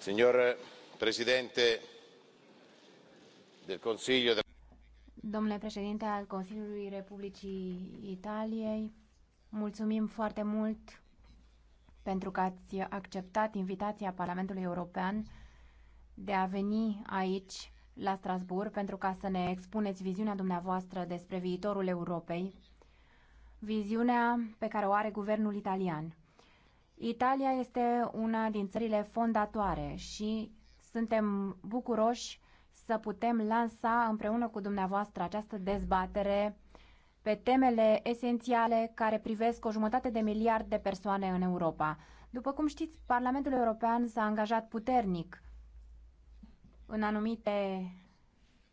Signor Presidente del Consiglio Domnule președinte al Consiliului Republicii Italiei, mulțumim foarte mult pentru că ați acceptat invitația Parlamentului European de a veni aici, la Strasbourg pentru ca să ne expuneți viziunea dumneavoastră despre viitorul Europei, viziunea pe care o are guvernul italian. Italia este una din țările fondatoare și suntem bucuroși să putem lansa împreună cu dumneavoastră această dezbatere pe temele esențiale care privesc o jumătate de miliard de persoane în Europa. După cum știți, Parlamentul European s-a angajat puternic în anumite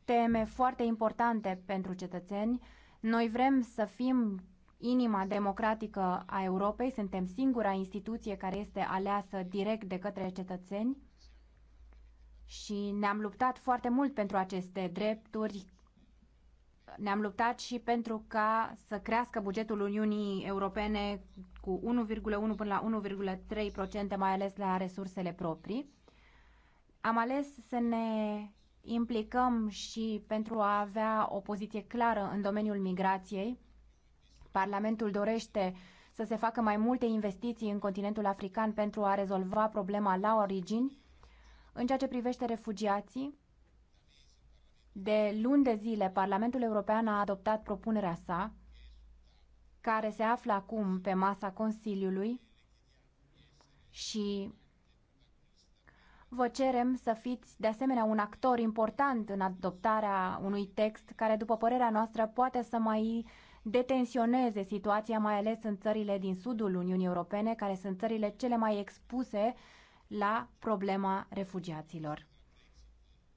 teme foarte importante pentru cetățeni. Noi vrem să fim inima democratică a Europei, suntem singura instituție care este aleasă direct de către cetățeni și ne-am luptat foarte mult pentru aceste drepturi. Ne-am luptat și pentru ca să crească bugetul Uniunii Europene cu 1,1 până la 1,3%, mai ales la resursele proprii. Am ales să ne implicăm și pentru a avea o poziție clară în domeniul migrației. Parlamentul dorește să se facă mai multe investiții în continentul african pentru a rezolva problema la origini. În ceea ce privește refugiații, de luni de zile, Parlamentul European a adoptat propunerea sa, care se află acum pe masa Consiliului și Vă cerem să fiți de asemenea un actor important în adoptarea unui text care, după părerea noastră, poate să mai detensioneze situația, mai ales în țările din sudul Uniunii Europene, care sunt țările cele mai expuse la problema refugiaților.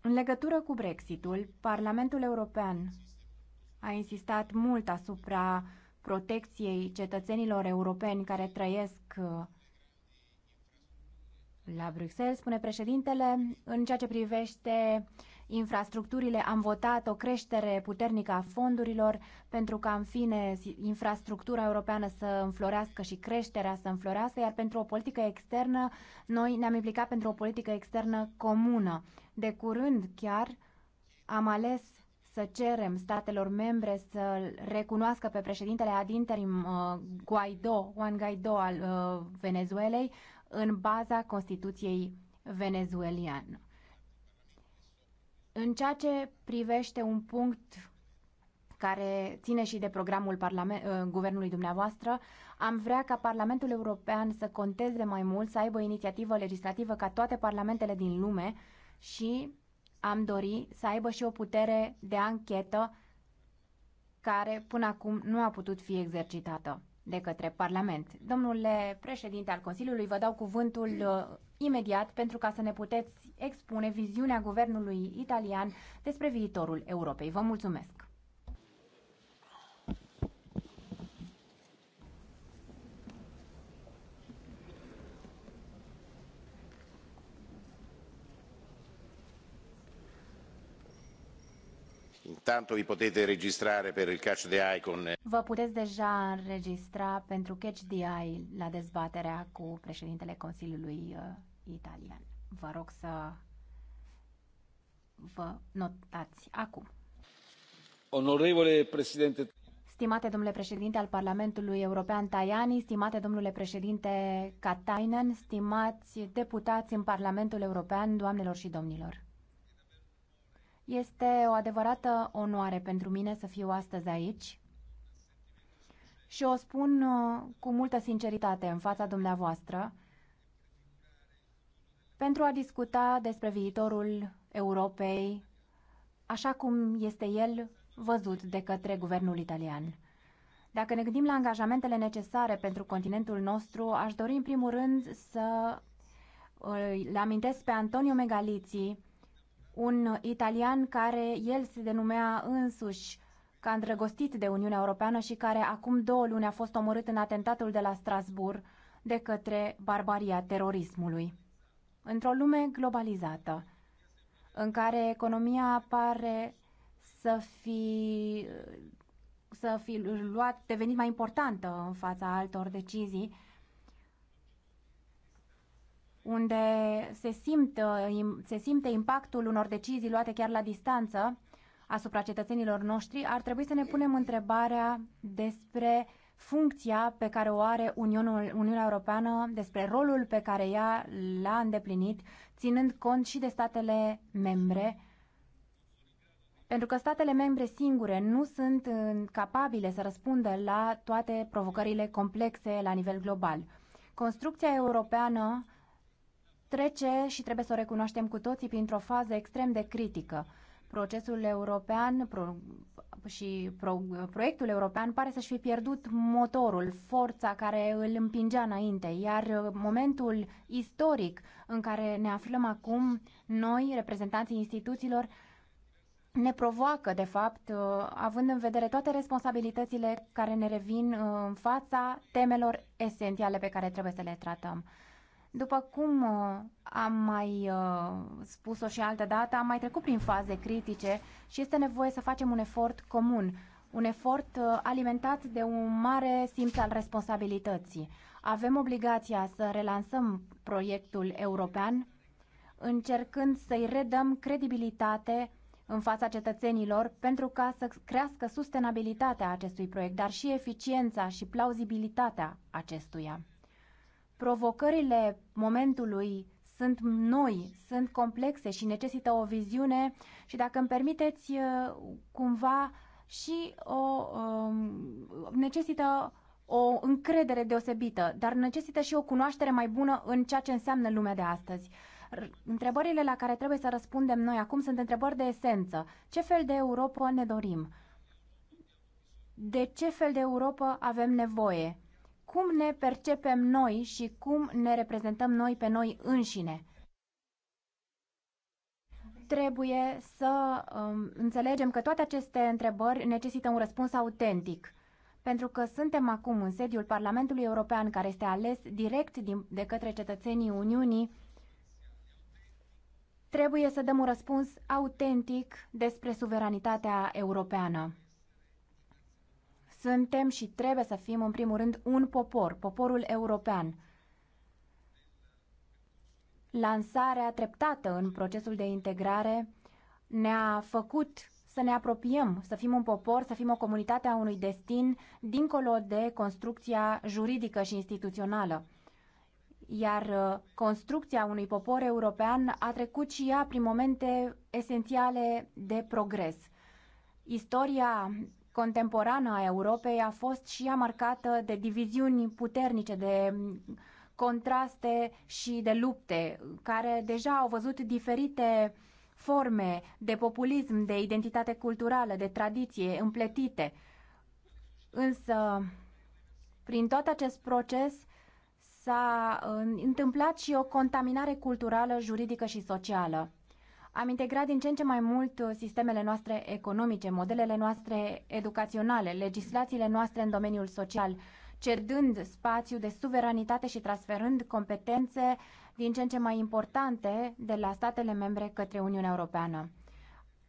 În legătură cu Brexitul, Parlamentul European a insistat mult asupra protecției cetățenilor europeni care trăiesc uh, la Bruxelles, spune președintele. În ceea ce privește infrastructurile, am votat o creștere puternică a fondurilor pentru ca, în fine, infrastructura europeană să înflorească și creșterea să înflorească, iar pentru o politică externă, noi ne-am implicat pentru o politică externă comună. De curând, chiar, am ales să cerem statelor membre să recunoască pe președintele ad interim uh, Guaido, Juan Guaido al uh, Venezuelei, în baza Constituției venezueliană. În ceea ce privește un punct care ține și de programul parlament, uh, guvernului dumneavoastră, am vrea ca Parlamentul European să conteze mai mult, să aibă inițiativă legislativă ca toate parlamentele din lume și am dori să aibă și o putere de anchetă care până acum nu a putut fi exercitată de către Parlament. Domnule președinte al Consiliului, vă dau cuvântul uh, imediat pentru ca să ne puteți expune viziunea guvernului italian despre viitorul Europei. Vă mulțumesc! Tanto vi potete registrare per il Catch the Eye con... Eh, vă puteți deja înregistra pentru Catch the Eye la dezbaterea cu președintele Consiliului uh, Italian. Vă rog să vă notați acum. Onorevole președinte... Stimate domnule președinte al Parlamentului European Tajani, stimate domnule președinte Katainen, stimați deputați în Parlamentul European, doamnelor și domnilor. Este o adevărată onoare pentru mine să fiu astăzi aici și o spun uh, cu multă sinceritate în fața dumneavoastră pentru a discuta despre viitorul Europei așa cum este el văzut de către guvernul italian. Dacă ne gândim la angajamentele necesare pentru continentul nostru, aș dori în primul rând să uh, îl amintesc pe Antonio Megalizzi, un italian care el se denumea însuși ca îndrăgostit de Uniunea Europeană și care acum două luni a fost omorât în atentatul de la Strasbourg de către barbaria terorismului. Într-o lume globalizată, în care economia pare să fi, să fi luat, devenit mai importantă în fața altor decizii, unde se, simt, uh, se simte impactul unor decizii luate chiar la distanță asupra cetățenilor noștri, ar trebui să ne punem întrebarea despre funcția pe care o are Uniunul, Uniunea Europeană, despre rolul pe care ea l-a îndeplinit, ținând cont și de statele membre, pentru că statele membre singure nu sunt uh, capabile să răspundă la toate provocările complexe la nivel global. Construcția europeană trece și trebuie să o recunoaștem cu toții printr-o fază extrem de critică. Procesul european pro, și pro, proiectul european pare să-și fi pierdut motorul, forța care îl împingea înainte, iar momentul istoric în care ne aflăm acum, noi, reprezentanții instituțiilor, ne provoacă, de fapt, uh, având în vedere toate responsabilitățile care ne revin uh, în fața temelor esențiale pe care trebuie să le tratăm. După cum uh, am mai uh, spus-o și altă dată, am mai trecut prin faze critice și este nevoie să facem un efort comun, un efort uh, alimentat de un mare simț al responsabilității. Avem obligația să relansăm proiectul european, încercând să-i redăm credibilitate în fața cetățenilor pentru ca să crească sustenabilitatea acestui proiect, dar și eficiența și plauzibilitatea acestuia. Provocările momentului sunt noi, sunt complexe și necesită o viziune și dacă îmi permiteți uh, cumva și o um, necesită o încredere deosebită, dar necesită și o cunoaștere mai bună în ceea ce înseamnă lumea de astăzi. Întrebările la care trebuie să răspundem noi acum sunt întrebări de esență. Ce fel de Europa ne dorim? De ce fel de Europa avem nevoie? cum ne percepem noi și cum ne reprezentăm noi pe noi înșine. Trebuie să um, înțelegem că toate aceste întrebări necesită un răspuns autentic, pentru că suntem acum în sediul Parlamentului European, care este ales direct din, de către cetățenii Uniunii. Trebuie să dăm un răspuns autentic despre suveranitatea europeană. Suntem și trebuie să fim, în primul rând, un popor, poporul european. Lansarea treptată în procesul de integrare ne-a făcut să ne apropiem, să fim un popor, să fim o comunitate a unui destin, dincolo de construcția juridică și instituțională. Iar uh, construcția unui popor european a trecut și ea prin momente esențiale de progres. Istoria contemporană a Europei a fost și ea marcată de diviziuni puternice, de contraste și de lupte, care deja au văzut diferite forme de populism, de identitate culturală, de tradiție împletite. Însă, prin tot acest proces s-a uh, întâmplat și o contaminare culturală, juridică și socială. Am integrat din ce în ce mai mult uh, sistemele noastre economice, modelele noastre educaționale, legislațiile noastre în domeniul social, cedând spațiu de suveranitate și transferând competențe din ce în ce mai importante de la statele membre către Uniunea Europeană.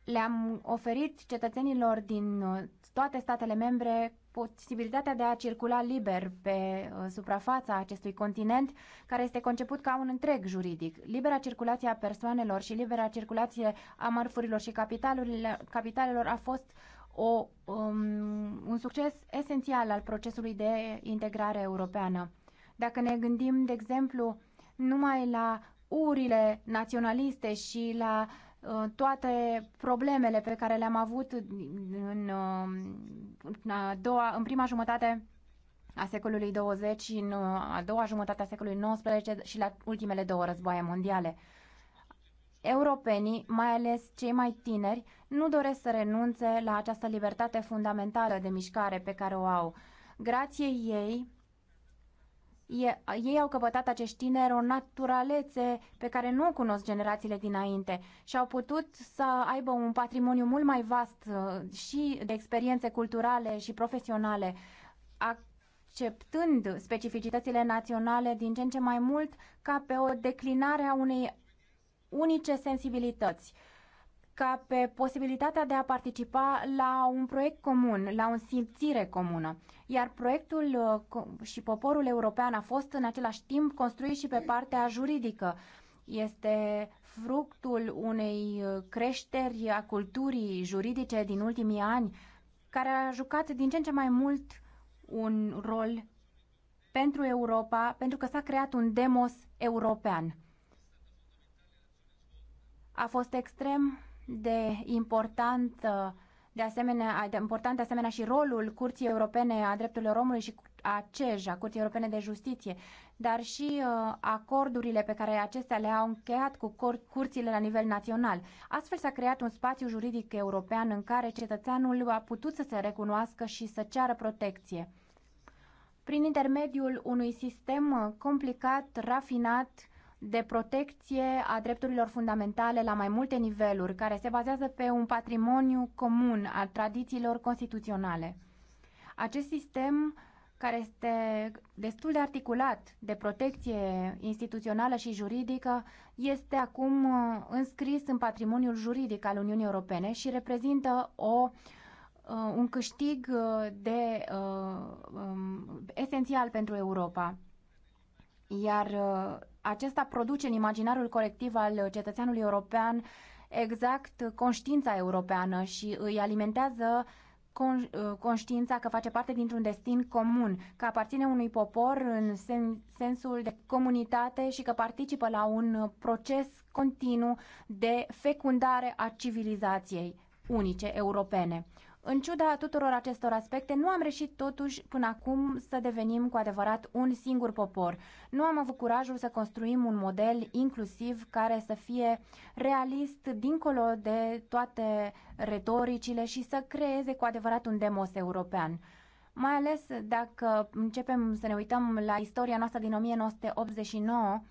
Le-am oferit cetățenilor din uh, toate statele membre posibilitatea de a circula liber pe uh, suprafața acestui continent, care este conceput ca un întreg juridic. Libera circulație a persoanelor și libera circulație a mărfurilor și capitalelor a fost o, um, un succes esențial al procesului de integrare europeană. Dacă ne gândim, de exemplu, numai la urile naționaliste și la uh, toate problemele pe care le-am avut în, în, a doua, în prima jumătate a secolului 20, în a doua jumătate a secolului 19 și la ultimele două războaie mondiale. Europenii, mai ales cei mai tineri, nu doresc să renunțe la această libertate fundamentală de mișcare pe care o au. Grație ei, ei au căpătat acești tineri o naturalețe pe care nu o cunosc generațiile dinainte și au putut să aibă un patrimoniu mult mai vast uh, și de experiențe culturale și profesionale, acceptând specificitățile naționale din ce în ce mai mult ca pe o declinare a unei unice sensibilități ca pe posibilitatea de a participa la un proiect comun, la o simțire comună iar proiectul uh, și poporul european a fost în același timp construit și pe partea juridică. Este fructul unei uh, creșteri a culturii juridice din ultimii ani, care a jucat din ce în ce mai mult un rol pentru Europa, pentru că s-a creat un demos european. A fost extrem de importantă de asemenea, important asemenea și rolul Curții Europene a Drepturilor Omului și a CEJ, a Curții Europene de Justiție, dar și uh, acordurile pe care acestea le-au încheiat cu cur- curțile la nivel național. Astfel s-a creat un spațiu juridic european în care cetățeanul a putut să se recunoască și să ceară protecție. Prin intermediul unui sistem uh, complicat, rafinat, de protecție a drepturilor fundamentale la mai multe niveluri, care se bazează pe un patrimoniu comun al tradițiilor constituționale. Acest sistem care este destul de articulat de protecție instituțională și juridică, este acum uh, înscris în patrimoniul juridic al Uniunii Europene și reprezintă o, uh, un câștig uh, de, um, esențial pentru Europa. Iar acesta produce în imaginarul colectiv al cetățeanului european exact conștiința europeană și îi alimentează conștiința că face parte dintr-un destin comun, că aparține unui popor în sen sensul de comunitate și că participă la un proces continuu de fecundare a civilizației unice europene. În ciuda tuturor acestor aspecte, nu am reușit totuși până acum să devenim cu adevărat un singur popor. Nu am avut curajul să construim un model inclusiv care să fie realist dincolo de toate retoricile și să creeze cu adevărat un demos european mai ales dacă începem să ne uităm la istoria noastră din 1989,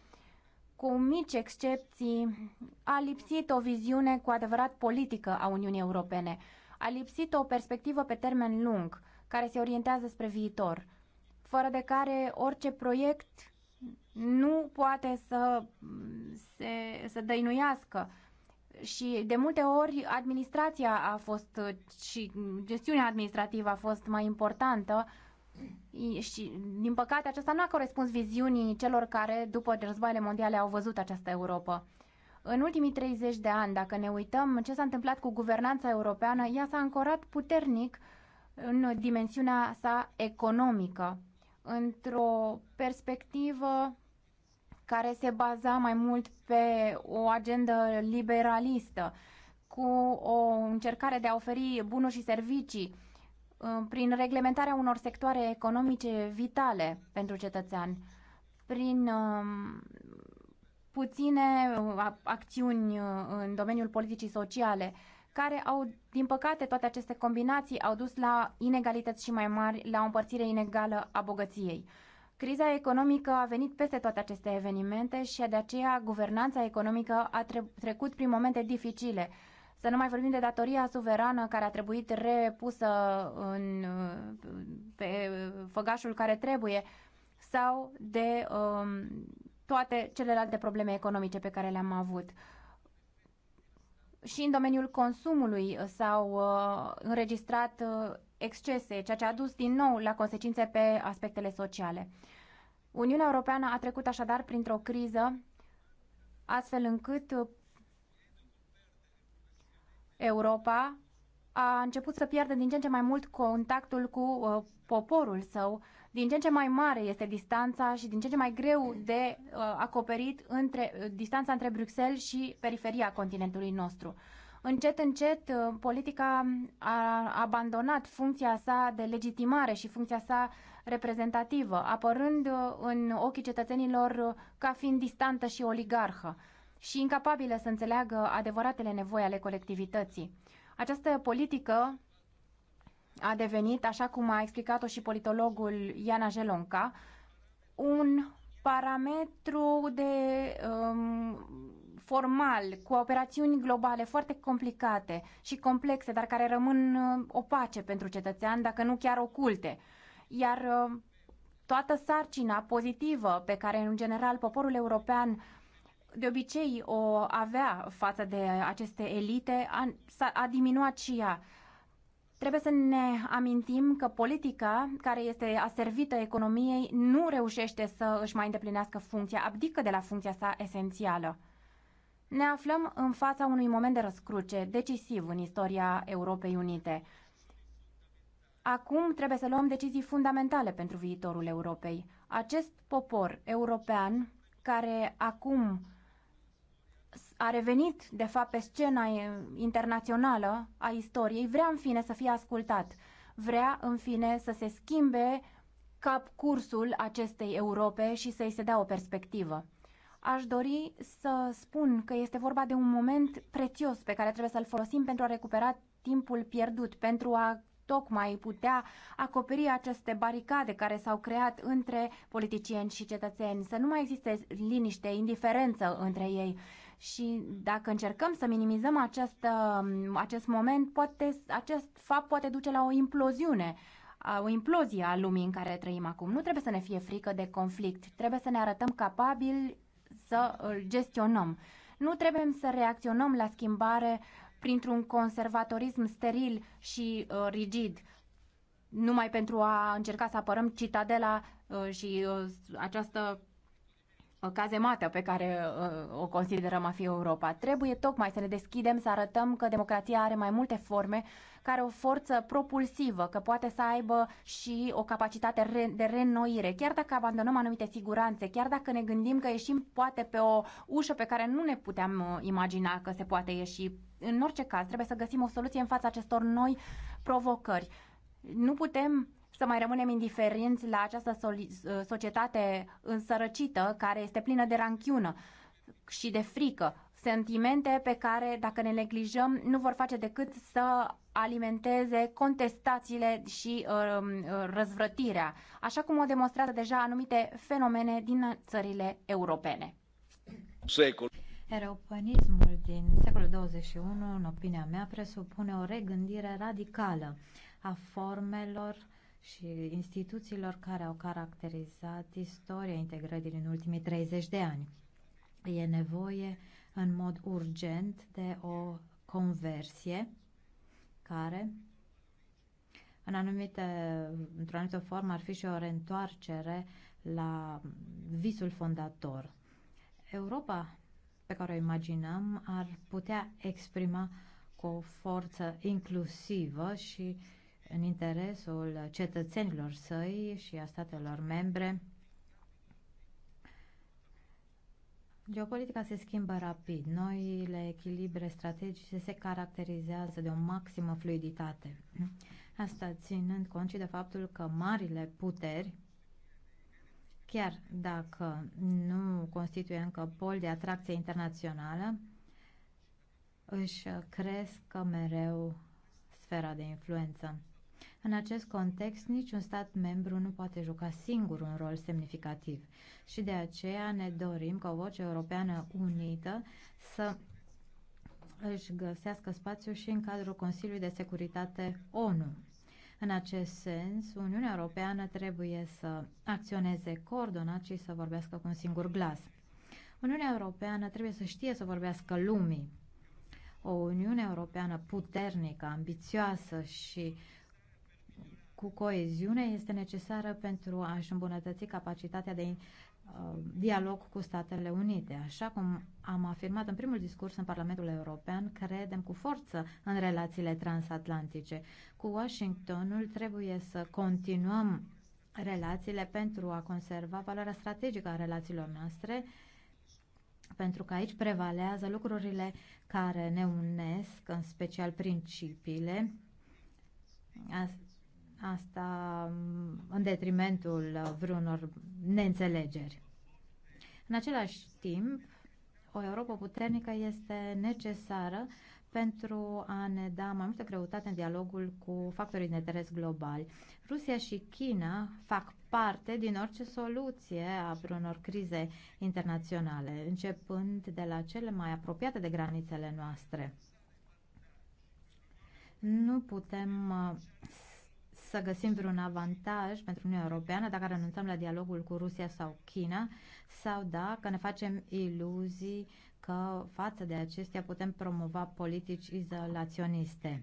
cu mici excepții, a lipsit o viziune cu adevărat politică a Uniunii Europene a lipsit o perspectivă pe termen lung care se orientează spre viitor, fără de care orice proiect nu poate să se să dăinuiască. Și de multe ori administrația a fost și gestiunea administrativă a fost mai importantă și din păcate aceasta nu a corespuns viziunii celor care după războaiele mondiale au văzut această Europa. În ultimii 30 de ani, dacă ne uităm ce s-a întâmplat cu guvernanța europeană, ea s-a ancorat puternic în dimensiunea sa economică, într-o perspectivă care se baza mai mult pe o agendă liberalistă, cu o încercare de a oferi bunuri și servicii uh, prin reglementarea unor sectoare economice vitale pentru cetățean, prin um, puține uh, acțiuni uh, în domeniul politicii sociale, care au, din păcate, toate aceste combinații au dus la inegalități și mai mari, la o împărțire inegală a bogăției. Criza economică a venit peste toate aceste evenimente și de aceea guvernanța economică a trecut prin momente dificile. Să nu mai vorbim de datoria suverană care a trebuit repusă în, pe făgașul care trebuie sau de um, toate celelalte probleme economice pe care le-am avut. Și în domeniul consumului uh, s-au uh, înregistrat uh, excese, ceea ce a dus din nou la consecințe pe aspectele sociale. Uniunea Europeană a trecut așadar printr-o criză astfel încât uh, Europa a început să piardă din ce în ce mai mult contactul cu uh, poporul său din ce în ce mai mare este distanța și din ce în ce mai greu de uh, acoperit între, uh, distanța între Bruxelles și periferia continentului nostru. Încet, încet, uh, politica a abandonat funcția sa de legitimare și funcția sa reprezentativă, apărând uh, în ochii cetățenilor uh, ca fiind distantă și oligarhă și incapabilă să înțeleagă adevăratele nevoi ale colectivității. Această politică a devenit, așa cum a explicat-o și politologul Iana Jelonca, un parametru de um, formal, cu operațiuni globale foarte complicate și complexe, dar care rămân uh, opace pentru cetățean, dacă nu chiar oculte. Iar uh, toată sarcina pozitivă pe care, în general, poporul european de obicei o avea față de aceste elite a, a diminuat și ea. Trebuie să ne amintim că politica care este aservită economiei nu reușește să își mai îndeplinească funcția, abdică de la funcția sa esențială. Ne aflăm în fața unui moment de răscruce decisiv în istoria Europei Unite. Acum trebuie să luăm decizii fundamentale pentru viitorul Europei. Acest popor european care acum a revenit, de fapt, pe scena internațională a istoriei, vrea, în fine, să fie ascultat. Vrea, în fine, să se schimbe cap cursul acestei Europe și să-i se dea o perspectivă. Aș dori să spun că este vorba de un moment prețios pe care trebuie să-l folosim pentru a recupera timpul pierdut, pentru a tocmai putea acoperi aceste baricade care s-au creat între politicieni și cetățeni, să nu mai existe liniște, indiferență între ei și dacă încercăm să minimizăm acest, um, acest moment, poate, acest fapt poate duce la o imploziune, o implozie a lumii în care trăim acum. Nu trebuie să ne fie frică de conflict, trebuie să ne arătăm capabili să îl gestionăm. Nu trebuie să reacționăm la schimbare printr-un conservatorism steril și uh, rigid, numai pentru a încerca să apărăm citadela uh, și uh, această cazemată pe care uh, o considerăm a fi Europa. Trebuie tocmai să ne deschidem, să arătăm că democrația are mai multe forme, care o forță propulsivă, că poate să aibă și o capacitate de reînnoire. Chiar dacă abandonăm anumite siguranțe, chiar dacă ne gândim că ieșim poate pe o ușă pe care nu ne puteam uh, imagina că se poate ieși, în orice caz trebuie să găsim o soluție în fața acestor noi provocări. Nu putem să mai rămânem indiferenți la această ă, societate însărăcită care este plină de ranchiună și de frică. Sentimente pe care, dacă ne neglijăm, nu vor face decât să alimenteze contestațiile și uh, răzvrătirea, așa cum o demonstrează deja anumite fenomene din țările europene. Secol. Europeanismul din secolul 21, în opinia mea, presupune o regândire radicală a formelor și instituțiilor care au caracterizat istoria integrării în ultimii 30 de ani. E nevoie în mod urgent de o conversie care în anumite, într-o anumită formă ar fi și o reîntoarcere la visul fondator. Europa pe care o imaginăm ar putea exprima cu o forță inclusivă și în interesul cetățenilor săi și a statelor membre. Geopolitica se schimbă rapid. Noile echilibre strategice se caracterizează de o maximă fluiditate. Asta ținând cont și de faptul că marile puteri, chiar dacă nu constituie încă pol de atracție internațională, își cresc mereu sfera de influență. În acest context, niciun stat membru nu poate juca singur un rol semnificativ și de aceea ne dorim ca o voce europeană unită să își găsească spațiu și în cadrul Consiliului de Securitate ONU. În acest sens, Uniunea Europeană trebuie să acționeze coordonat și să vorbească cu un singur glas. Uniunea Europeană trebuie să știe să vorbească lumii. O Uniune Europeană puternică, ambițioasă și uh, cu coeziune este necesară pentru a-și îmbunătăți capacitatea de uh, dialog cu Statele Unite. Așa cum am afirmat în primul discurs în Parlamentul European, credem cu forță în relațiile transatlantice. Cu Washingtonul trebuie să continuăm relațiile pentru a conserva valoarea strategică a relațiilor noastre, pentru că aici prevalează lucrurile care ne unesc, în special principiile asta mm, în detrimentul vreunor neînțelegeri. În același timp, o Europa puternică este necesară pentru a ne da mai multă greutate în dialogul cu factorii de interes global. Rusia și China fac parte din orice soluție a unor crize internaționale, începând de la cele mai apropiate de granițele noastre. Nu putem uh, să găsim vreun avantaj pentru Uniunea Europeană dacă renunțăm la dialogul cu Rusia sau China sau dacă ne facem iluzii că față de acestea putem promova politici izolaționiste.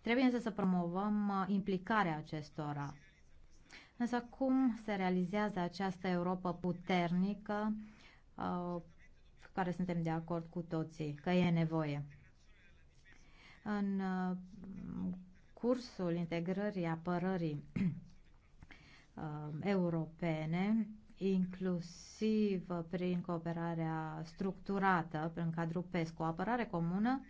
Trebuie însă să promovăm uh, implicarea acestora. Însă cum se realizează această Europa puternică uh, care suntem de acord cu toții că e nevoie? În uh, cursul integrării apărării uh, europene, inclusiv prin cooperarea structurată prin cadrul PESCO, apărare comună,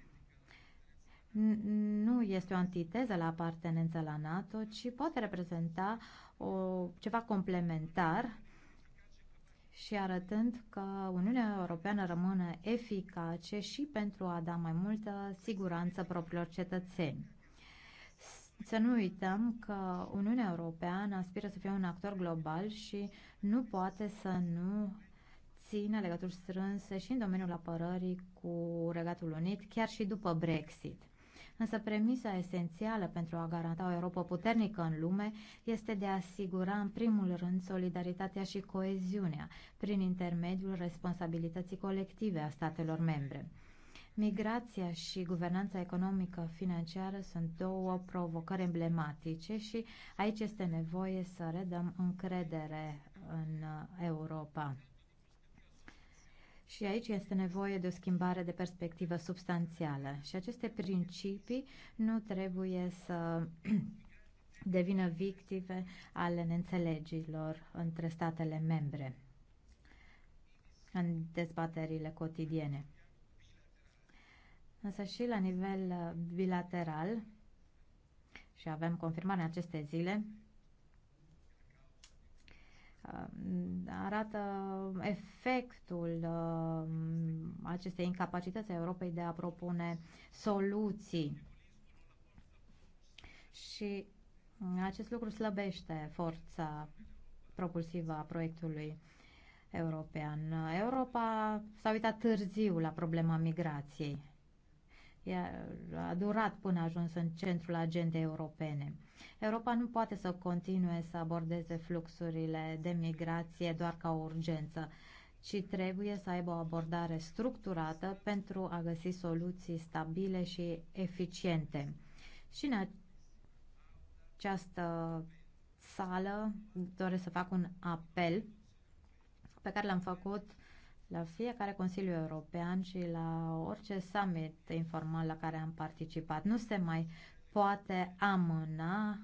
nu este o antiteză la apartenența la NATO, ci poate reprezenta o, ceva complementar și arătând că Uniunea Europeană rămâne eficace și pentru a da mai multă siguranță propriilor cetățeni. Să nu uităm că Uniunea Europeană aspiră să fie un actor global și nu poate să nu țină legături strânse și în domeniul apărării cu Regatul Unit, chiar și după Brexit. Însă premisa esențială pentru a garanta o Europa puternică în lume este de a asigura în primul rând solidaritatea și coeziunea prin intermediul responsabilității colective a statelor membre. Migrația și guvernanța economică financiară sunt două provocări emblematice și aici este nevoie să redăm încredere în Europa. Și aici este nevoie de o schimbare de perspectivă substanțială. Și aceste principii nu trebuie să devină victime ale neînțelegilor între statele membre în dezbaterile cotidiene. Însă și la nivel uh, bilateral, și avem în aceste zile, uh, arată efectul uh, acestei incapacități a Europei de a propune soluții. Și acest lucru slăbește forța propulsivă a proiectului european. Europa s-a uitat târziu la problema migrației a durat până a ajuns în centrul agendei europene. Europa nu poate să continue să abordeze fluxurile de migrație doar ca o urgență, ci trebuie să aibă o abordare structurată pentru a găsi soluții stabile și eficiente. Și în această sală doresc să fac un apel pe care l-am făcut la fiecare Consiliu European și la orice summit informal la care am participat, nu se mai poate amâna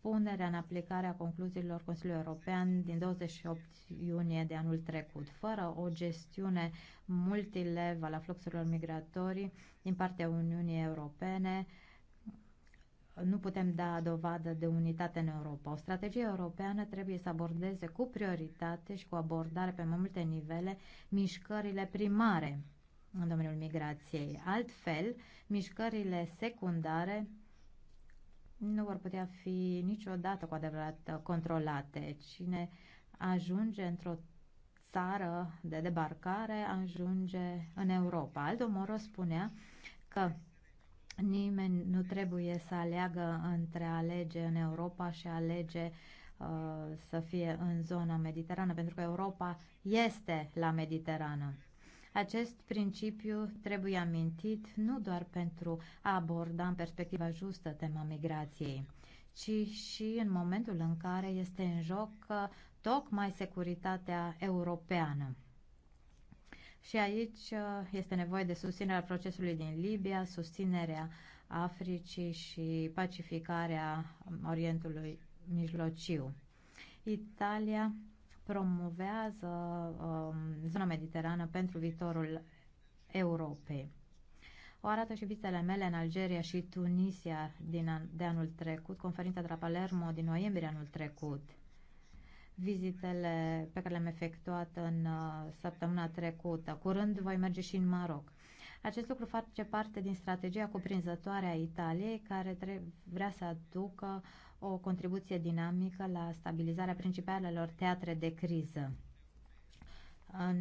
punerea în aplicare a concluziilor Consiliului European din 28 iunie de anul trecut, fără o gestiune multilevel la fluxurilor migratorii din partea Uniunii Europene, nu putem da dovadă de unitate în Europa. O strategie europeană trebuie să abordeze cu prioritate și cu abordare pe mai multe nivele mișcările primare în domeniul migrației. Altfel, mișcările secundare nu vor putea fi niciodată cu adevărat controlate. Cine ajunge într-o țară de debarcare ajunge în Europa. Aldo Moro spunea că Nimeni nu trebuie să aleagă între alege în Europa și alege uh, să fie în zona mediterană, pentru că Europa este la Mediterană. Acest principiu trebuie amintit nu doar pentru a aborda în perspectiva justă tema migrației, ci și în momentul în care este în joc uh, tocmai securitatea europeană. Și aici uh, este nevoie de susținerea procesului din Libia, susținerea Africii și pacificarea Orientului Mijlociu. Italia promovează um, zona mediterană pentru viitorul Europei. O arată și vizitele mele în Algeria și Tunisia din an, de anul trecut, conferința de la Palermo din noiembrie anul trecut vizitele pe care le-am efectuat în uh, săptămâna trecută. Curând voi merge și în Maroc. Acest lucru face parte din strategia cuprinzătoare a Italiei, care vrea să aducă o contribuție dinamică la stabilizarea principalelor teatre de criză în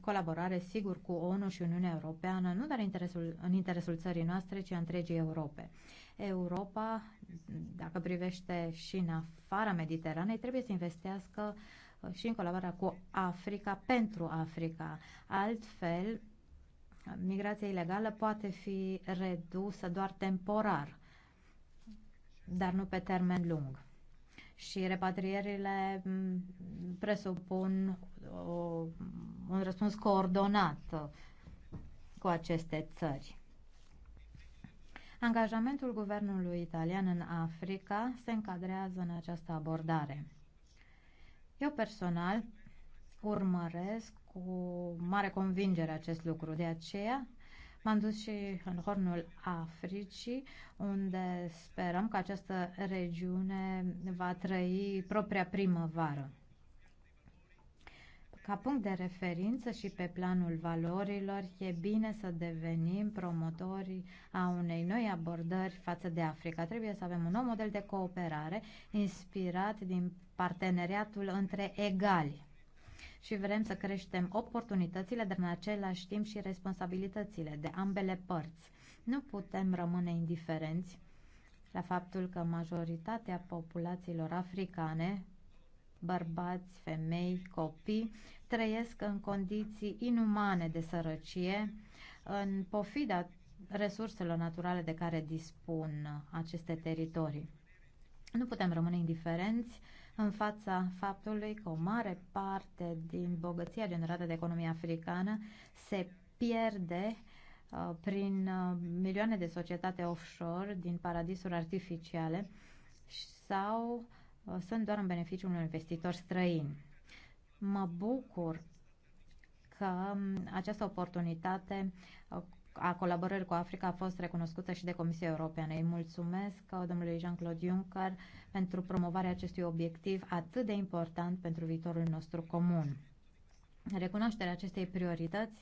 colaborare, sigur, cu ONU și Uniunea Europeană, nu doar interesul, în interesul țării noastre, ci a întregii Europe. Europa, dacă privește și în afara Mediteranei, trebuie să investească uh, și în colaborarea cu Africa pentru Africa. Altfel, migrația ilegală poate fi redusă doar temporar, dar nu pe termen lung. Și repatrierile presupun o, uh, un răspuns coordonat uh, cu aceste țări. Angajamentul guvernului italian în Africa se încadrează în această abordare. Eu personal urmăresc cu mare convingere acest lucru, de aceea M-am dus și în Hornul Africii, unde sperăm că această regiune va trăi propria primăvară. Ca punct de referință și pe planul valorilor, e bine să devenim promotorii a unei noi abordări față de Africa. Trebuie să avem un nou model de cooperare inspirat din parteneriatul între egali și vrem să creștem oportunitățile, dar în același timp și responsabilitățile de ambele părți. Nu putem rămâne indiferenți la faptul că majoritatea populațiilor africane bărbați, femei, copii trăiesc în condiții inumane de sărăcie, în pofida resurselor naturale de care dispun aceste teritorii. Nu putem rămâne indiferenți în fața faptului că o mare parte din bogăția generată de economia africană se pierde uh, prin uh, milioane de societate offshore din paradisuri artificiale sau Uh, sunt doar în beneficiul unui investitor străin. Mă bucur că um, această oportunitate uh, a colaborării cu Africa a fost recunoscută și de Comisia Europeană. Îi mulțumesc uh, domnului Jean-Claude Juncker pentru promovarea acestui obiectiv atât de important pentru viitorul nostru comun. Recunoașterea acestei priorități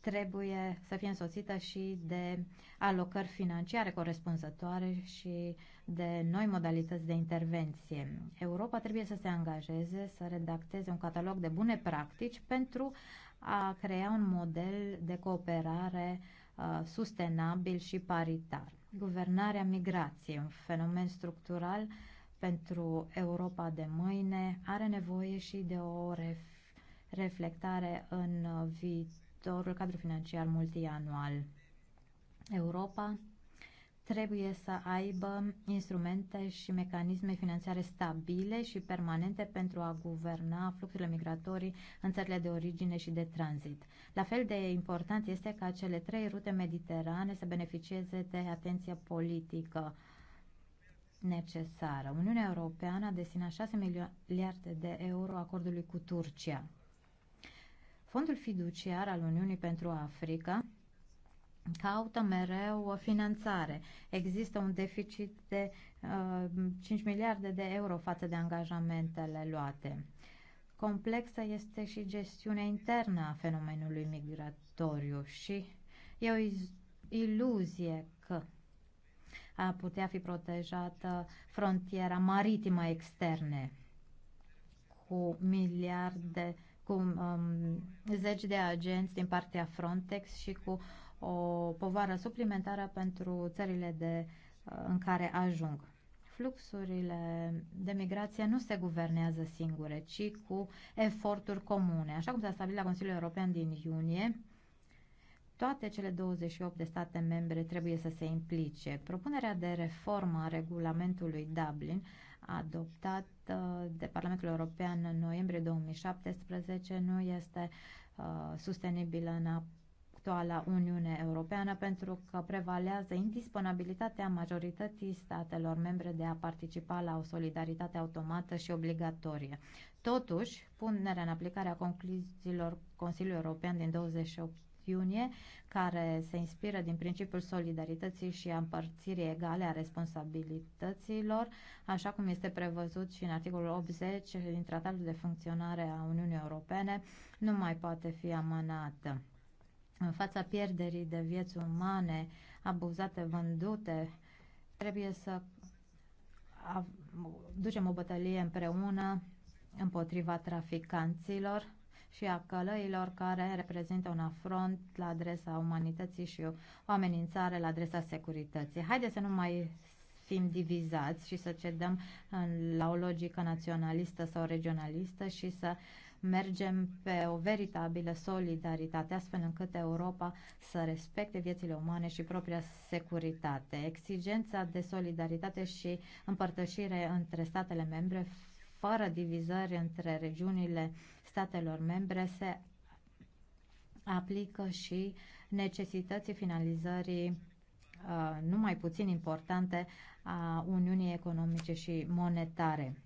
trebuie să fie însoțită și de alocări financiare corespunzătoare și de noi modalități de intervenție. Europa trebuie să se angajeze să redacteze un catalog de bune practici pentru a crea un model de cooperare uh, sustenabil și paritar. Guvernarea migrației, un fenomen structural pentru Europa de mâine, are nevoie și de o ref reflectare în uh, viitor viitorul cadru financiar multianual. Europa trebuie să aibă instrumente și mecanisme financiare stabile și permanente pentru a guverna fluxurile migratorii în țările de origine și de tranzit. La fel de important este ca cele trei rute mediterane să beneficieze de atenție politică necesară. Uniunea Europeană a destinat 6 miliarde de euro acordului cu Turcia. Fondul fiduciar al Uniunii pentru Africa caută mereu o finanțare. Există un deficit de uh, 5 miliarde de euro față de angajamentele luate. Complexă este și gestiunea internă a fenomenului migratoriu și e o iluzie că a putea fi protejată frontiera maritimă externe cu miliarde de cu um, zeci de agenți din partea Frontex și cu o povară suplimentară pentru țările de, uh, în care ajung. Fluxurile de migrație nu se guvernează singure, ci cu eforturi comune. Așa cum s-a stabilit la Consiliul European din iunie, toate cele 28 de state membre trebuie să se implice. Propunerea de reformă a regulamentului Dublin adoptat uh, de Parlamentul European în noiembrie 2017 nu este uh, sustenibilă în actuala Uniune Europeană pentru că prevalează indisponibilitatea majorității statelor membre de a participa la o solidaritate automată și obligatorie. Totuși, punerea în aplicare a concluziilor Consiliului European din 28 iunie, care se inspiră din principiul solidarității și a împărțirii egale a responsabilităților, așa cum este prevăzut și în articolul 80 din Tratatul de Funcționare a Uniunii Europene, nu mai poate fi amânată. În fața pierderii de vieți umane abuzate, vândute, trebuie să ducem o bătălie împreună împotriva traficanților, și a călăilor care reprezintă un afront la adresa umanității și o amenințare la adresa securității. Haideți să nu mai fim divizați și să cedăm la o logică naționalistă sau regionalistă și să mergem pe o veritabilă solidaritate, astfel încât Europa să respecte viețile umane și propria securitate. Exigența de solidaritate și împărtășire între statele membre, fără divizări între regiunile statelor membre se aplică și necesității finalizării uh, nu mai puțin importante a Uniunii Economice și Monetare.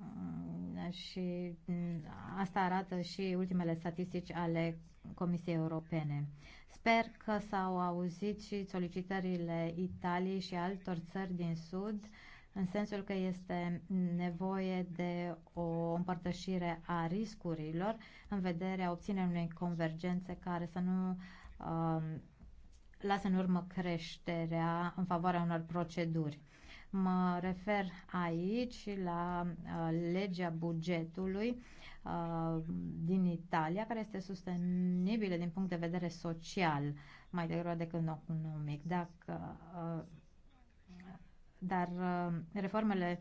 Uh, și mm, asta arată și ultimele statistici ale Comisiei Europene. Sper că s-au auzit și solicitările Italiei și altor țări din Sud uh, în sensul că este nevoie de o împărtășire a riscurilor în vederea obținerii unei convergențe care să nu uh, lasă în urmă creșterea în favoarea unor proceduri. Mă refer aici la uh, legea bugetului uh, din Italia, care este sustenibilă din punct de vedere social, mai degrabă decât economic. Dacă uh, dar uh, reformele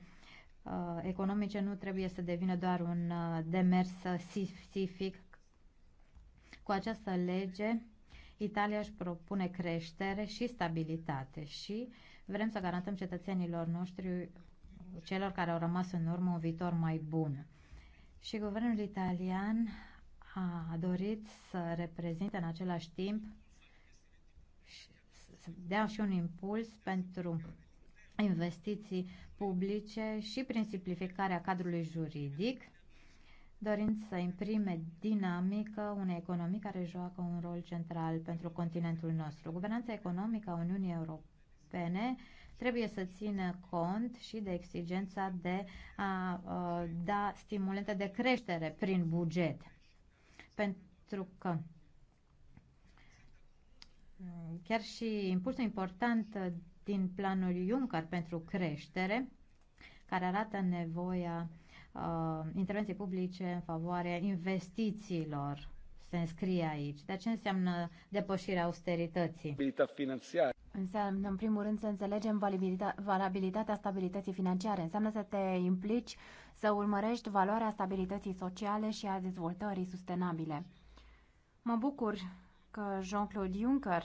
uh, economice nu trebuie să devină doar un uh, demers specific. Cu această lege, Italia își propune creștere și stabilitate și vrem să garantăm cetățenilor noștri, celor care au rămas în urmă, un viitor mai bun. Și guvernul italian a dorit să reprezinte în același timp să dea și un impuls pentru investiții publice și prin simplificarea cadrului juridic, dorind să imprime dinamică unei economii care joacă un rol central pentru continentul nostru. Guvernanța economică a Uniunii Europene trebuie să țină cont și de exigența de a, a da stimulente de creștere prin buget. Pentru că chiar și impulsul important din planul Juncker pentru creștere, care arată nevoia uh, intervenției publice în favoarea investițiilor. Se înscrie aici. Dar ce înseamnă depășirea austerității? financiară. Înseamnă, în primul rând, să înțelegem valabilitatea stabilității financiare. Înseamnă să te implici, să urmărești valoarea stabilității sociale și a dezvoltării sustenabile. Mă bucur că Jean-Claude Juncker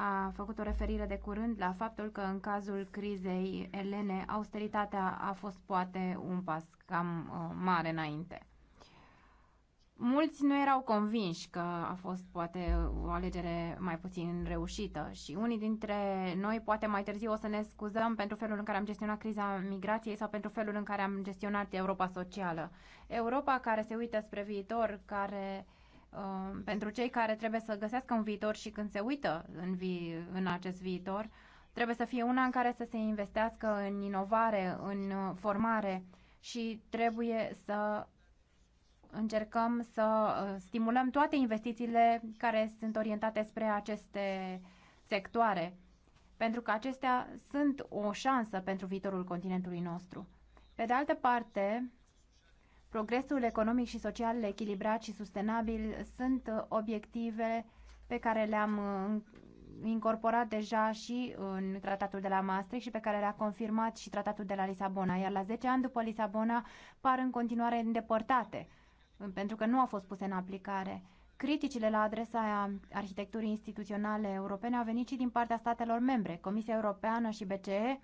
a făcut o referire de curând la faptul că în cazul crizei elene, austeritatea a fost poate un pas cam uh, mare înainte. Mulți nu erau convinși că a fost poate o alegere mai puțin reușită și unii dintre noi poate mai târziu o să ne scuzăm pentru felul în care am gestionat criza migrației sau pentru felul în care am gestionat Europa socială. Europa care se uită spre viitor, care uh, Uh, pentru cei care trebuie să găsească un viitor și când se uită în, vi, în acest viitor, trebuie să fie una în care să se investească în inovare, în uh, formare și trebuie să încercăm să uh, stimulăm toate investițiile care sunt orientate spre aceste sectoare, pentru că acestea sunt o șansă pentru viitorul continentului nostru. Pe de altă parte, Progresul economic și social echilibrat și sustenabil sunt uh, obiective pe care le-am uh, incorporat deja și în tratatul de la Maastricht și pe care le-a confirmat și tratatul de la Lisabona, iar la 10 ani după Lisabona par în continuare îndepărtate, uh, pentru că nu au fost puse în aplicare. Criticile la adresa arhitecturii instituționale europene au venit și din partea statelor membre. Comisia Europeană și BCE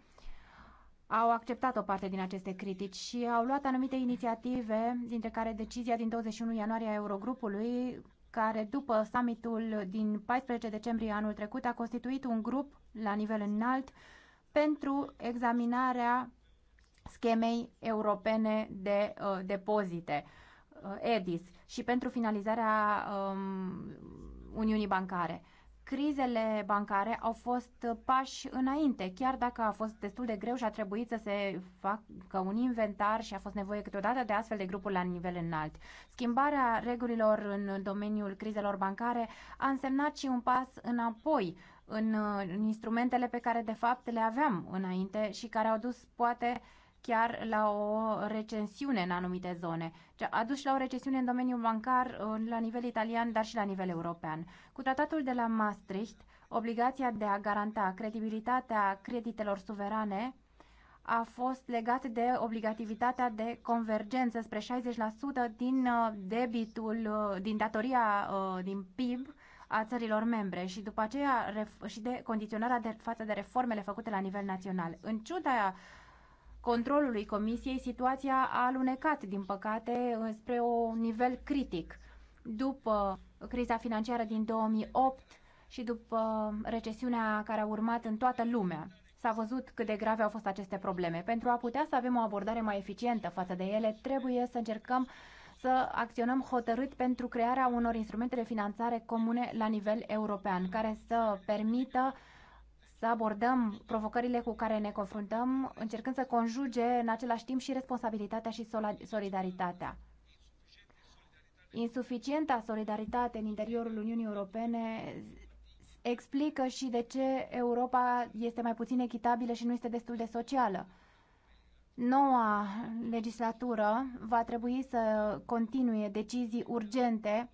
au acceptat o parte din aceste critici și au luat anumite inițiative, dintre care decizia din 21 ianuarie a Eurogrupului, care după summitul din 14 decembrie anul trecut a constituit un grup la nivel înalt pentru examinarea schemei europene de uh, depozite, uh, EDIS, și pentru finalizarea um, Uniunii Bancare crizele bancare au fost pași înainte, chiar dacă a fost destul de greu și a trebuit să se facă un inventar și a fost nevoie câteodată de astfel de grupuri la nivel înalt. Schimbarea regulilor în domeniul crizelor bancare a însemnat și un pas înapoi în, în instrumentele pe care de fapt le aveam înainte și care au dus poate chiar la o recensiune în anumite zone, a dus la o recesiune în domeniul bancar uh, la nivel italian, dar și la nivel european. Cu tratatul de la Maastricht, obligația de a garanta credibilitatea creditelor suverane a fost legată de obligativitatea de convergență spre 60% din uh, debitul, uh, din datoria din PIB a țărilor membre și după aceea și de condiționarea de față de reformele făcute la nivel național. În ciuda controlului Comisiei, situația a alunecat, din păcate, spre un nivel critic. După criza financiară din 2008 și după recesiunea care a urmat în toată lumea, s-a văzut cât de grave au fost aceste probleme. Pentru a putea să avem o abordare mai eficientă față de ele, trebuie să încercăm să acționăm hotărât pentru crearea unor instrumente de finanțare comune la nivel european, care să permită uh, să abordăm provocările cu care ne confruntăm, încercând să conjuge în același timp și responsabilitatea și solidaritatea. Insuficienta solidaritate în interiorul Uniunii Europene explică și de ce Europa este mai puțin echitabilă și nu este destul de socială. Noua legislatură va trebui să continue decizii urgente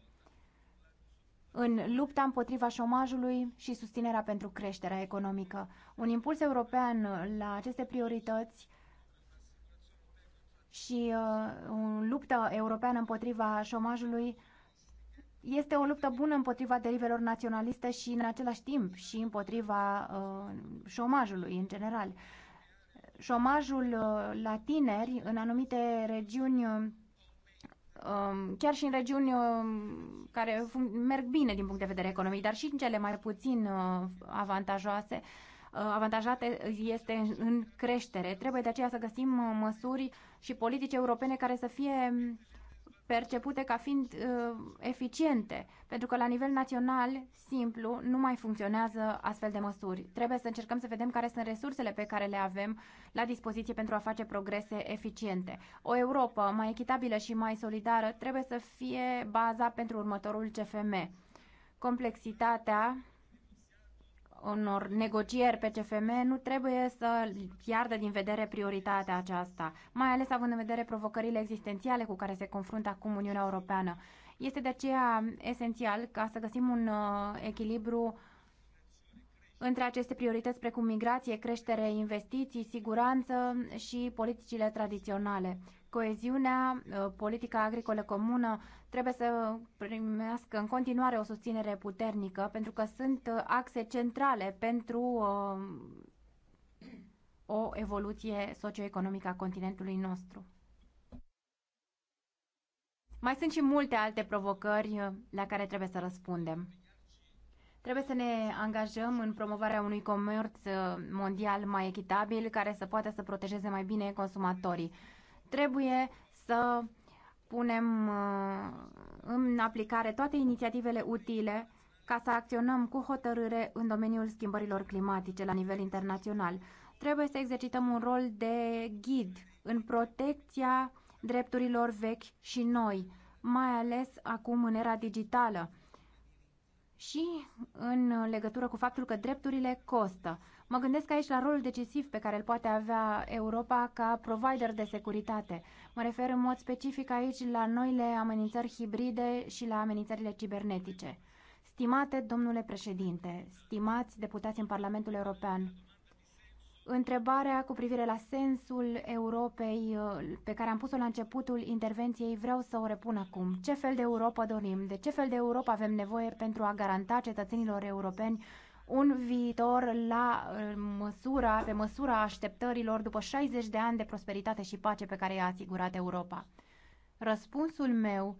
în lupta împotriva șomajului și susținerea pentru creșterea economică. Un impuls european la aceste priorități și uh, o luptă europeană împotriva șomajului este o luptă bună împotriva derivelor naționaliste și în același timp și împotriva uh, șomajului în general. Șomajul uh, la tineri în anumite regiuni uh, Um, chiar și în regiuni um, care merg bine din punct de vedere economic, dar și în cele mai puțin uh, avantajoase, uh, avantajate este în creștere. Trebuie de aceea să găsim uh, măsuri și politici europene care să fie percepute ca fiind uh, eficiente, pentru că la nivel național, simplu, nu mai funcționează astfel de măsuri. Trebuie să încercăm să vedem care sunt resursele pe care le avem la dispoziție pentru a face progrese eficiente. O Europa mai echitabilă și mai solidară trebuie să fie baza pentru următorul CFM. Complexitatea unor negocieri pe CFM nu trebuie să piardă din vedere prioritatea aceasta, mai ales având în vedere provocările existențiale cu care se confruntă acum Uniunea Europeană. Este de aceea esențial ca să găsim un uh, echilibru între aceste priorități precum migrație, creștere, investiții, siguranță și politicile tradiționale. Coeziunea, uh, politica agricolă comună trebuie să primească în continuare o susținere puternică pentru că sunt uh, axe centrale pentru uh, o evoluție socioeconomică a continentului nostru. Mai sunt și multe alte provocări la care trebuie să răspundem. Trebuie să ne angajăm în promovarea unui comerț mondial mai echitabil care să poată să protejeze mai bine consumatorii. Trebuie să punem uh, în aplicare toate inițiativele utile ca să acționăm cu hotărâre în domeniul schimbărilor climatice la nivel internațional. Trebuie să exercităm un rol de ghid în protecția drepturilor vechi și noi, mai ales acum în era digitală și în legătură cu faptul că drepturile costă. Mă gândesc aici la rolul decisiv pe care îl poate avea Europa ca provider de securitate. Mă refer în mod specific aici la noile amenințări hibride și la amenințările cibernetice. Stimate domnule președinte, stimați deputați în Parlamentul European, întrebarea cu privire la sensul Europei uh, pe care am pus-o la începutul intervenției vreau să o repun acum. Ce fel de Europa dorim? De ce fel de Europa avem nevoie pentru a garanta cetățenilor europeni un viitor la măsura, pe măsura așteptărilor după 60 de ani de prosperitate și pace pe care i-a asigurat Europa. Răspunsul meu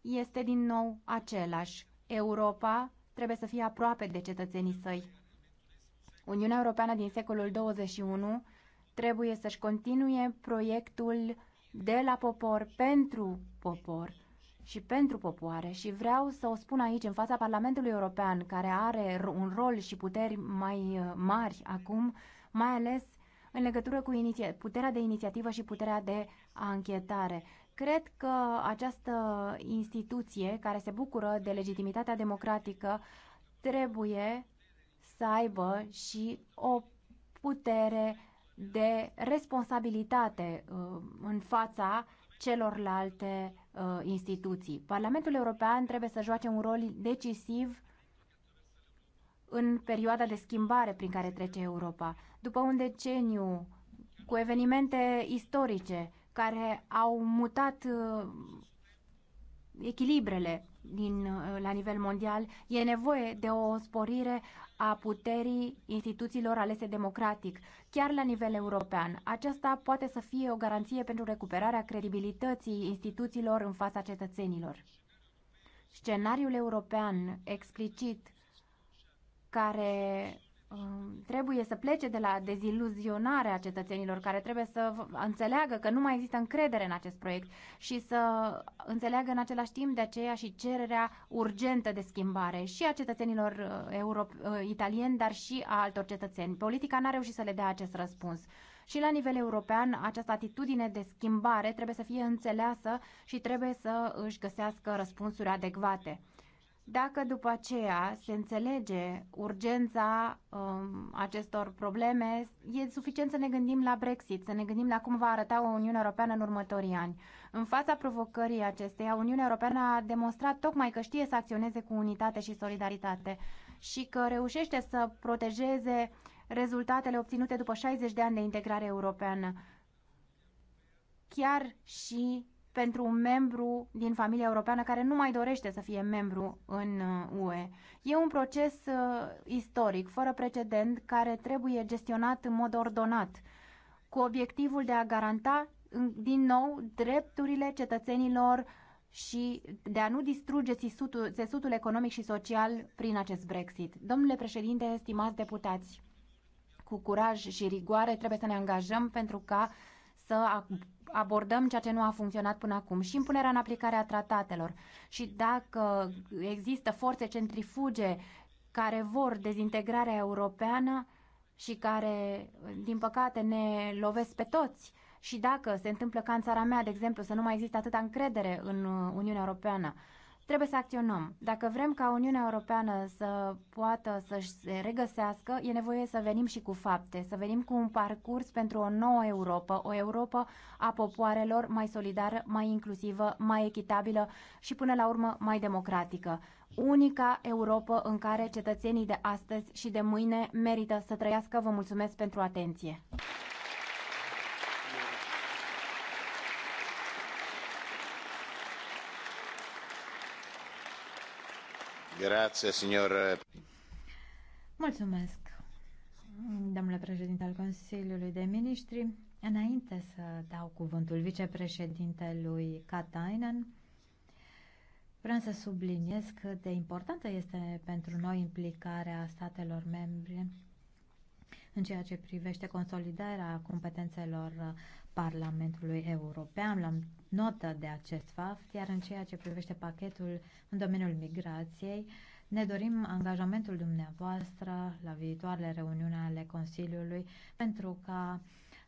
este din nou același. Europa trebuie să fie aproape de cetățenii săi. Uniunea Europeană din secolul 21 trebuie să-și continue proiectul de la popor pentru popor și pentru popoare și vreau să o spun aici în fața Parlamentului European, care are un rol și puteri mai uh, mari acum, mai ales în legătură cu puterea de inițiativă și puterea de anchetare. Cred că această instituție care se bucură de legitimitatea democratică trebuie să aibă și o putere de responsabilitate uh, în fața celorlalte uh, instituții. Parlamentul European trebuie să joace un rol decisiv în perioada de schimbare prin care trece Europa. După un deceniu cu evenimente istorice care au mutat uh, echilibrele din, uh, la nivel mondial, e nevoie de o sporire a puterii instituțiilor alese democratic, chiar la nivel european. Aceasta poate să fie o garanție pentru recuperarea credibilității instituțiilor în fața cetățenilor. Scenariul european explicit care Um, trebuie să plece de la deziluzionarea cetățenilor care trebuie să înțeleagă că nu mai există încredere în acest proiect și să înțeleagă în același timp de aceea și cererea urgentă de schimbare și a cetățenilor uh, uh, italieni, dar și a altor cetățeni. Politica n-a reușit să le dea acest răspuns. Și la nivel european, această atitudine de schimbare trebuie să fie înțeleasă și trebuie să își găsească răspunsuri adecvate. Dacă după aceea se înțelege urgența um, acestor probleme, e suficient să ne gândim la Brexit, să ne gândim la cum va arăta o Uniune Europeană în următorii ani. În fața provocării acesteia, Uniunea Europeană a demonstrat tocmai că știe să acționeze cu unitate și solidaritate și că reușește să protejeze rezultatele obținute după 60 de ani de integrare europeană. Chiar și pentru un membru din familia europeană care nu mai dorește să fie membru în UE. Uh, e un proces uh, istoric, fără precedent, care trebuie gestionat în mod ordonat, cu obiectivul de a garanta din nou drepturile cetățenilor și de a nu distruge țesutul, țesutul economic și social prin acest Brexit. Domnule președinte, stimați deputați, cu curaj și rigoare trebuie să ne angajăm pentru ca să abordăm ceea ce nu a funcționat până acum și impunerea în aplicare a tratatelor. Și dacă există forțe centrifuge care vor dezintegrarea europeană și care, din păcate, ne lovesc pe toți, și dacă se întâmplă ca în țara mea, de exemplu, să nu mai există atâta încredere în Uniunea Europeană, Trebuie să acționăm. Dacă vrem ca Uniunea Europeană să poată să-și se regăsească, e nevoie să venim și cu fapte, să venim cu un parcurs pentru o nouă Europa, o Europa a popoarelor mai solidară, mai inclusivă, mai echitabilă și până la urmă mai democratică. Unica Europa în care cetățenii de astăzi și de mâine merită să trăiască. Vă mulțumesc pentru atenție! Mulțumesc, domnule președinte al Consiliului de Ministri. Înainte să dau cuvântul vicepreședintelui Katainen, vreau să subliniez cât de importantă este pentru noi implicarea statelor membre în ceea ce privește consolidarea competențelor uh, Parlamentului European. Luăm notă de acest fapt, iar în ceea ce privește pachetul în domeniul migrației, ne dorim angajamentul dumneavoastră la viitoarele reuniuni ale Consiliului pentru ca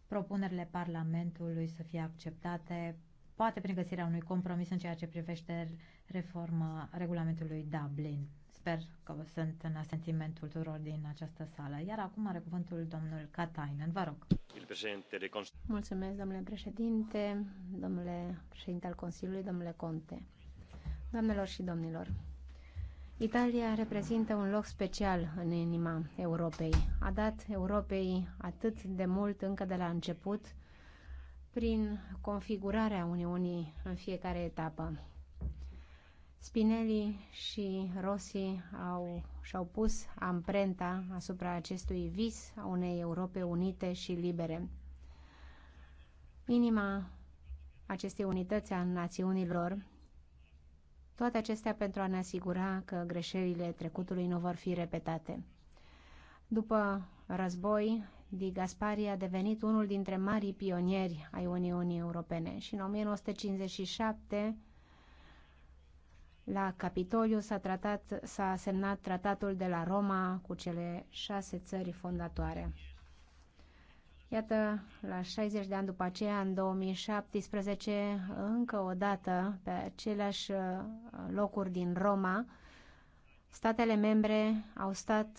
propunerile Parlamentului să fie acceptate, poate prin găsirea unui compromis în ceea ce privește reforma regulamentului Dublin. Sper că sunt în asentimentul tuturor din această sală. Iar acum are cuvântul domnul Katainen. Vă rog. Mulțumesc, domnule președinte, domnule președinte al Consiliului, domnule Conte. Doamnelor și domnilor, Italia reprezintă un loc special în inima Europei. A dat Europei atât de mult încă de la început prin configurarea Uniunii în fiecare etapă. Spinelli și Rossi au, și-au pus amprenta asupra acestui vis a unei Europe unite și libere. Inima acestei unități a națiunilor, toate acestea pentru a ne asigura că greșelile trecutului nu vor fi repetate. După război, Di Gaspari a devenit unul dintre marii pionieri ai Uniunii Europene și în 1957 la Capitoliu s-a, tratat, s-a semnat tratatul de la Roma cu cele șase țări fondatoare. Iată, la 60 de ani după aceea, în 2017, încă o dată, pe aceleași uh, locuri din Roma, statele membre au stat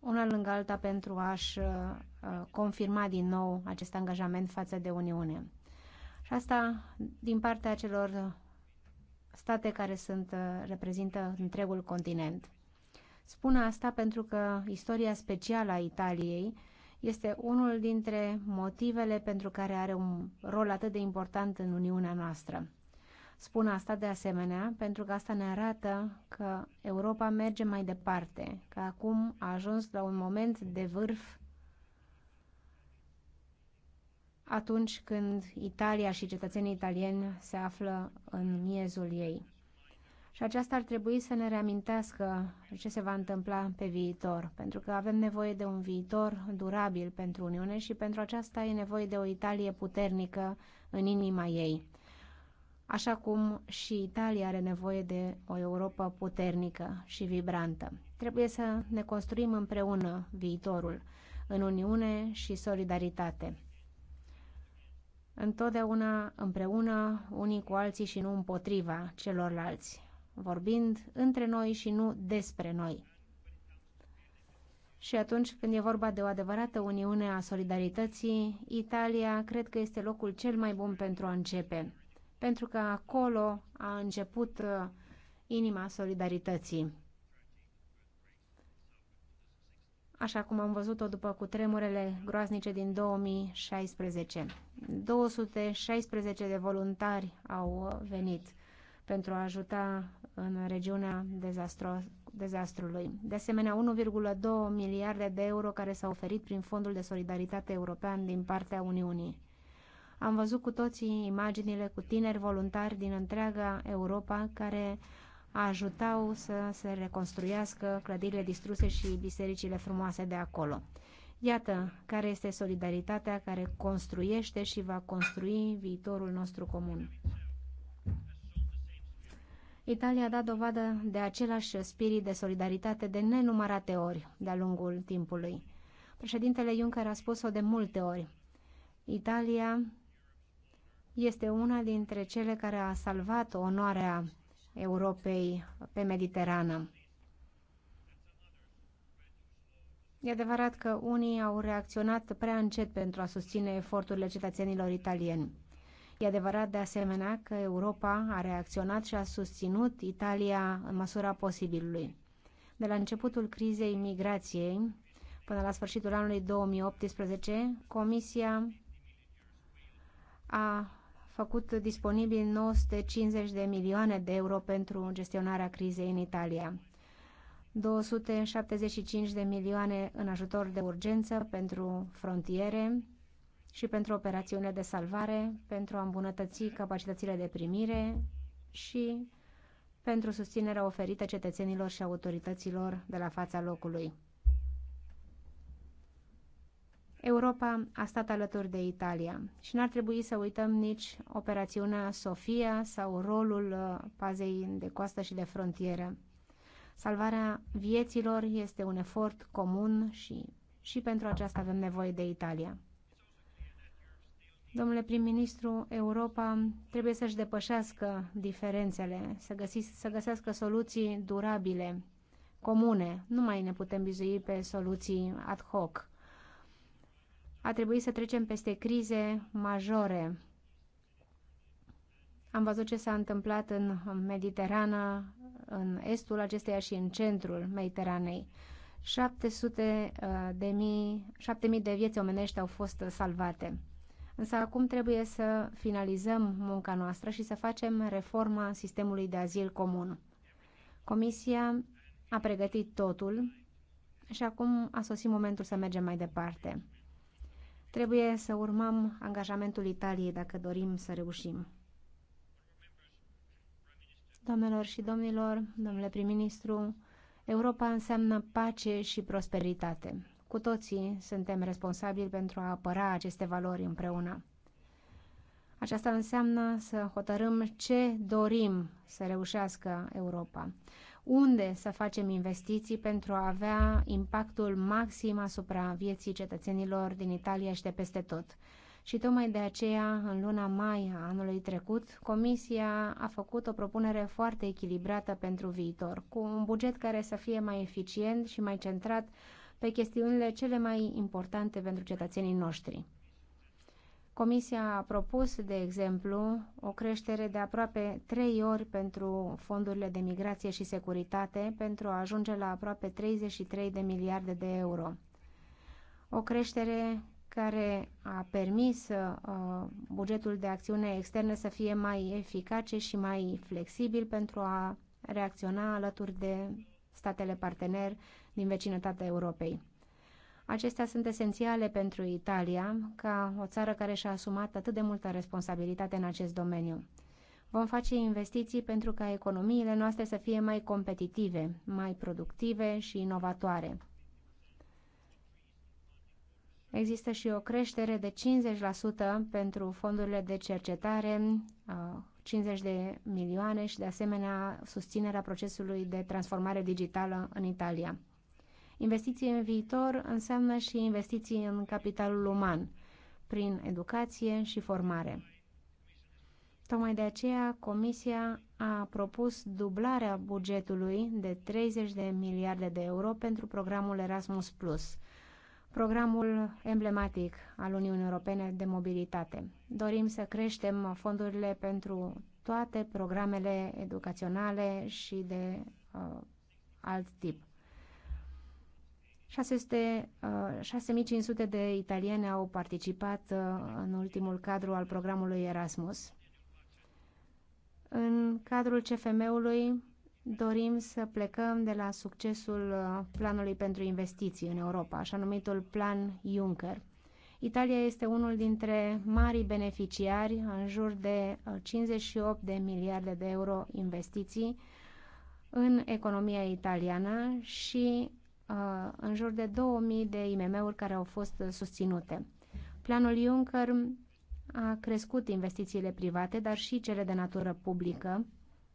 una lângă alta pentru a-și uh, confirma din nou acest angajament față de Uniune. Și asta din partea celor state care sunt, uh, reprezintă întregul continent. Spun asta pentru că istoria specială a Italiei este unul dintre motivele pentru care are un rol atât de important în Uniunea noastră. Spun asta de asemenea pentru că asta ne arată că Europa merge mai departe, că acum a ajuns la un moment de vârf atunci când Italia și cetățenii italieni se află în miezul ei. Și aceasta ar trebui să ne reamintească ce se va întâmpla pe viitor, pentru că avem nevoie de un viitor durabil pentru Uniune și pentru aceasta e nevoie de o Italie puternică în inima ei, așa cum și Italia are nevoie de o Europa puternică și vibrantă. Trebuie să ne construim împreună viitorul, în Uniune și solidaritate întotdeauna împreună unii cu alții și nu împotriva celorlalți, vorbind între noi și nu despre noi. Și atunci când e vorba de o adevărată uniune a solidarității, Italia cred că este locul cel mai bun pentru a începe, pentru că acolo a început uh, inima solidarității. așa cum am văzut-o după cutremurele groaznice din 2016. 216 de voluntari au venit pentru a ajuta în regiunea dezastro- dezastrului. De asemenea, 1,2 miliarde de euro care s-au oferit prin Fondul de Solidaritate European din partea Uniunii. Am văzut cu toții imaginile cu tineri voluntari din întreaga Europa care ajutau să se reconstruiască clădirile distruse și bisericile frumoase de acolo. Iată care este solidaritatea care construiește și va construi viitorul nostru comun. Italia a dat dovadă de același spirit de solidaritate de nenumărate ori de-a lungul timpului. Președintele Juncker a spus-o de multe ori. Italia este una dintre cele care a salvat onoarea Europei pe Mediterană. E adevărat că unii au reacționat prea încet pentru a susține eforturile cetățenilor italieni. E adevărat de asemenea că Europa a reacționat și a susținut Italia în măsura posibilului. De la începutul crizei migrației până la sfârșitul anului 2018, Comisia a făcut disponibil 950 de milioane de euro pentru gestionarea crizei în Italia. 275 de milioane în ajutor de urgență pentru frontiere și pentru operațiune de salvare, pentru a îmbunătăți capacitățile de primire și pentru susținerea oferită cetățenilor și autorităților de la fața locului. Europa a stat alături de Italia și n-ar trebui să uităm nici operațiunea Sofia sau rolul uh, pazei de coastă și de frontieră. Salvarea vieților este un efort comun și, și pentru aceasta avem nevoie de Italia. Domnule prim-ministru, Europa trebuie să-și depășească diferențele, să, găsi, să găsească soluții durabile, comune. Nu mai ne putem bizui pe soluții ad hoc a trebuit să trecem peste crize majore. Am văzut ce s-a întâmplat în Mediterana, în estul acesteia și în centrul Mediteranei. 700 uh, de mii, 7000 de vieți omenești au fost salvate. Însă acum trebuie să finalizăm munca noastră și să facem reforma sistemului de azil comun. Comisia a pregătit totul și acum a sosit momentul să mergem mai departe. Trebuie să urmăm angajamentul Italiei dacă dorim să reușim. Doamnelor și domnilor, domnule prim-ministru, Europa înseamnă pace și prosperitate. Cu toții suntem responsabili pentru a apăra aceste valori împreună. Aceasta înseamnă să hotărâm ce dorim să reușească Europa unde să facem investiții pentru a avea impactul maxim asupra vieții cetățenilor din Italia și de peste tot. Și tocmai de aceea, în luna mai a anului trecut, Comisia a făcut o propunere foarte echilibrată pentru viitor, cu un buget care să fie mai eficient și mai centrat pe chestiunile cele mai importante pentru cetățenii noștri. Comisia a propus, de exemplu, o creștere de aproape 3 ori pentru fondurile de migrație și securitate pentru a ajunge la aproape 33 de miliarde de euro. O creștere care a permis uh, bugetul de acțiune externă să fie mai eficace și mai flexibil pentru a reacționa alături de statele partener din vecinătatea Europei. Acestea sunt esențiale pentru Italia, ca o țară care și-a asumat atât de multă responsabilitate în acest domeniu. Vom face investiții pentru ca economiile noastre să fie mai competitive, mai productive și inovatoare. Există și o creștere de 50% pentru fondurile de cercetare, 50 de milioane și de asemenea susținerea procesului de transformare digitală în Italia. Investiții în viitor înseamnă și investiții în capitalul uman, prin educație și formare. Tocmai de aceea, Comisia a propus dublarea bugetului de 30 de miliarde de euro pentru programul Erasmus+, programul emblematic al Uniunii Europene de mobilitate. Dorim să creștem fondurile pentru toate programele educaționale și de uh, alt tip. 600, 6500 uh, de italieni au participat uh, în ultimul cadru al programului Erasmus. În cadrul CFM-ului dorim să plecăm de la succesul uh, planului pentru investiții în Europa, așa numitul Plan Juncker. Italia este unul dintre marii beneficiari, în jur de 58 de miliarde de euro investiții în economia italiană și în jur de 2000 de IMM-uri care au fost uh, susținute. Planul Juncker a crescut investițiile private, dar și cele de natură publică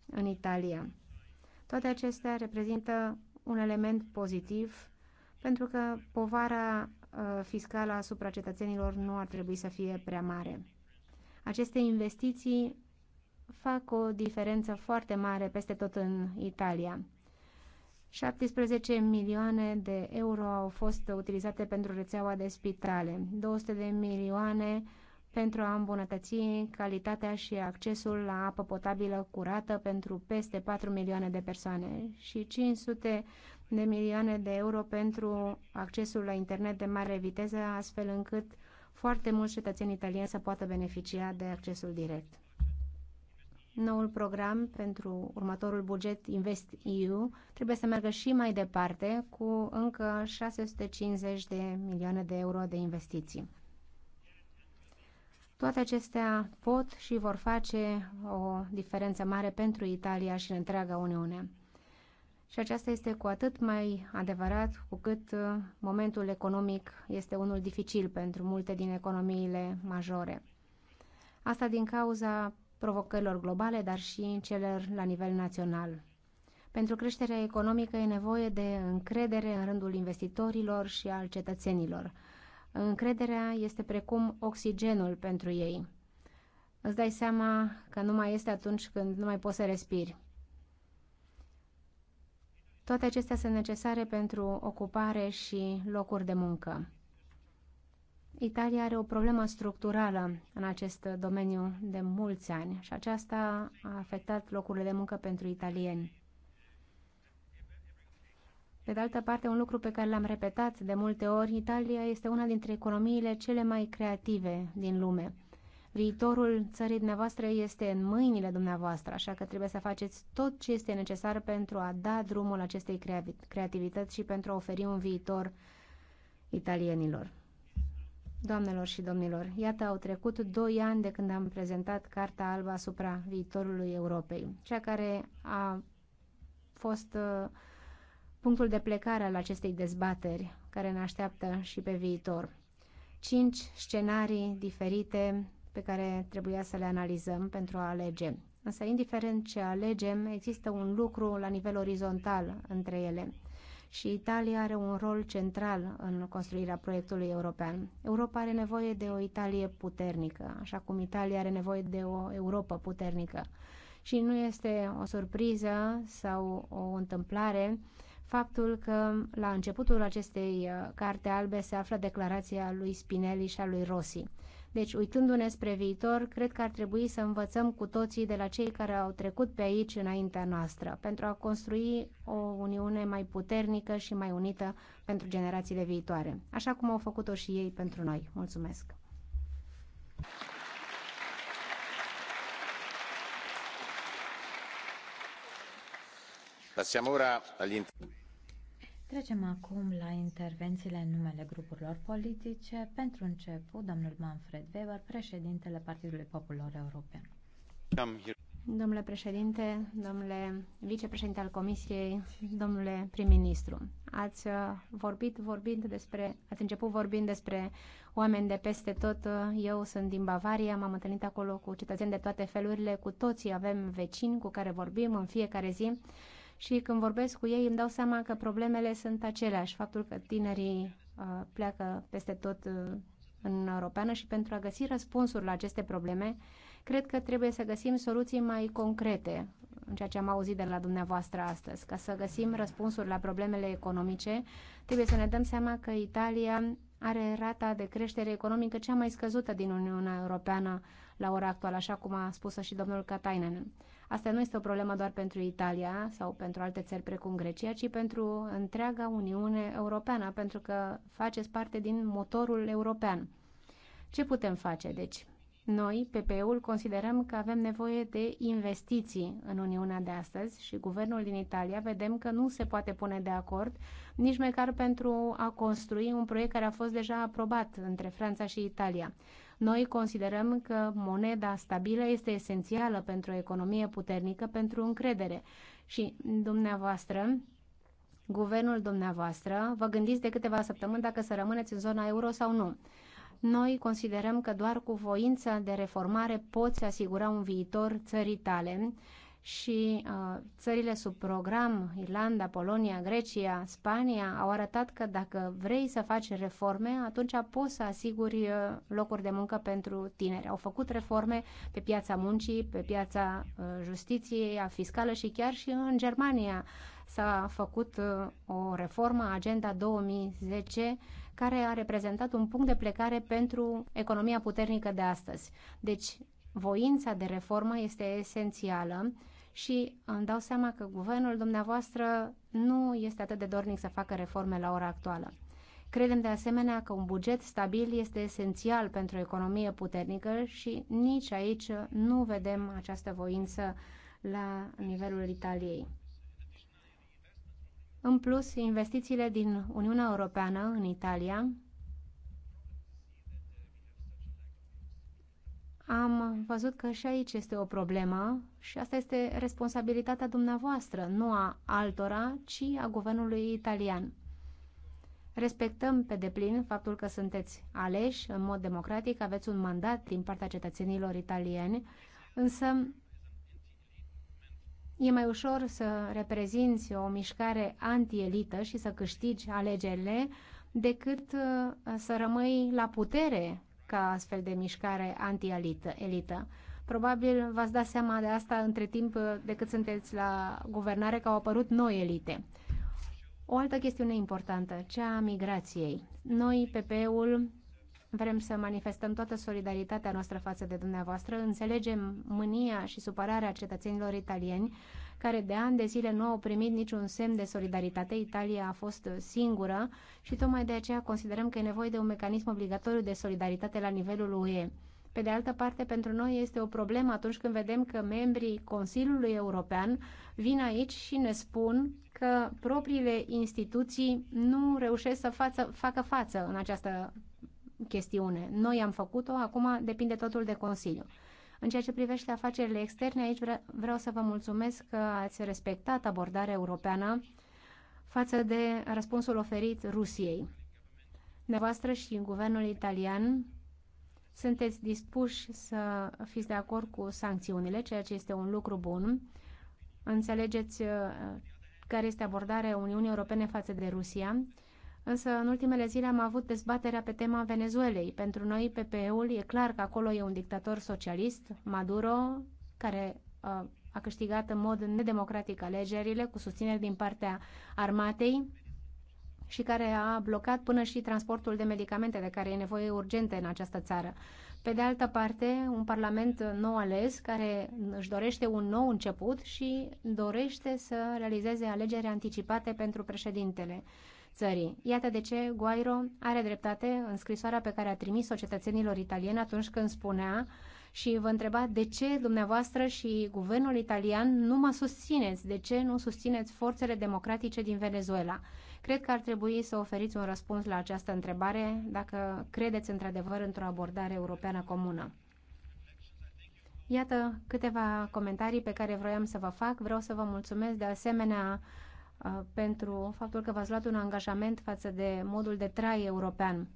în Italia. Toate acestea reprezintă un element pozitiv pentru că povara uh, fiscală asupra cetățenilor nu ar trebui să fie prea mare. Aceste investiții fac o diferență foarte mare peste tot în Italia. 17 milioane de euro au fost utilizate pentru rețeaua de spitale, 200 de milioane pentru a îmbunătăți calitatea și accesul la apă potabilă curată pentru peste 4 milioane de persoane și 500 de milioane de euro pentru accesul la internet de mare viteză, astfel încât foarte mulți cetățeni italieni să poată beneficia de accesul direct noul program pentru următorul buget Invest EU trebuie să meargă și mai departe cu încă 650 de milioane de euro de investiții. Toate acestea pot și vor face o diferență mare pentru Italia și în întreaga Uniune. Și aceasta este cu atât mai adevărat cu cât uh, momentul economic este unul dificil pentru multe din economiile majore. Asta din cauza provocărilor globale, dar și celor la nivel național. Pentru creșterea economică e nevoie de încredere în rândul investitorilor și al cetățenilor. Încrederea este precum oxigenul pentru ei. Îți dai seama că nu mai este atunci când nu mai poți să respiri. Toate acestea sunt necesare pentru ocupare și locuri de muncă. Italia are o problemă structurală în acest domeniu de mulți ani și aceasta a afectat locurile de muncă pentru italieni. Pe de altă parte, un lucru pe care l-am repetat de multe ori, Italia este una dintre economiile cele mai creative din lume. Viitorul țării dumneavoastră este în mâinile dumneavoastră, așa că trebuie să faceți tot ce este necesar pentru a da drumul acestei creativități și pentru a oferi un viitor italienilor. Doamnelor și domnilor, iată au trecut doi ani de când am prezentat Carta Albă asupra viitorului Europei, cea care a fost uh, punctul de plecare al acestei dezbateri care ne așteaptă și pe viitor. Cinci scenarii diferite pe care trebuia să le analizăm pentru a alege. Însă, indiferent ce alegem, există un lucru la nivel orizontal între ele și Italia are un rol central în construirea proiectului european. Europa are nevoie de o Italie puternică, așa cum Italia are nevoie de o Europa puternică. Și nu este o surpriză sau o întâmplare faptul că la începutul acestei uh, carte albe se află declarația lui Spinelli și a lui Rossi. Deci, uitându-ne spre viitor, cred că ar trebui să învățăm cu toții de la cei care au trecut pe aici înaintea noastră, pentru a construi o Uniune mai puternică și mai unită pentru generațiile viitoare, așa cum au făcut-o și ei pentru noi. Mulțumesc! Passiamo ora agli Trecem acum la intervențiile în numele grupurilor politice. Pentru început, domnul Manfred Weber, președintele Partidului Popular European. Domnule președinte, domnule vicepreședinte al Comisiei, domnule prim-ministru, ați uh, vorbit vorbind despre, ați început vorbind despre oameni de peste tot. Uh, eu sunt din Bavaria, m-am întâlnit acolo cu cetățeni de toate felurile, cu toții avem vecini cu care vorbim în fiecare zi și când vorbesc cu ei îmi dau seama că problemele sunt aceleași, faptul că tinerii uh, pleacă peste tot uh, în Europeană și pentru a găsi răspunsuri la aceste probleme, cred că trebuie să găsim soluții mai concrete în ceea ce am auzit de la dumneavoastră astăzi. Ca să găsim răspunsuri la problemele economice, trebuie să ne dăm seama că Italia are rata de creștere economică cea mai scăzută din Uniunea Europeană la ora actuală, așa cum a spus și domnul Katainen. Asta nu este o problemă doar pentru Italia sau pentru alte țări precum Grecia, ci pentru întreaga Uniune Europeană, pentru că faceți parte din motorul european. Ce putem face, deci? Noi, PPE-ul, considerăm că avem nevoie de investiții în Uniunea de astăzi și guvernul din Italia vedem că nu se poate pune de acord nici măcar pentru a construi un proiect care a fost deja aprobat între Franța și Italia. Noi considerăm că moneda stabilă este esențială pentru o economie puternică, pentru încredere. Și dumneavoastră, guvernul dumneavoastră, vă gândiți de câteva săptămâni dacă să rămâneți în zona euro sau nu. Noi considerăm că doar cu voința de reformare poți asigura un viitor țării tale și uh, țările sub program, Irlanda, Polonia, Grecia, Spania, au arătat că dacă vrei să faci reforme, atunci poți să asiguri uh, locuri de muncă pentru tineri. Au făcut reforme pe piața muncii, pe piața uh, justiției, a fiscală și chiar și în Germania s-a făcut uh, o reformă, Agenda 2010, care a reprezentat un punct de plecare pentru economia puternică de astăzi. Deci, voința de reformă este esențială și uh, îmi dau seama că guvernul dumneavoastră nu este atât de dornic să facă reforme la ora actuală. Credem de asemenea că un buget stabil este esențial pentru o economie puternică și nici aici nu vedem această voință la nivelul Italiei. În plus, investițiile din Uniunea Europeană în Italia am văzut că și aici este o problemă și asta este responsabilitatea dumneavoastră, nu a altora, ci a guvernului italian. Respectăm pe deplin faptul că sunteți aleși în mod democratic, aveți un mandat din partea cetățenilor italieni, însă e mai ușor să reprezinți o mișcare antielită și să câștigi alegerile decât uh, să rămâi la putere ca astfel de mișcare anti-elită. Probabil v-ați dat seama de asta între timp de cât sunteți la guvernare că au apărut noi elite. O altă chestiune importantă, cea a migrației. Noi, PP-ul, vrem să manifestăm toată solidaritatea noastră față de dumneavoastră, înțelegem mânia și supărarea cetățenilor italieni care de ani de zile nu au primit niciun semn de solidaritate. Italia a fost singură și tocmai de aceea considerăm că e nevoie de un mecanism obligatoriu de solidaritate la nivelul UE. Pe de altă parte, pentru noi este o problemă atunci când vedem că membrii Consiliului European vin aici și ne spun că propriile instituții nu reușesc să față, facă față în această chestiune. Noi am făcut-o, acum depinde totul de Consiliu. În ceea ce privește afacerile externe, aici vreau să vă mulțumesc că ați respectat abordarea europeană față de răspunsul oferit Rusiei. Nevoastră și guvernul italian sunteți dispuși să fiți de acord cu sancțiunile, ceea ce este un lucru bun. Înțelegeți uh, care este abordarea Uniunii Europene față de Rusia Însă în ultimele zile am avut dezbaterea pe tema Venezuelei. Pentru noi, PPE-ul, e clar că acolo e un dictator socialist, Maduro, care uh, a câștigat în mod nedemocratic alegerile cu susținere din partea armatei și care a blocat până și transportul de medicamente de care e nevoie urgente în această țară. Pe de altă parte, un parlament nou ales care își dorește un nou început și dorește să realizeze alegeri anticipate pentru președintele țării. Iată de ce Guairo are dreptate în scrisoarea pe care a trimis-o cetățenilor italieni atunci când spunea și vă întreba de ce dumneavoastră și guvernul italian nu mă susțineți, de ce nu susțineți forțele democratice din Venezuela. Cred că ar trebui să oferiți un răspuns la această întrebare dacă credeți într-adevăr într-o abordare europeană comună. Iată câteva comentarii pe care vroiam să vă fac. Vreau să vă mulțumesc de asemenea Uh, pentru faptul că v-ați luat un angajament față de modul de trai european.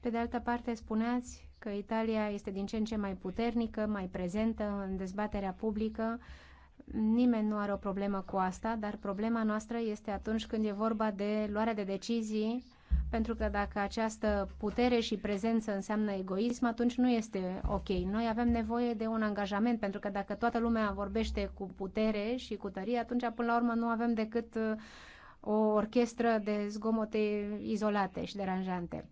Pe de altă parte, spuneați că Italia este din ce în ce mai puternică, mai prezentă în dezbaterea publică. Nimeni nu are o problemă cu asta, dar problema noastră este atunci când e vorba de luarea de decizii pentru că dacă această putere și prezență înseamnă egoism, atunci nu este ok. Noi avem nevoie de un angajament, pentru că dacă toată lumea vorbește cu putere și cu tărie, atunci până la urmă nu avem decât uh, o orchestră de zgomote izolate și deranjante.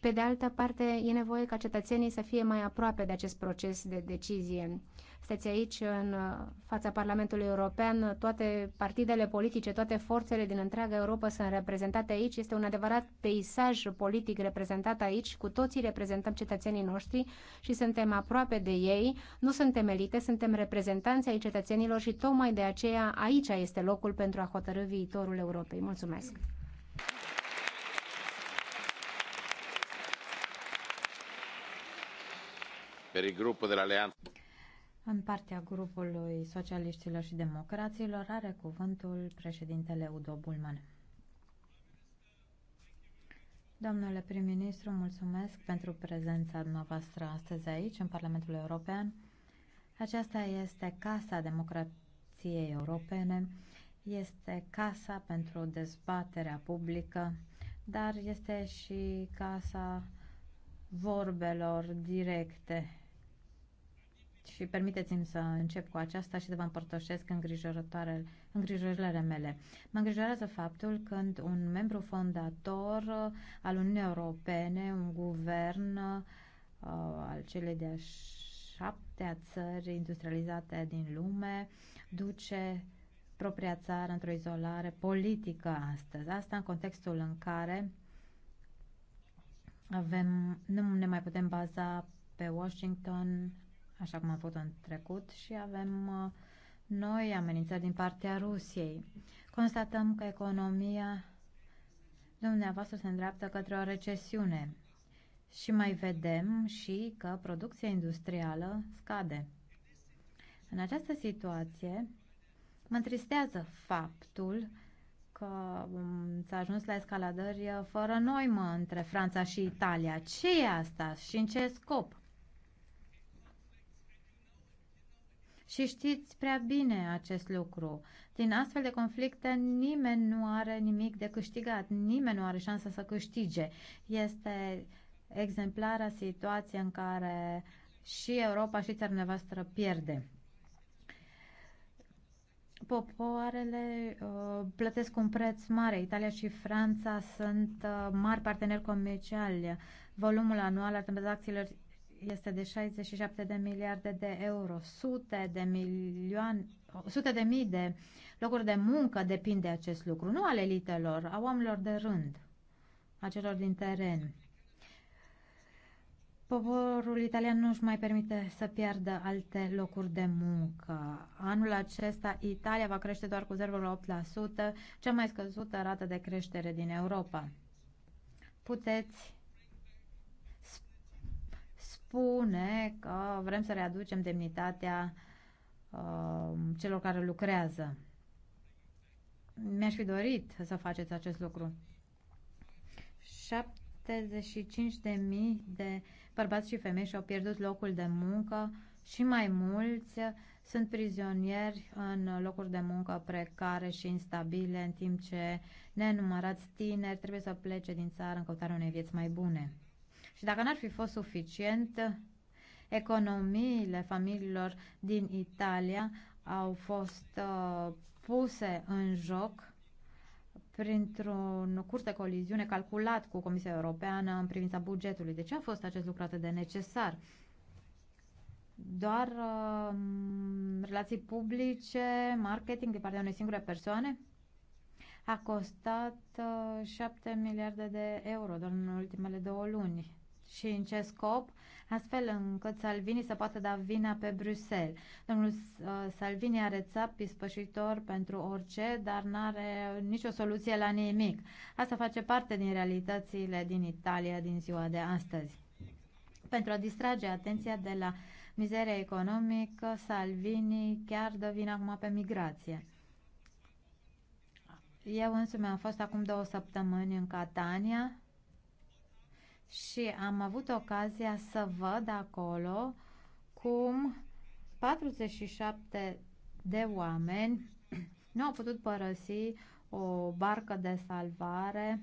Pe de altă parte, e nevoie ca cetățenii să fie mai aproape de acest proces de decizie. Sunteți aici în uh, fața Parlamentului European, toate partidele politice, toate forțele din întreaga Europa sunt reprezentate aici. Este un adevărat peisaj politic reprezentat aici. Cu toții reprezentăm cetățenii noștri și suntem aproape de ei. Nu suntem elite, suntem reprezentanți ai cetățenilor și tocmai de aceea aici este locul pentru a hotărâ viitorul Europei. Mulțumesc! Per il gruppo dell'Alleanza. În partea grupului socialiștilor și democraților are cuvântul președintele Udo Bulman. Domnule prim-ministru, mulțumesc pentru prezența dumneavoastră astăzi aici, în Parlamentul European. Aceasta este Casa Democrației Europene, este casa pentru dezbaterea publică, dar este și casa vorbelor directe și permiteți-mi să încep cu aceasta și să vă împărtășesc îngrijorările mele. Mă îngrijorează faptul când un membru fondator uh, al Uniunii Europene, un guvern uh, al celei de-a șaptea țări industrializate din lume, duce propria țară într-o izolare politică astăzi. Asta în contextul în care avem, nu ne mai putem baza pe Washington, așa cum a fost în trecut, și avem uh, noi amenințări din partea Rusiei. Constatăm că economia dumneavoastră se îndreaptă către o recesiune și mai vedem și că producția industrială scade. În această situație, mă întristează faptul că um, s-a ajuns la escaladări uh, fără noimă între Franța și Italia. Ce e asta și în ce scop? Și știți prea bine acest lucru. Din astfel de conflicte nimeni nu are nimic de câștigat, nimeni nu are șansa să câștige. Este exemplara situație în care și Europa și țara noastră pierde. Popoarele uh, plătesc un preț mare. Italia și Franța sunt uh, mari parteneri comerciali. Volumul anual al tranzacțiilor este de 67 de miliarde de euro. Sute de milioane, sute de mii de locuri de muncă depind de acest lucru, nu ale elitelor, a oamenilor de rând, a celor din teren. Poporul italian nu își mai permite să piardă alte locuri de muncă. Anul acesta Italia va crește doar cu 0,8%, cea mai scăzută rată de creștere din Europa. Puteți spune că vrem să readucem demnitatea uh, celor care lucrează. Mi-aș fi dorit să faceți acest lucru. 75.000 de bărbați și femei și-au pierdut locul de muncă și mai mulți sunt prizonieri în locuri de muncă precare și instabile, în timp ce nenumărați tineri trebuie să plece din țară în căutarea unei vieți mai bune. Și dacă n-ar fi fost suficient, economiile familiilor din Italia au fost uh, puse în joc printr-un curs de coliziune calculat cu Comisia Europeană în privința bugetului. De ce a fost acest lucru atât de necesar? Doar uh, relații publice, marketing din partea unei singure persoane? A costat uh, 7 miliarde de euro doar în ultimele două luni și în ce scop, astfel încât Salvini să poată da vina pe Bruxelles. Domnul uh, Salvini are țap ispășitor pentru orice, dar nu are nicio soluție la nimic. Asta face parte din realitățile din Italia din ziua de astăzi. Pentru a distrage atenția de la mizeria economică, Salvini chiar dă vina acum pe migrație. Eu însumi am fost acum două săptămâni în Catania, și am avut ocazia să văd acolo cum 47 de oameni nu au putut părăsi o barcă de salvare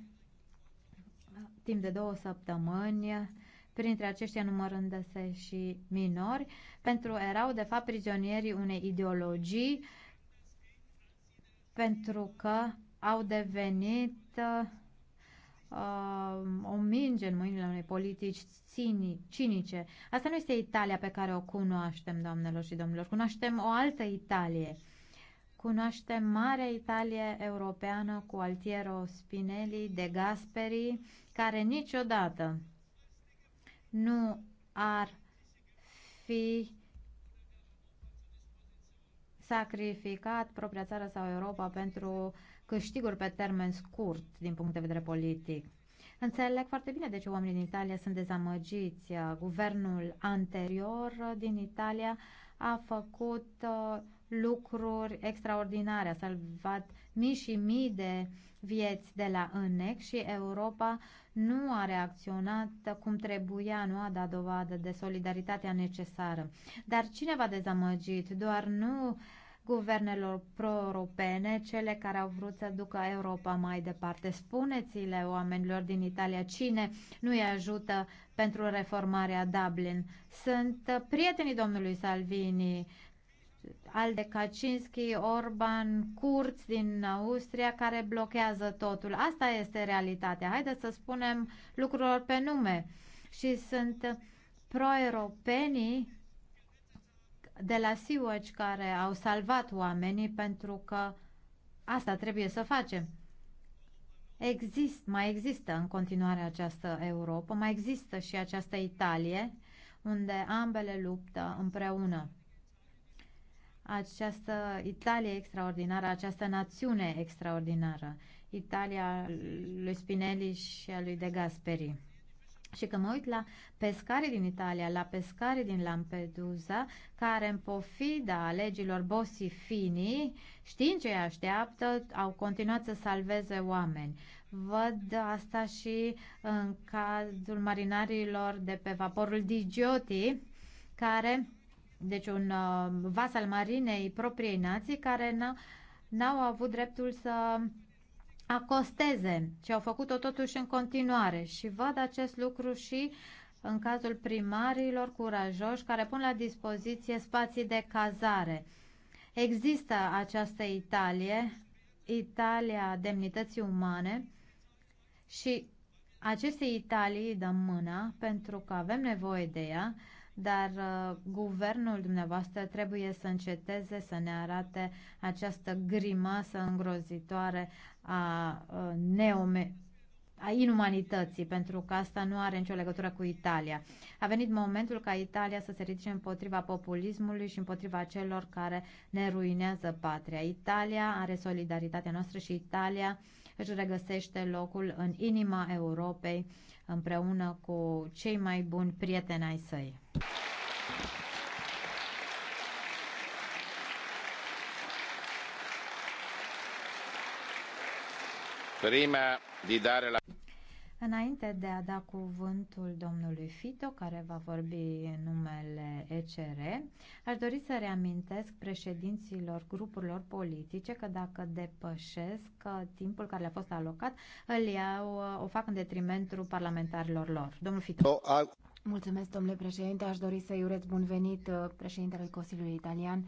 timp de două săptămâni, printre aceștia numărându-se și minori, pentru erau de fapt prizonierii unei ideologii, pentru că au devenit uh, uh, o minge în mâinile unei politici cinice. Asta nu este Italia pe care o cunoaștem, doamnelor și domnilor. Cunoaștem o altă Italie. Cunoaștem Marea Italie europeană cu Altiero Spinelli, De Gasperi, care niciodată nu ar fi sacrificat propria țară sau Europa pentru câștiguri pe termen scurt din punct de vedere politic. Înțeleg foarte bine de ce oamenii din Italia sunt dezamăgiți. Guvernul anterior din Italia a făcut uh, lucruri extraordinare, a salvat mii și mii de vieți de la ANEC și Europa nu a reacționat cum trebuia, nu a dat dovadă de solidaritatea necesară. Dar cine v-a dezamăgit? Doar nu uh, guvernelor pro-europene, cele care au vrut să ducă Europa mai departe. Spuneți-le oamenilor din Italia cine nu îi ajută pentru reformarea Dublin. Sunt prietenii domnului Salvini, Alde Kaczynski, Orban, Kurz din Austria care blochează totul. Asta este realitatea. Haideți să spunem lucrurilor pe nume. Și sunt pro-europenii de la Sea-Watch care au salvat oamenii pentru că asta trebuie să facem. Exist, mai există în continuare această Europa, mai există și această Italie, unde ambele luptă împreună. Această Italie extraordinară, această națiune extraordinară, Italia lui Spinelli și a lui De Gasperi. Și că mă uit la pescare din Italia, la pescare din Lampedusa, care în pofida legilor Bosifini, știind ce îi așteaptă, au continuat să salveze oameni. Văd asta și în cazul marinarilor de pe vaporul Digioti, care, deci un uh, vas al marinei propriei nații, care n-au avut dreptul să acosteze și au făcut-o totuși în continuare și văd acest lucru și în cazul primarilor curajoși care pun la dispoziție spații de cazare. Există această Italie, Italia demnității umane și acestei Italii dăm mâna pentru că avem nevoie de ea dar uh, guvernul dumneavoastră trebuie să înceteze să ne arate această grimasă îngrozitoare a uh, neome a inumanității, pentru că asta nu are nicio legătură cu Italia. A venit momentul ca Italia să se ridice împotriva populismului și împotriva celor care ne ruinează patria. Italia are solidaritatea noastră și Italia își regăsește locul în inima Europei împreună cu cei mai buni prieteni ai săi. Prima di dare la Înainte de a da cuvântul domnului Fito, care va vorbi în numele ECR, aș dori să reamintesc președinților grupurilor politice că dacă depășesc uh, timpul care le-a fost alocat, îl iau, uh, o fac în detrimentul parlamentarilor lor. Domnul Fito. Oh, Mulțumesc, domnule președinte. Aș dori să-i urez bun venit uh, președintele Consiliului Italian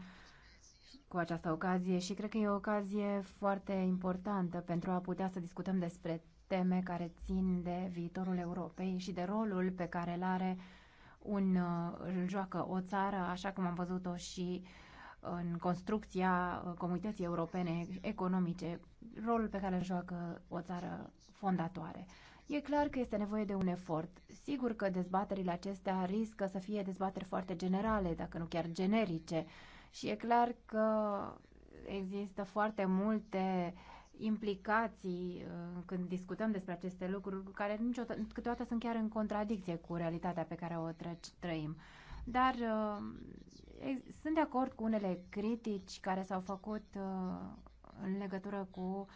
cu această ocazie și cred că e o ocazie foarte importantă pentru a putea să discutăm despre teme care țin de viitorul Europei și de rolul pe care îl are un, uh, îl joacă o țară, așa cum am văzut-o și în construcția uh, comunității europene economice, rolul pe care îl joacă o țară fondatoare. E clar că este nevoie de un efort. Sigur că dezbaterile acestea riscă să fie dezbateri foarte generale, dacă nu chiar generice. Și e clar că există foarte multe uh, implicații uh, când discutăm despre aceste lucruri, care niciodată, câteodată sunt chiar în contradicție cu realitatea pe care o trăim. Dar uh, sunt de acord cu unele critici care s-au făcut uh, în legătură cu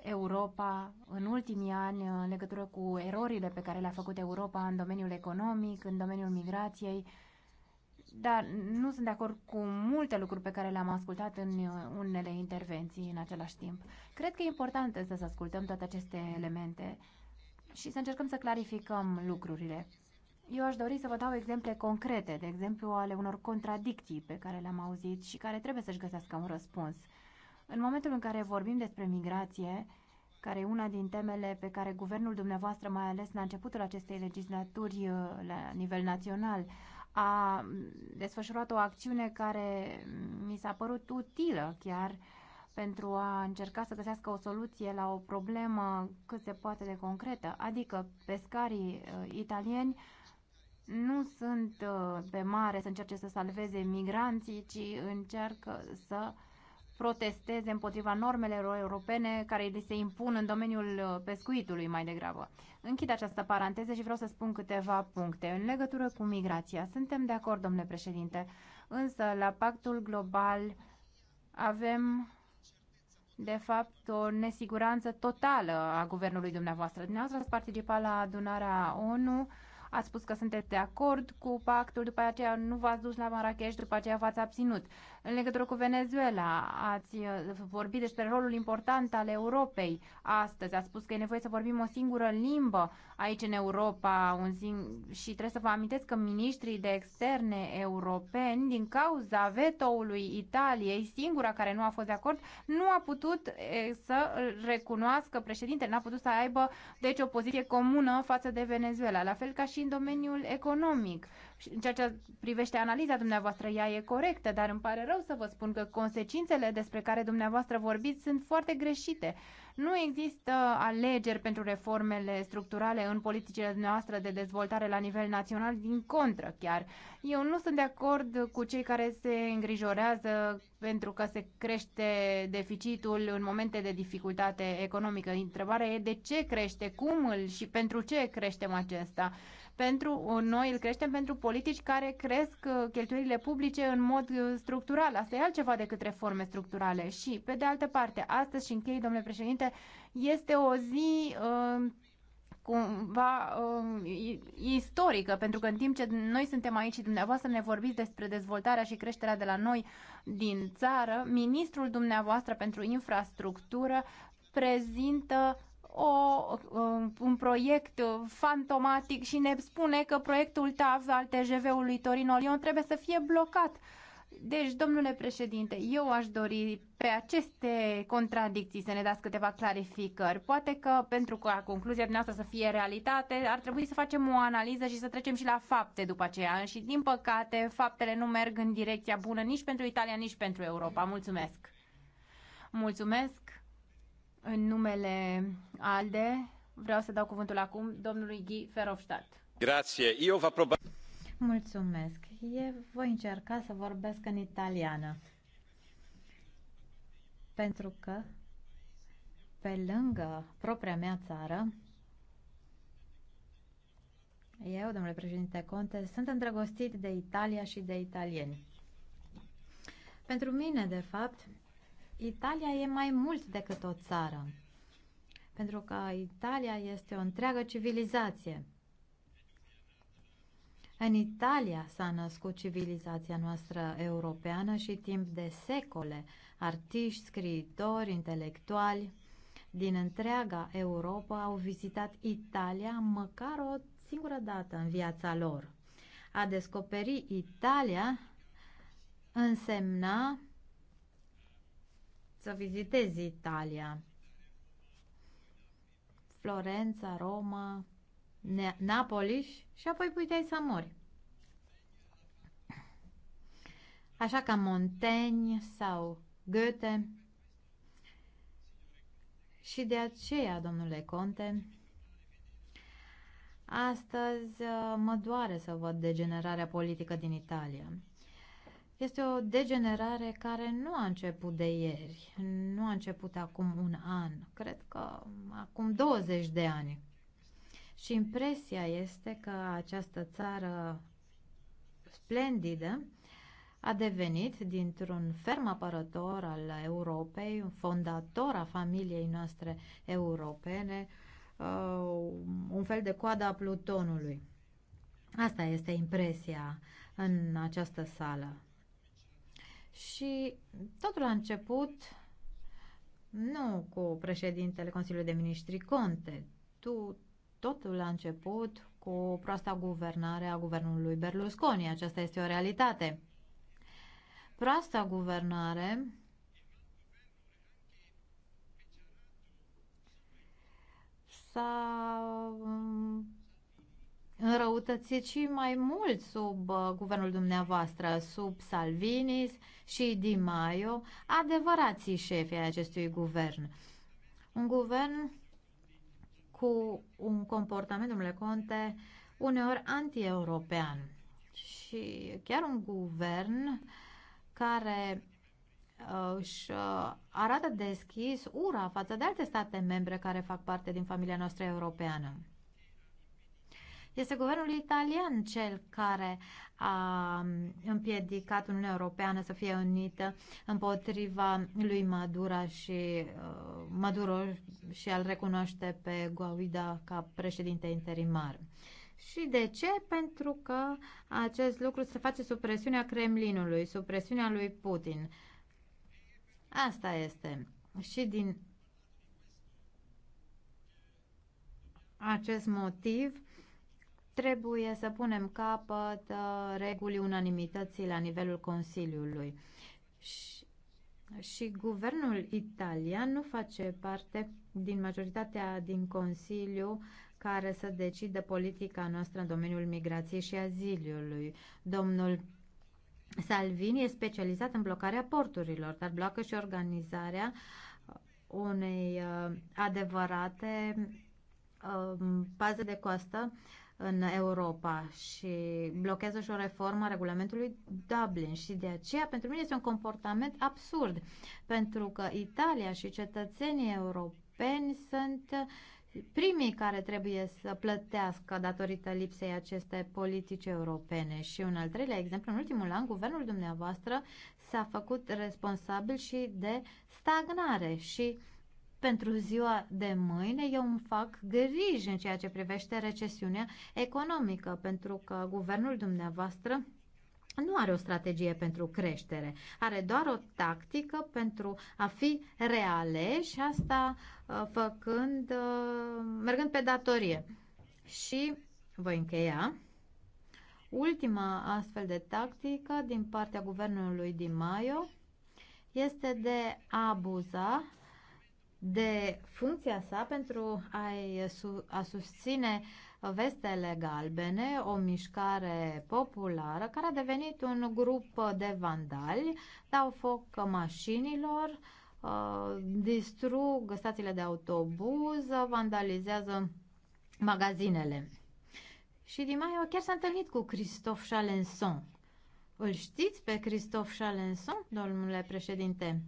Europa în ultimii ani, în legătură cu erorile pe care le-a făcut Europa în domeniul economic, în domeniul migrației, dar nu sunt de acord cu multe lucruri pe care le-am ascultat în uh, unele intervenții în același timp. Cred că e important să ascultăm toate aceste elemente și să încercăm să clarificăm lucrurile. Eu aș dori să vă dau exemple concrete, de exemplu ale unor contradicții pe care le-am auzit și care trebuie să-și găsească un răspuns. În momentul în care vorbim despre migrație, care e una din temele pe care guvernul dumneavoastră, mai ales la începutul acestei legislaturi uh, la nivel național, a desfășurat o acțiune care mi s-a părut utilă chiar pentru a încerca să găsească o soluție la o problemă cât se poate de concretă, adică pescarii uh, italieni nu sunt uh, pe mare să încerce să salveze migranții, ci încearcă să uh, protesteze împotriva normelor europene care li se impun în domeniul uh, pescuitului mai degrabă. Închid această paranteză și vreau să spun câteva puncte. În legătură cu migrația, suntem de acord, domnule președinte, însă la pactul global avem de fapt o nesiguranță totală a guvernului dumneavoastră. Dumneavoastră ați participat la adunarea ONU, ați spus că sunteți de acord cu pactul, după aceea nu v-ați dus la Marrakesh, după aceea v-ați abținut. În legătură cu Venezuela, ați uh, vorbit despre rolul important al Europei astăzi. Ați spus că e nevoie să vorbim o singură limbă aici în Europa un sing- și trebuie să vă amintesc că ministrii de externe europeni, din cauza vetoului Italiei, singura care nu a fost de acord, nu a putut să recunoască președinte, n-a putut să aibă deci o poziție comună față de Venezuela, la fel ca și în domeniul economic. Și în ceea ce privește analiza dumneavoastră, ea e corectă, dar îmi pare rău să vă spun că consecințele despre care dumneavoastră vorbiți sunt foarte greșite. Nu există alegeri pentru reformele structurale în politicile noastre de dezvoltare la nivel național, din contră chiar. Eu nu sunt de acord cu cei care se îngrijorează pentru că se crește deficitul în momente de dificultate economică. Întrebarea e de ce crește, cum îl și pentru ce creștem acesta pentru noi îl creștem pentru politici care cresc uh, cheltuielile publice în mod uh, structural. Asta e altceva decât reforme structurale. Și, pe de altă parte, astăzi și închei, domnule președinte, este o zi uh, cumva uh, istorică, pentru că în timp ce noi suntem aici și dumneavoastră ne vorbiți despre dezvoltarea și creșterea de la noi din țară, ministrul dumneavoastră pentru infrastructură prezintă o, um, un proiect fantomatic și ne spune că proiectul TAV al TGV-ului Torino-Lyon trebuie să fie blocat. Deci, domnule președinte, eu aș dori pe aceste contradicții să ne dați câteva clarificări. Poate că pentru ca concluzia dumneavoastră să fie realitate, ar trebui să facem o analiză și să trecem și la fapte după aceea. Și, din păcate, faptele nu merg în direcția bună nici pentru Italia, nici pentru Europa. Mulțumesc! Mulțumesc! În numele ALDE vreau să dau cuvântul acum domnului Ghi Ferofstadt. Grazie, Eu vă proba... Mulțumesc. Eu voi încerca să vorbesc în italiană. Pentru că pe lângă propria mea țară, eu, domnule președinte Conte, sunt îndrăgostit de Italia și de italieni. Pentru mine, de fapt, Italia e mai mult decât o țară, pentru că Italia este o întreagă civilizație. În Italia s-a născut civilizația noastră europeană și timp de secole, artiști, scriitori, intelectuali din întreaga Europa au vizitat Italia măcar o singură dată în viața lor. A descoperi Italia însemna să vizitezi Italia. Florența, Roma, ne- Napoli și apoi puteai să mori. Așa ca Montaigne sau Goethe. Și de aceea, domnule Conte, astăzi uh, mă doare să văd degenerarea politică din Italia. Este o degenerare care nu a început de ieri, nu a început acum un an, cred că acum 20 de ani. Și impresia este că această țară splendidă a devenit, dintr-un ferm apărător al Europei, un fondator a familiei noastre europene, uh, un fel de coada Plutonului. Asta este impresia în această sală. Și totul a început nu cu președintele Consiliului de Ministri Conte. Tu, totul a început cu proasta guvernare a guvernului Berlusconi. Aceasta este o realitate. Proasta guvernare s-a înrăutățit și mai mult sub uh, guvernul dumneavoastră, sub Salvinis și Di Maio, adevărații șefi ai acestui guvern. Un guvern cu un comportament, domnule Conte, uneori anti-european și chiar un guvern care uh, își uh, arată deschis ura față de alte state membre care fac parte din familia noastră europeană. Este guvernul italian cel care a um, împiedicat Uniunea Europeană să fie unită împotriva lui Madura și uh, Maduro și al recunoaște pe Guaida ca președinte interimar. Și de ce? Pentru că acest lucru se face sub presiunea Kremlinului, sub presiunea lui Putin. Asta este. Și din acest motiv Trebuie să punem capăt uh, regulii unanimității la nivelul Consiliului. Și, și guvernul italian nu face parte din majoritatea din Consiliu care să decidă politica noastră în domeniul migrației și aziliului. Domnul Salvini e specializat în blocarea porturilor, dar bloacă și organizarea unei uh, adevărate uh, paze de coastă în Europa și blochează și o reformă a regulamentului Dublin și de aceea pentru mine este un comportament absurd pentru că Italia și cetățenii europeni sunt primii care trebuie să plătească datorită lipsei aceste politici europene. Și un al treilea exemplu, în ultimul an, guvernul dumneavoastră s-a făcut responsabil și de stagnare și uh, pentru ziua de mâine, eu îmi fac griji în ceea ce privește recesiunea economică, pentru că guvernul dumneavoastră nu are o strategie pentru creștere, are doar o tactică pentru a fi reale și asta uh, făcând, uh, mergând pe datorie. Și voi încheia. Ultima astfel de tactică din partea guvernului Di Maio este de a abuza de funcția sa pentru a, su- a susține Vestele Galbene, o mișcare populară care a devenit un grup de vandali, dau foc mașinilor, uh, distrug stațiile de autobuz, vandalizează magazinele. Și din mai chiar s-a întâlnit cu Christophe Chalençon. Îl știți pe Christophe Chalençon, domnule președinte?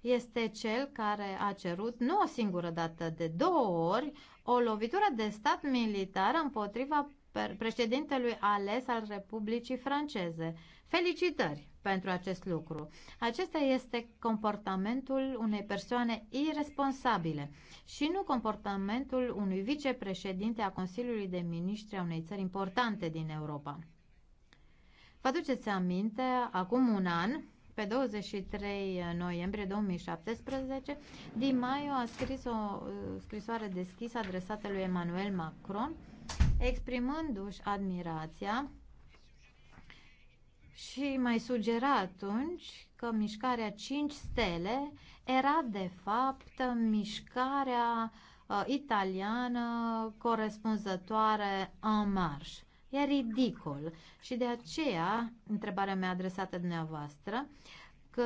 este cel care a cerut, nu o singură dată, de două ori, o lovitură de stat militar împotriva președintelui ales al Republicii Franceze. Felicitări pentru acest lucru. Acesta este comportamentul unei persoane irresponsabile și nu comportamentul unui vicepreședinte a Consiliului de Ministri a unei țări importante din Europa. Vă aduceți aminte, acum un an, pe 23 noiembrie 2017, Di Maio a scris o uh, scrisoare deschisă adresată lui Emmanuel Macron, exprimându-și admirația și mai sugera atunci că mișcarea 5 stele era de fapt mișcarea uh, italiană corespunzătoare în marș. E ridicol. Și de aceea, întrebarea mea adresată dumneavoastră, că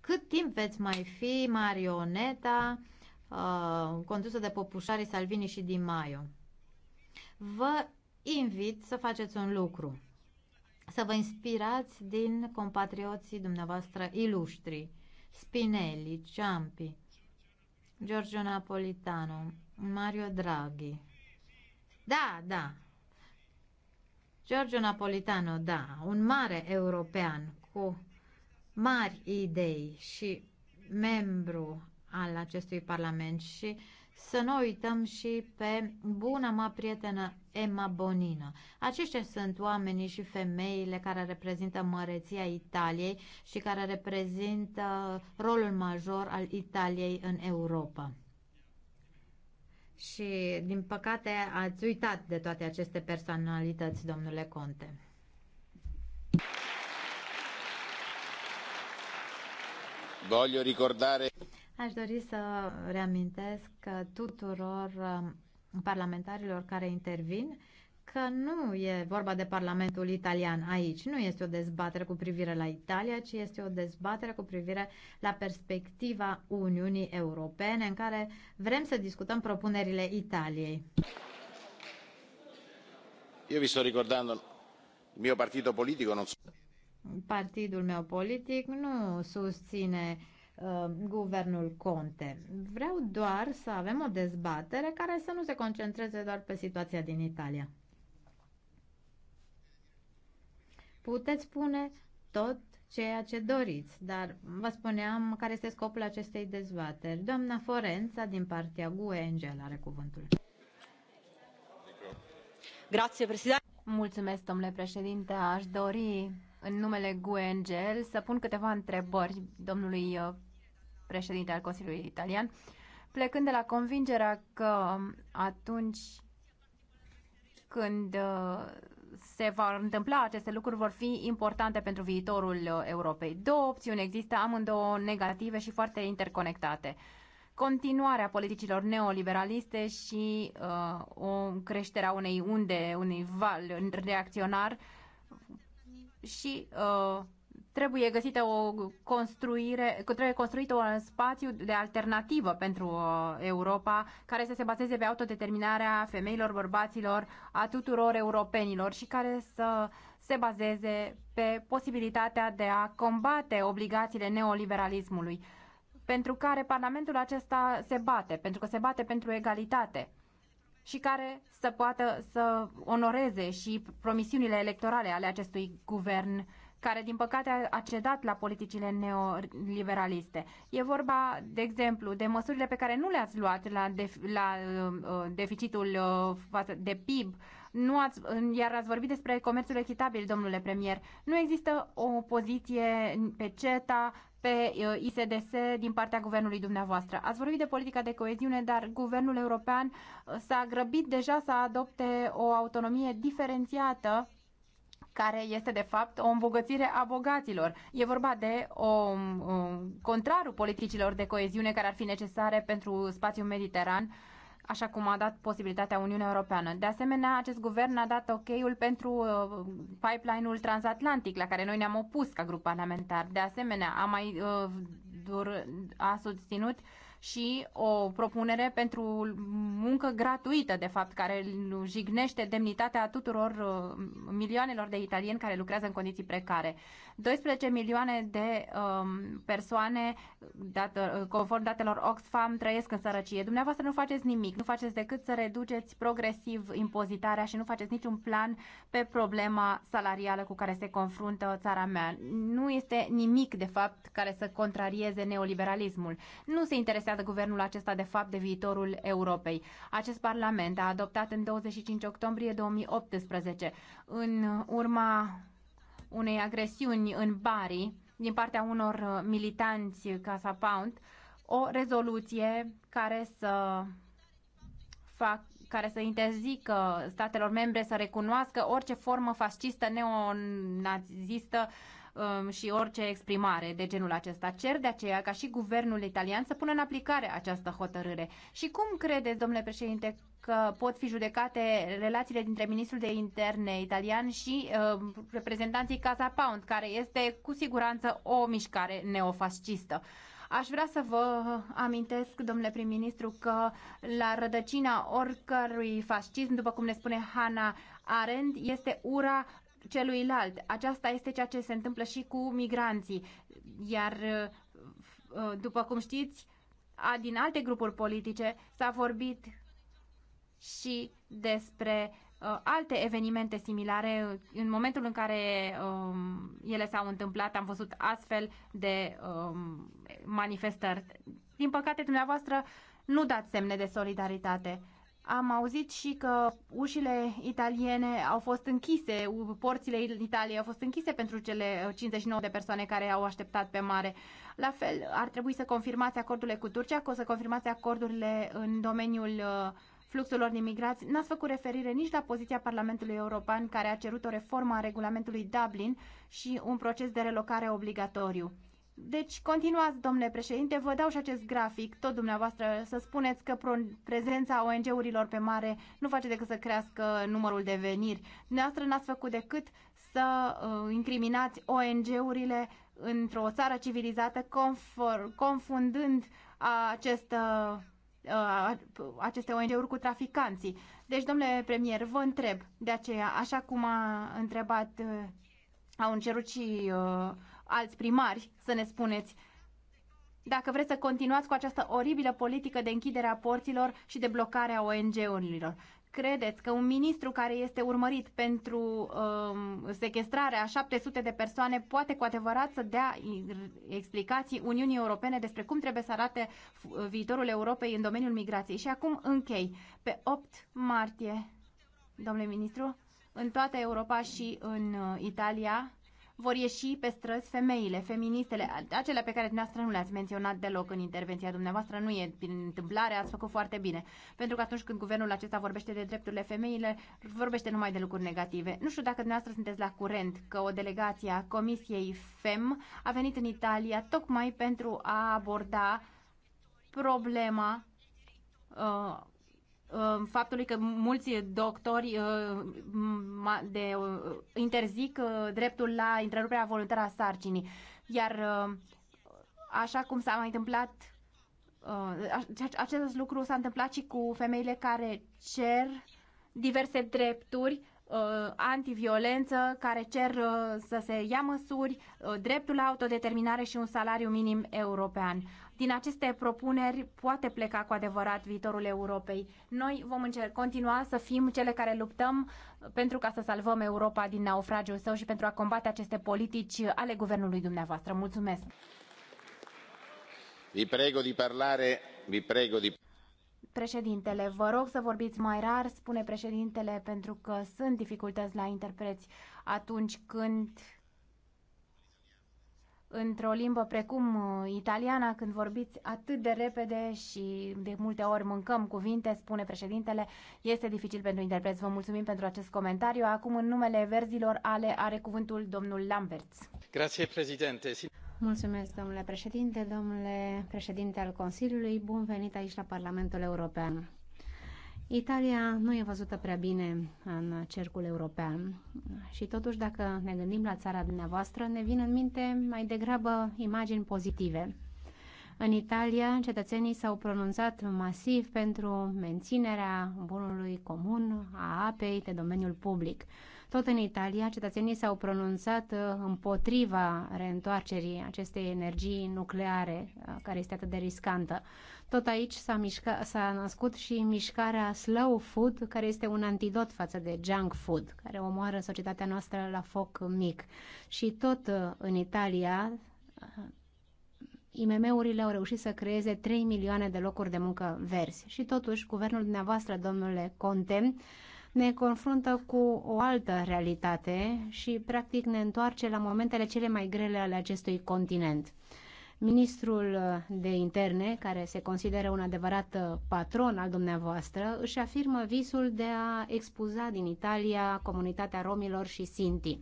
cât timp veți mai fi marioneta uh, condusă de popușarii Salvini și Di Maio? Vă invit să faceți un lucru, să vă inspirați din compatrioții dumneavoastră iluștri, Spinelli, Ciampi, Giorgio Napolitano, Mario Draghi. Da, da, Giorgio Napolitano, da, un mare european cu mari idei și membru al acestui parlament și să nu uităm și pe buna mea prietenă Emma Bonino. Aceștia sunt oamenii și femeile care reprezintă măreția Italiei și care reprezintă rolul major al Italiei în Europa. Și, din păcate, ați uitat de toate aceste personalități, domnule Conte. Voglio ricordare... Aș dori să reamintesc tuturor um, parlamentarilor care intervin că nu e vorba de Parlamentul italian aici. Nu este o dezbatere cu privire la Italia, ci este o dezbatere cu privire la perspectiva Uniunii Europene în care vrem să discutăm propunerile Italiei. Eu vi sto ricordando il mio partito politico non Partidul meu politic nu susține uh, guvernul Conte. Vreau doar să avem o dezbatere care să nu se concentreze doar pe situația din Italia. Puteți spune tot ceea ce doriți, dar vă spuneam care este scopul acestei dezbateri. Doamna Forența, din partea GUE Angel, are cuvântul. președinte. Mulțumesc, domnule președinte. Aș dori, în numele GUE Angel, să pun câteva întrebări domnului uh, președinte al Consiliului Italian, plecând de la convingerea că atunci când uh, se va întâmpla aceste lucruri vor fi importante pentru viitorul uh, Europei. Două opțiuni există, amândouă negative și foarte interconectate continuarea politicilor neoliberaliste și uh, o creșterea unei unde, unui val reacționar și uh, trebuie găsită o construire, trebuie construit un spațiu de alternativă pentru uh, Europa care să se bazeze pe autodeterminarea femeilor, bărbaților, a tuturor europenilor și care să se bazeze pe posibilitatea de a combate obligațiile neoliberalismului pentru care Parlamentul acesta se bate, pentru că se bate pentru egalitate și care să poată să onoreze și promisiunile electorale ale acestui guvern care din păcate a cedat la politicile neoliberaliste. E vorba, de exemplu, de măsurile pe care nu le-ați luat la, def- la uh, uh deficitul uh, de PIB, nu ați, iar ați vorbit despre comerțul echitabil, domnule premier. Nu există o poziție pe CETA, pe uh, ISDS din partea guvernului dumneavoastră. Ați vorbit de politica de coeziune, dar guvernul european s-a grăbit deja să adopte o autonomie diferențiată care este de fapt o îmbogățire a bogaților. E vorba de o, um, um, contrarul politicilor de coeziune care ar fi necesare pentru spațiul mediteran, așa cum a dat posibilitatea Uniunea Europeană. De asemenea, acest guvern a dat ok-ul pentru uh, pipeline-ul transatlantic, la care noi ne-am opus ca grup parlamentar. De asemenea, a mai uh, dur, a susținut uh, și o propunere pentru muncă gratuită, de fapt, care jignește demnitatea tuturor uh, milioanelor de italieni care lucrează în condiții precare. 12 milioane de um, persoane, dată, uh, conform datelor Oxfam, trăiesc în sărăcie. Dumneavoastră nu faceți nimic, nu faceți decât să reduceți progresiv impozitarea și nu faceți niciun plan pe problema salarială cu care se confruntă țara mea. Nu este nimic, de fapt, care să contrarieze neoliberalismul. Nu se interesează interesează guvernul acesta de fapt de viitorul Europei. Acest Parlament a adoptat în 25 octombrie 2018, în urma unei agresiuni în Bari din partea unor uh, militanți Casa Pound, o rezoluție care să fac, care să interzică statelor membre să recunoască orice formă fascistă, neonazistă um, și orice exprimare de genul acesta. Cer de aceea ca și guvernul italian să pună în aplicare această hotărâre. Și cum credeți, domnule președinte, că pot fi judecate relațiile dintre ministrul de interne italian și uh, reprezentanții Casa Pound, care este cu siguranță o mișcare neofascistă. Aș vrea să vă amintesc, domnule prim-ministru, că la rădăcina oricărui fascism, după cum ne spune Hannah Arendt, este ura celuilalt. Aceasta este ceea ce se întâmplă și cu migranții. Iar, uh, uh, după cum știți, din alte grupuri politice s-a vorbit și despre uh, alte evenimente similare. În momentul în care um, ele s-au întâmplat, am văzut astfel de um, manifestări. Din păcate, dumneavoastră nu dați semne de solidaritate. Am auzit și că ușile italiene au fost închise, porțile Italiei au fost închise pentru cele 59 uh, de persoane care au așteptat pe mare. La fel, ar trebui să confirmați acordurile cu Turcia, că o să confirmați acordurile în domeniul uh, fluxurilor de imigrați. N-ați făcut referire nici la poziția Parlamentului European, care a cerut o reformă a regulamentului Dublin și un proces de relocare obligatoriu. Deci, continuați, domnule președinte, vă dau și acest grafic, tot dumneavoastră, să spuneți că prezența ONG-urilor pe mare nu face decât să crească numărul de veniri. Dumneavoastră n-ați făcut decât să uh, incriminați ONG-urile într-o țară civilizată, conform, confundând acest, uh, uh aceste ONG-uri cu traficanții. Deci, domnule premier, vă întreb de aceea, așa cum a întrebat, uh, au încerut și uh, alți primari să ne spuneți dacă vreți să continuați cu această oribilă politică de închidere a porților și de blocare a ONG-urilor. Credeți că un ministru care este urmărit pentru um, sequestrarea a 700 de persoane poate cu adevărat să dea explicații Uniunii Europene despre cum trebuie să arate viitorul Europei în domeniul migrației? Și acum închei. Pe 8 martie, domnule ministru, în toată Europa și în uh, Italia, vor ieși pe străzi femeile, feministele, acelea pe care dumneavoastră nu le-ați menționat deloc în intervenția dumneavoastră, nu e din întâmplare, ați făcut foarte bine. Pentru că atunci când guvernul acesta vorbește de drepturile femeile, vorbește numai de lucruri negative. Nu știu dacă dumneavoastră sunteți la curent că o delegație a Comisiei FEM a venit în Italia tocmai pentru a aborda problema uh, Uh, faptului că mulți doctori uh, de, uh, interzic dreptul la întreruperea voluntară a sarcinii. Iar așa cum s-a mai întâmplat acest lucru s-a întâmplat și cu femeile care cer diverse drepturi antiviolență, care cer să se ia măsuri, dreptul la autodeterminare și un salariu minim european. Din aceste propuneri poate pleca cu adevărat viitorul Europei. Noi vom continua să fim cele care luptăm pentru ca să salvăm Europa din naufragiul său și pentru a combate aceste politici ale guvernului dumneavoastră. Mulțumesc! Vi prego di parlare, vi prego di... Președintele, vă rog să vorbiți mai rar, spune președintele, pentru că sunt dificultăți la interpreți atunci când într-o limbă precum uh, italiana, când vorbiți atât de repede și de multe ori mâncăm cuvinte, spune președintele, este dificil pentru interpreți. Vă mulțumim pentru acest comentariu. Acum, în numele verzilor ale, are cuvântul domnul Lamberts. Grazie, președinte. Mulțumesc, domnule președinte, domnule președinte al Consiliului. Bun venit aici la Parlamentul European. Italia nu e văzută prea bine în cercul european și totuși dacă ne gândim la țara dumneavoastră, ne vin în minte mai degrabă imagini pozitive. În Italia, cetățenii s-au pronunțat masiv pentru menținerea bunului comun a apei de domeniul public. Tot în Italia, cetățenii s-au pronunțat uh, împotriva reîntoarcerii acestei energii nucleare, uh, care este atât de riscantă. Tot aici s-a, mișca, s-a născut și mișcarea Slow Food, care este un antidot față de junk food, care omoară societatea noastră la foc mic. Și tot uh, în Italia, IMM-urile au reușit să creeze 3 milioane de locuri de muncă verzi. Și totuși, guvernul dumneavoastră, domnule Conte, ne confruntă cu o altă realitate și practic ne întoarce la momentele cele mai grele ale acestui continent. Ministrul de interne, care se consideră un adevărat patron al dumneavoastră, își afirmă visul de a expuza din Italia comunitatea romilor și sinti.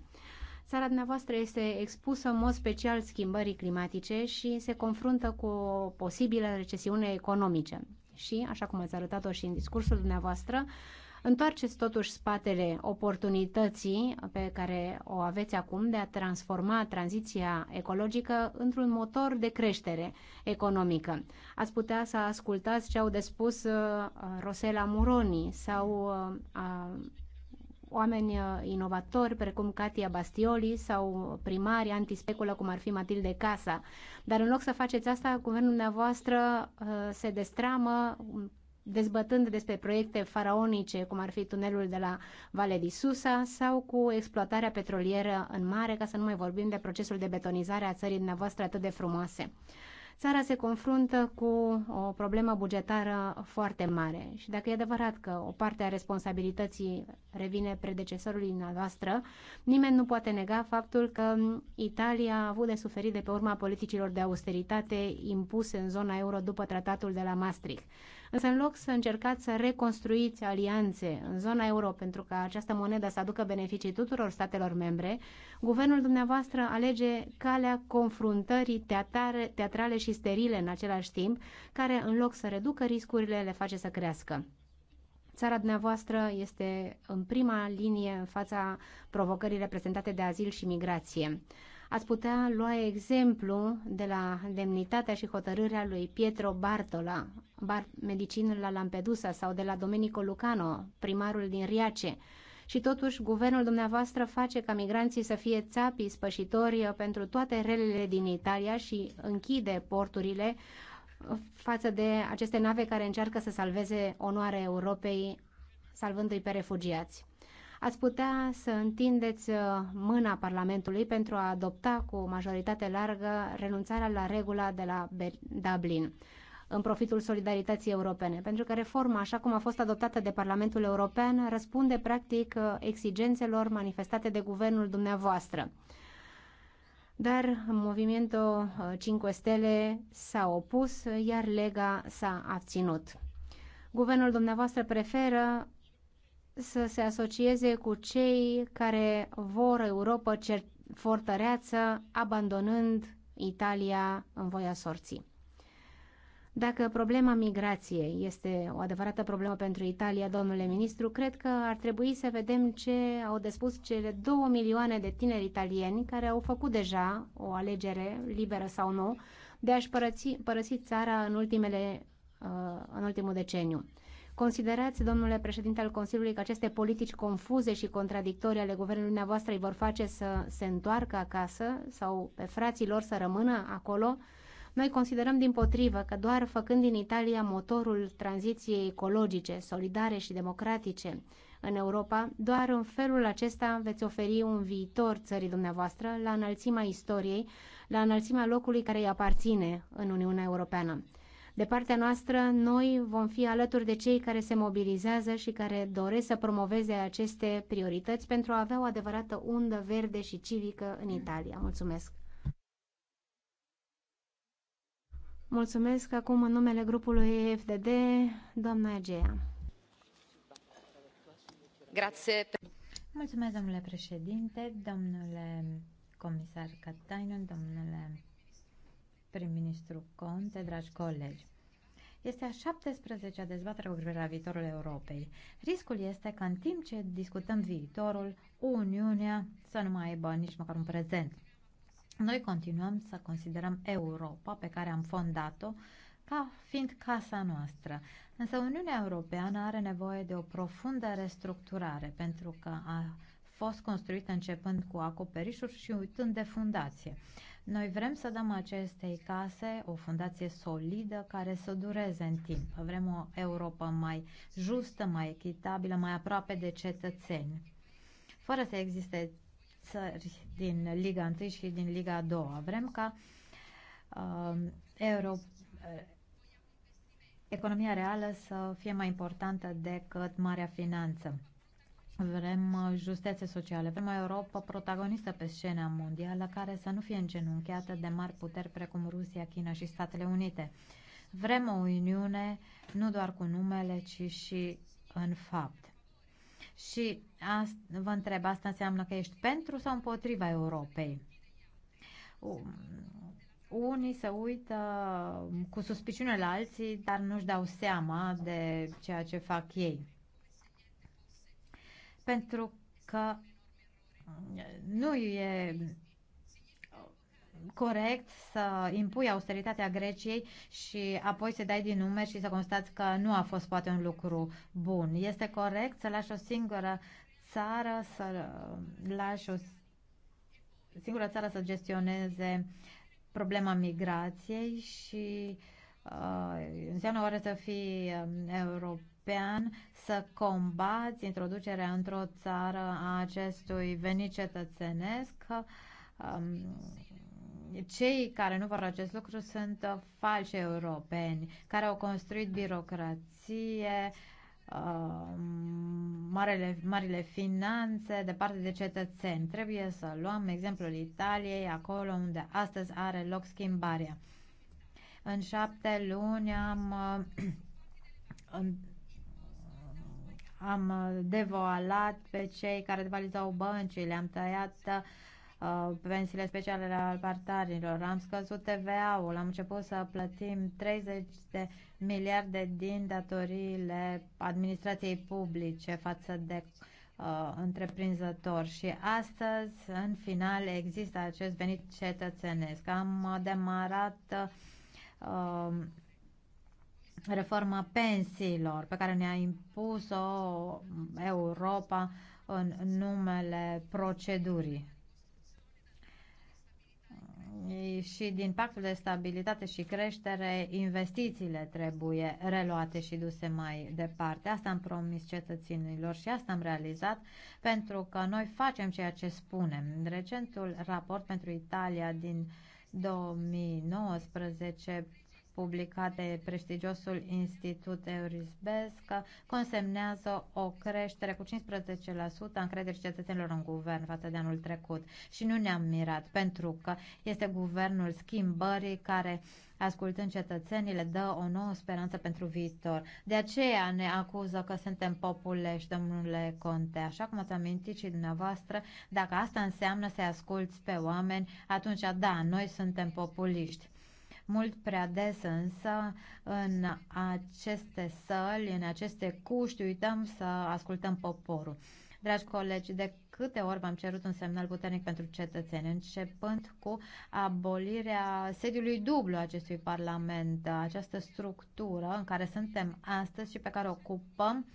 Țara dumneavoastră este expusă în mod special schimbării climatice și se confruntă cu o posibilă recesiune economice. Și, așa cum ați arătat-o și în discursul dumneavoastră, întoarceți totuși spatele oportunității pe care o aveți acum de a transforma tranziția ecologică într-un motor de creștere economică. Ați putea să ascultați ce au de spus uh, Rosela Muroni sau uh, oameni uh, inovatori precum Katia Bastioli sau primari antispeculă cum ar fi Matilde Casa. Dar în loc să faceți asta, guvernul dumneavoastră se destramă dezbătând despre proiecte faraonice, cum ar fi tunelul de la Vale di Susa sau cu exploatarea petrolieră în mare, ca să nu mai vorbim de procesul de betonizare a țării dumneavoastră atât de frumoase țara se confruntă cu o problemă bugetară foarte mare. Și dacă e adevărat că o parte a responsabilității revine predecesorului noastră, nimeni nu poate nega faptul că Italia a avut de suferit de pe urma politicilor de austeritate impuse în zona euro după tratatul de la Maastricht. Însă în loc să încercați să reconstruiți alianțe în zona euro pentru ca această monedă să aducă beneficii tuturor statelor membre, guvernul dumneavoastră alege calea confruntării teatare, teatrale și sterile în același timp, care în loc să reducă riscurile le face să crească. Țara dumneavoastră este în prima linie în fața provocării reprezentate de azil și migrație. Ați putea lua exemplu de la demnitatea și hotărârea lui Pietro Bartola, bar, medicinul la Lampedusa, sau de la Domenico Lucano, primarul din Riace. Și totuși, guvernul dumneavoastră face ca migranții să fie țapii spășitori pentru toate relele din Italia și închide porturile față de aceste nave care încearcă să salveze onoarea Europei, salvându-i pe refugiați ați putea să întindeți uh, mâna Parlamentului pentru a adopta cu o majoritate largă renunțarea la regula de la Dublin în profitul solidarității europene, pentru că reforma, așa cum a fost adoptată de Parlamentul European, răspunde practic uh, exigențelor manifestate de guvernul dumneavoastră dar Movimento 5 uh, Stele s-a opus, iar Lega s-a abținut. Guvernul dumneavoastră preferă să se asocieze cu cei care vor Europa fortăreață, abandonând Italia în voia sorții. Dacă problema migrației este o adevărată problemă pentru Italia, domnule ministru, cred că ar trebui să vedem ce au de spus cele două milioane de tineri italieni care au făcut deja o alegere, liberă sau nu, de a-și părăsi, părăsi țara în, ultimele, uh, în ultimul deceniu. Considerați, domnule președinte al Consiliului, că aceste politici confuze și contradictorii ale guvernului dumneavoastră îi vor face să se întoarcă acasă sau pe frații lor să rămână acolo? Noi considerăm din potrivă că doar făcând din Italia motorul tranziției ecologice, solidare și democratice în Europa, doar în felul acesta veți oferi un viitor țării dumneavoastră la înălțimea istoriei, la înălțimea locului care îi aparține în Uniunea Europeană. De partea noastră, noi vom fi alături de cei care se mobilizează și care doresc să promoveze aceste priorități pentru a avea o adevărată undă verde și civică în Italia. Mulțumesc! Mulțumesc acum în numele grupului FDD, doamna Egea. Grazie. Mulțumesc, domnule președinte, domnule comisar Katainen, domnule prim-ministru Conte, dragi colegi. Este a 17-a dezbatere cu privire la viitorul Europei. Riscul este că în timp ce discutăm viitorul, Uniunea să nu mai aibă nici măcar un prezent. Noi continuăm să considerăm Europa, pe care am fondat-o, ca fiind casa noastră. Însă Uniunea Europeană are nevoie de o profundă restructurare pentru că a fost construite începând cu acoperișuri și uitând de fundație. Noi vrem să dăm acestei case o fundație solidă care să dureze în timp. Vrem o Europa mai justă, mai echitabilă, mai aproape de cetățeni. Fără să existe țări din Liga 1 și din Liga 2. Vrem ca uh, Euro, uh, economia reală să fie mai importantă decât marea finanță. Vrem uh, justețe sociale, vrem o Europa protagonistă pe scena mondială care să nu fie îngenuncheată de mari puteri precum Rusia, China și Statele Unite. Vrem o Uniune nu doar cu numele, ci și în fapt. Și asta, vă întreb, asta înseamnă că ești pentru sau împotriva Europei? Unii se uită cu suspiciune la alții, dar nu-și dau seama de ceea ce fac ei pentru că uh, nu e corect să impui austeritatea Greciei și apoi să dai din numeri și să constați că nu a fost poate un lucru bun. Este corect să lași o singură țară să uh, lași o singură țară să gestioneze problema migrației și uh, înseamnă oare să fii um, european european să combați introducerea într-o țară a acestui venit cetățenesc. Um, cei care nu vor acest lucru sunt uh, falși europeni, care au construit birocrație, um, marele, marile finanțe de parte de cetățeni. Trebuie să luăm exemplul Italiei, acolo unde astăzi are loc schimbarea. În șapte luni am uh, am uh, devoalat pe cei care devalizau le am tăiat uh, pensiile speciale ale partarilor, am scăzut TVA-ul, am început să plătim 30 de miliarde din datoriile administrației publice față de uh, întreprinzător și astăzi, în final, există acest venit cetățenesc. Am uh, demarat uh, reforma pensiilor pe care ne-a impus-o Europa în numele procedurii. Și din pactul de stabilitate și creștere, investițiile trebuie reluate și duse mai departe. Asta am promis cetățenilor și asta am realizat pentru că noi facem ceea ce spunem. Recentul raport pentru Italia din 2019 publicat de prestigiosul Institut Eurizbesc consemnează o creștere cu 15% a încrederii cetățenilor în guvern față de anul trecut. Și nu ne-am mirat, pentru că este guvernul schimbării care, ascultând cetățenii, le dă o nouă speranță pentru viitor. De aceea ne acuză că suntem populești, domnule Conte. Așa cum ați amintit și dumneavoastră, dacă asta înseamnă să-i asculți pe oameni, atunci da, noi suntem populiști. Mult prea des însă în aceste săli, în aceste cuști, uităm să ascultăm poporul. Dragi colegi, de câte ori v-am cerut un semnal puternic pentru cetățeni, începând cu abolirea sediului dublu acestui Parlament, această structură în care suntem astăzi și pe care o ocupăm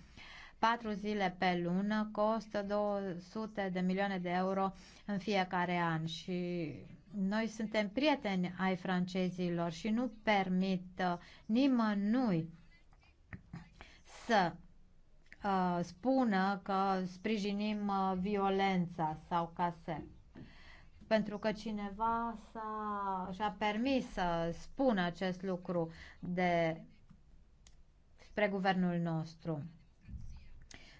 patru zile pe lună, costă 200 de milioane de euro în fiecare an și noi suntem prieteni ai francezilor și nu permit uh, nimănui să uh, spună că sprijinim uh, violența sau case. Pentru că cineva s-a, și-a permis să spună acest lucru de spre guvernul nostru.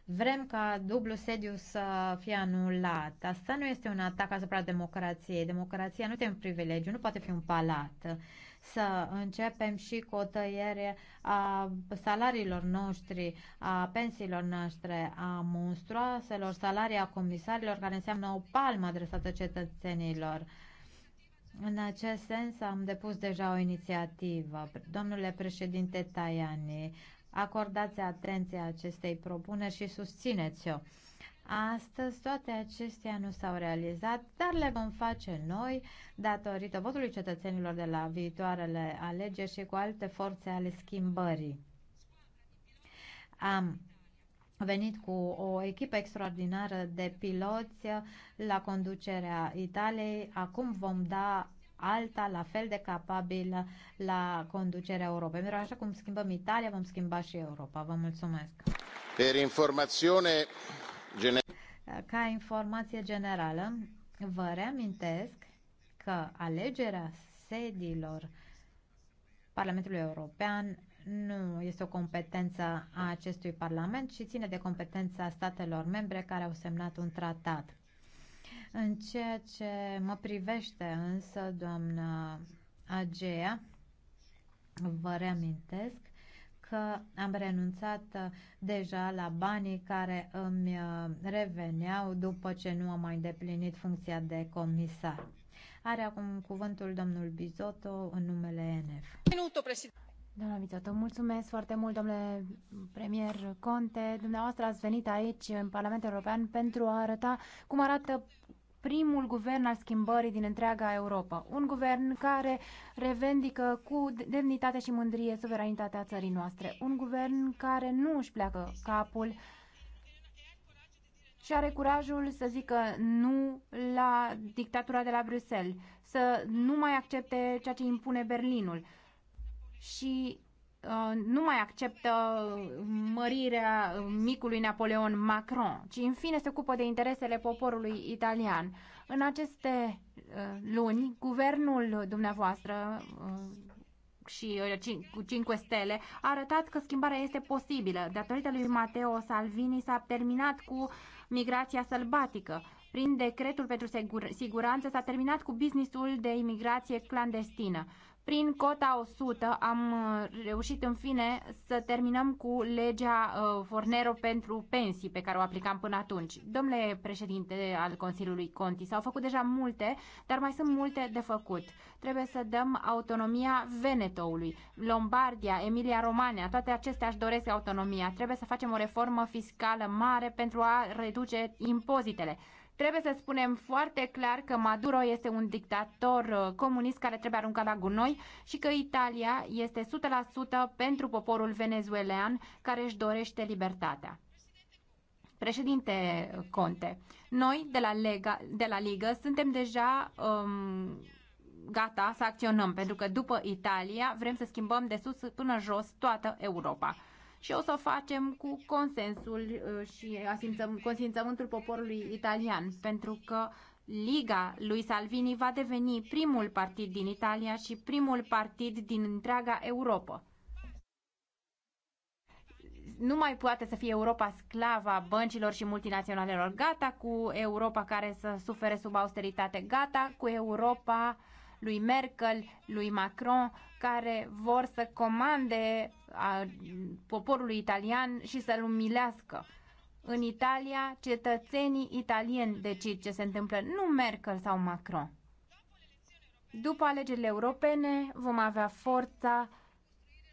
Vrem ca dublu sediu să fie anulat. Asta nu este un atac asupra democrației. Democrația nu este un privilegiu, nu poate fi un palat. Să începem și cu o tăiere a salariilor noștri, a pensiilor noastre, a monstruoaselor salarii a comisarilor, care înseamnă o palmă adresată cetățenilor. În acest sens am depus deja o inițiativă. Domnule președinte Tajani, acordați atenție acestei propuneri și susțineți-o. Astăzi toate acestea nu s-au realizat, dar le vom face noi datorită votului cetățenilor de la viitoarele alegeri și cu alte forțe ale schimbării. Am venit cu o echipă extraordinară de piloți la conducerea Italiei. Acum vom da alta la fel de capabilă la conducerea Europei. Pentru așa cum schimbăm Italia, vom schimba și Europa. Vă mulțumesc! Per informațiune Ca informație generală, vă reamintesc că alegerea sediilor Parlamentului European nu este o competență a acestui Parlament, ci ține de competența statelor membre care au semnat un tratat. În ceea ce mă privește însă, doamna Agea, vă reamintesc că am renunțat uh, deja la banii care îmi uh, reveneau după ce nu am mai deplinit funcția de comisar. Are acum cuvântul domnul Bizotto în numele NF. Doamna Bizotto, mulțumesc foarte mult, domnule premier Conte. Dumneavoastră ați venit aici în Parlamentul European pentru a arăta cum arată primul guvern al schimbării din întreaga Europa. Un guvern care revendică cu demnitate și mândrie suveranitatea țării noastre. Un guvern care nu își pleacă capul și are curajul să zică nu la dictatura de la Bruxelles, să nu mai accepte ceea ce impune Berlinul și Uh, nu mai acceptă mărirea micului Napoleon Macron, ci în fine se ocupă de interesele poporului italian. În aceste uh, luni, guvernul dumneavoastră uh, și cu 5 stele a arătat că schimbarea este posibilă. Datorită lui Matteo Salvini s-a terminat cu migrația sălbatică. Prin decretul pentru siguranță s-a terminat cu businessul de imigrație clandestină. Prin cota 100 am uh, reușit în fine să terminăm cu legea uh, Fornero pentru pensii pe care o aplicam până atunci. Domnule președinte al Consiliului Conti, s-au făcut deja multe, dar mai sunt multe de făcut. Trebuie să dăm autonomia Venetoului, Lombardia, Emilia Romania, toate acestea își doresc autonomia. Trebuie să facem o reformă fiscală mare pentru a reduce impozitele. Trebuie să spunem foarte clar că Maduro este un dictator uh, comunist care trebuie aruncat la gunoi și că Italia este 100% pentru poporul venezuelean care își dorește libertatea. Președinte Conte, noi de la, Lega, de la Ligă suntem deja um, gata să acționăm, pentru că după Italia vrem să schimbăm de sus până jos toată Europa și o să o facem cu consensul uh, și consimțământul poporului italian, pentru că Liga lui Salvini va deveni primul partid din Italia și primul partid din întreaga Europa. Nu mai poate să fie Europa sclava băncilor și multinaționalelor. Gata cu Europa care să sufere sub austeritate. Gata cu Europa uh, lui Merkel, lui Macron, care vor să comande a poporului italian și să-l umilească. În Italia, cetățenii italieni decid ce se întâmplă, nu Merkel sau Macron. După alegerile europene vom avea forța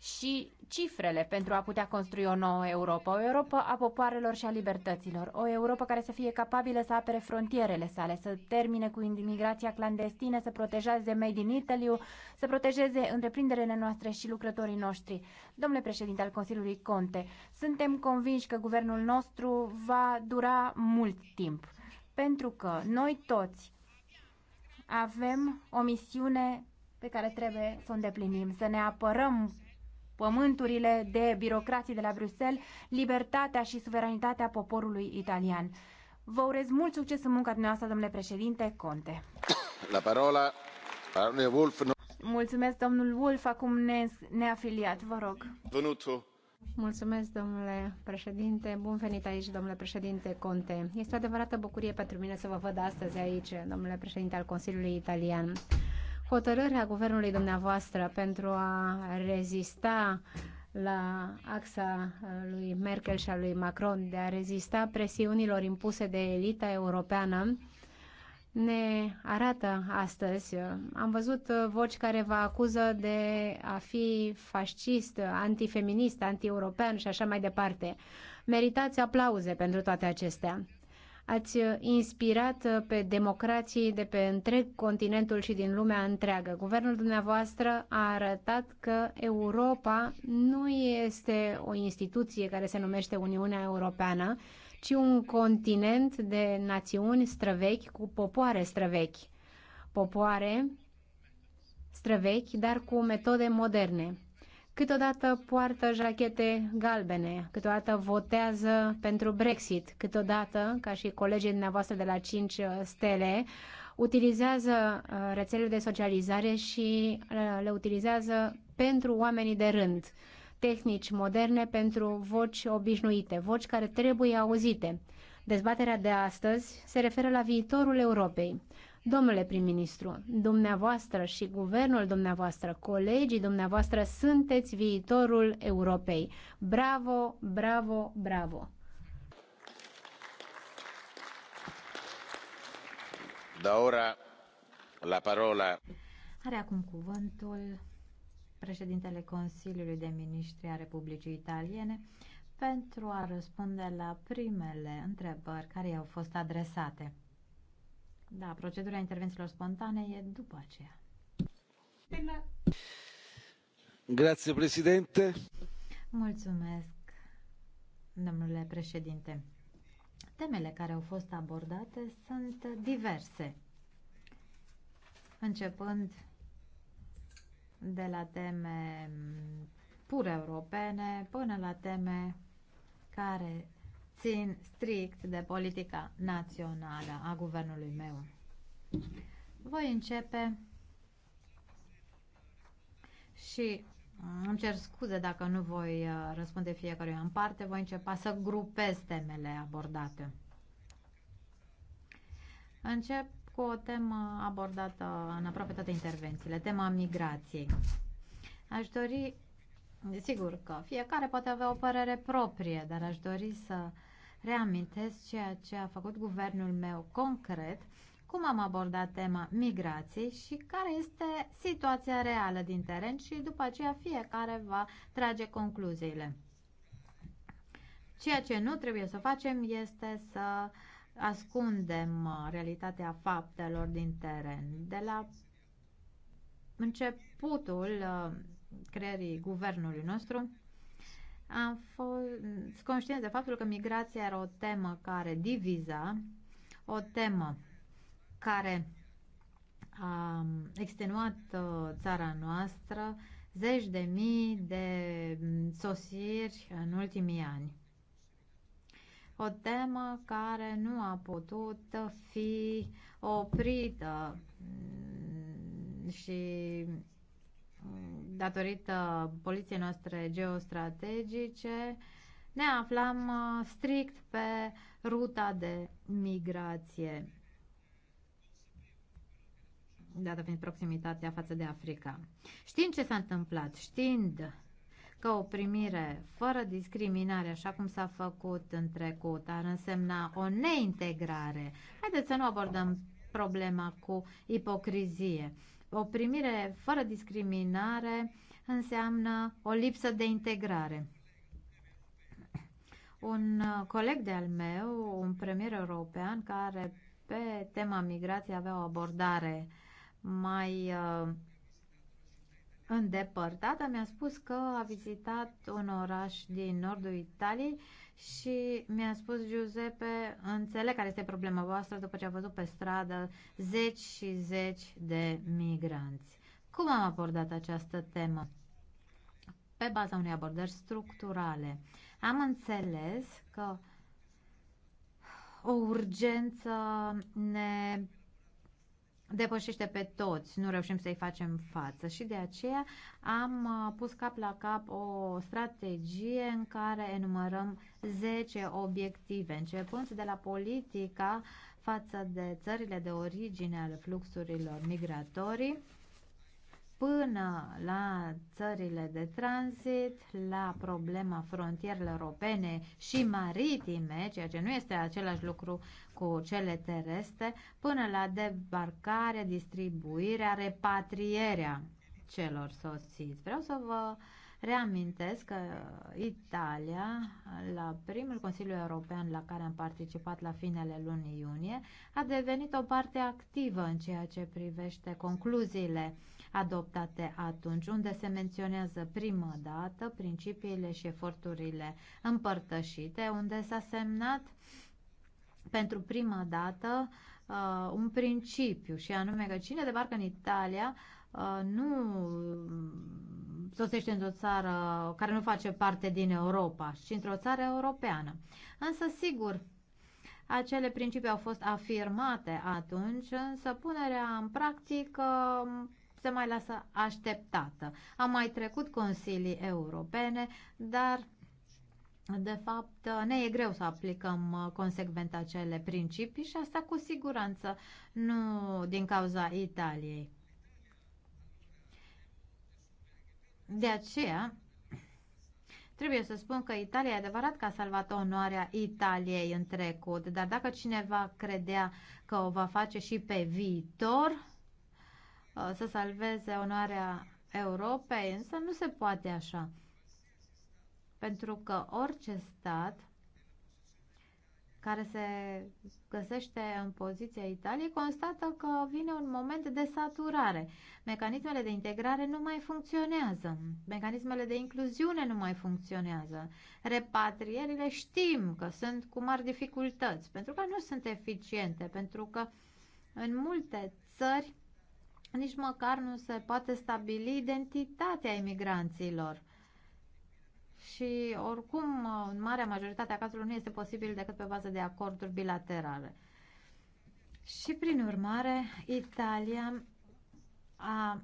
și cifrele pentru a putea construi o nouă Europa, o Europa a popoarelor și a libertăților, o Europa care să fie capabilă să apere frontierele sale, să termine cu imigrația clandestină, să protejeze Made in Italy, să protejeze întreprinderile noastre și lucrătorii noștri. Domnule președinte al Consiliului Conte, suntem convinși că guvernul nostru va dura mult timp, pentru că noi toți avem o misiune pe care trebuie să o îndeplinim, să ne apărăm pământurile de birocrații de la Bruxelles, libertatea și suveranitatea poporului italian. Vă urez mult succes în munca dumneavoastră, domnule președinte Conte. La parola, parola Wolf. Mulțumesc, domnul Wolf, acum ne, neafiliat, vă rog. Venuto. Mulțumesc, domnule președinte. Bun venit aici, domnule președinte Conte. Este o adevărată bucurie pentru mine să vă văd astăzi aici, domnule președinte al Consiliului Italian hotărârea guvernului dumneavoastră pentru a rezista la axa lui Merkel și a lui Macron de a rezista presiunilor impuse de elita europeană ne arată astăzi. Am văzut voci care vă acuză de a fi fascist, antifeminist, antieuropean și așa mai departe. Meritați aplauze pentru toate acestea ați uh, inspirat uh, pe democrații de pe întreg continentul și din lumea întreagă. Guvernul dumneavoastră a arătat că Europa nu este o instituție care se numește Uniunea Europeană, ci un continent de națiuni străvechi cu popoare străvechi. Popoare străvechi, dar cu metode moderne. Câteodată poartă jachete galbene, câteodată votează pentru Brexit, câteodată, ca și colegii dumneavoastră de la 5 stele, utilizează uh, rețelele de socializare și uh, le utilizează pentru oamenii de rând tehnici moderne pentru voci obișnuite, voci care trebuie auzite. Dezbaterea de astăzi se referă la viitorul Europei. Domnule prim-ministru, dumneavoastră și guvernul dumneavoastră, colegii dumneavoastră, sunteți viitorul Europei. Bravo, bravo, bravo! Da ora la parola. Are acum cuvântul președintele Consiliului de Ministri a Republicii Italiene pentru a răspunde la primele întrebări care i-au fost adresate. Da, procedura intervențiilor spontane e după aceea. Grazie, președinte. Mulțumesc, domnule președinte. Temele care au fost abordate sunt diverse, începând de la teme pur europene până la teme care țin strict de politica națională a guvernului meu. Voi începe și îmi cer scuze dacă nu voi uh, răspunde fiecare în parte, voi începe să grupez temele abordate. Încep cu o temă abordată în aproape toate intervențiile, tema migrației. Aș dori, sigur că fiecare poate avea o părere proprie, dar aș dori să reamintesc ceea ce a făcut guvernul meu concret, cum am abordat tema migrației și care este situația reală din teren și după aceea fiecare va trage concluziile. Ceea ce nu trebuie să facem este să ascundem realitatea faptelor din teren. De la începutul uh, creierii guvernului nostru, am fost conștient de faptul că migrația era o temă care diviza, o temă care a extenuat uh, țara noastră zeci de mii de sosiri în ultimii ani. O temă care nu a putut fi oprită mm, și datorită poliției noastre geostrategice, ne aflam uh, strict pe ruta de migrație, dată fiind proximitatea față de Africa. Știind ce s-a întâmplat, știind că o primire fără discriminare, așa cum s-a făcut în trecut, ar însemna o neintegrare, haideți să nu abordăm problema cu ipocrizie o primire fără discriminare înseamnă o lipsă de integrare. Un uh, coleg de-al meu, un premier european, care pe tema migrației avea o abordare mai uh, îndepărtată, mi-a spus că a vizitat un oraș din nordul Italiei și mi-a spus Giuseppe, înțeleg care este problema voastră după ce a văzut pe stradă zeci și zeci de migranți. Cum am abordat această temă? Pe baza unei abordări structurale. Am înțeles că o urgență ne depășește pe toți, nu reușim să-i facem față și de aceea am uh, pus cap la cap o strategie în care enumărăm 10 obiective, începând de la politica față de țările de origine ale fluxurilor migratorii, până la țările de tranzit, la problema frontierelor europene și maritime, ceea ce nu este același lucru cu cele terestre, până la debarcarea, distribuirea, repatrierea celor sosiți. Vreau să vă reamintesc că Italia, la primul Consiliu European la care am participat la finele lunii iunie, a devenit o parte activă în ceea ce privește concluziile adoptate atunci, unde se menționează prima dată principiile și eforturile împărtășite, unde s-a semnat pentru prima dată uh, un principiu și anume că cine debarcă în Italia uh, nu sosește într-o țară care nu face parte din Europa, ci într-o țară europeană. Însă, sigur, acele principii au fost afirmate atunci, însă punerea în practică se mai lasă așteptată. Am mai trecut consilii europene, dar de fapt, ne e greu să aplicăm uh, consecvent acele principii și asta cu siguranță nu din cauza Italiei. De aceea, trebuie să spun că Italia e adevărat că a salvat onoarea Italiei în trecut, dar dacă cineva credea că o va face și pe viitor, Uh, să salveze onoarea Europei, însă nu se poate așa. Pentru că orice stat care se găsește în poziția Italiei constată că vine un moment de saturare. Mecanismele de integrare nu mai funcționează, mecanismele de incluziune nu mai funcționează, repatrierile știm că sunt cu mari dificultăți, pentru că nu sunt eficiente, pentru că în multe țări nici măcar nu se poate stabili identitatea imigranților. Și oricum, în marea majoritate a cazurilor nu este posibil decât pe bază de acorduri bilaterale. Și prin urmare, Italia a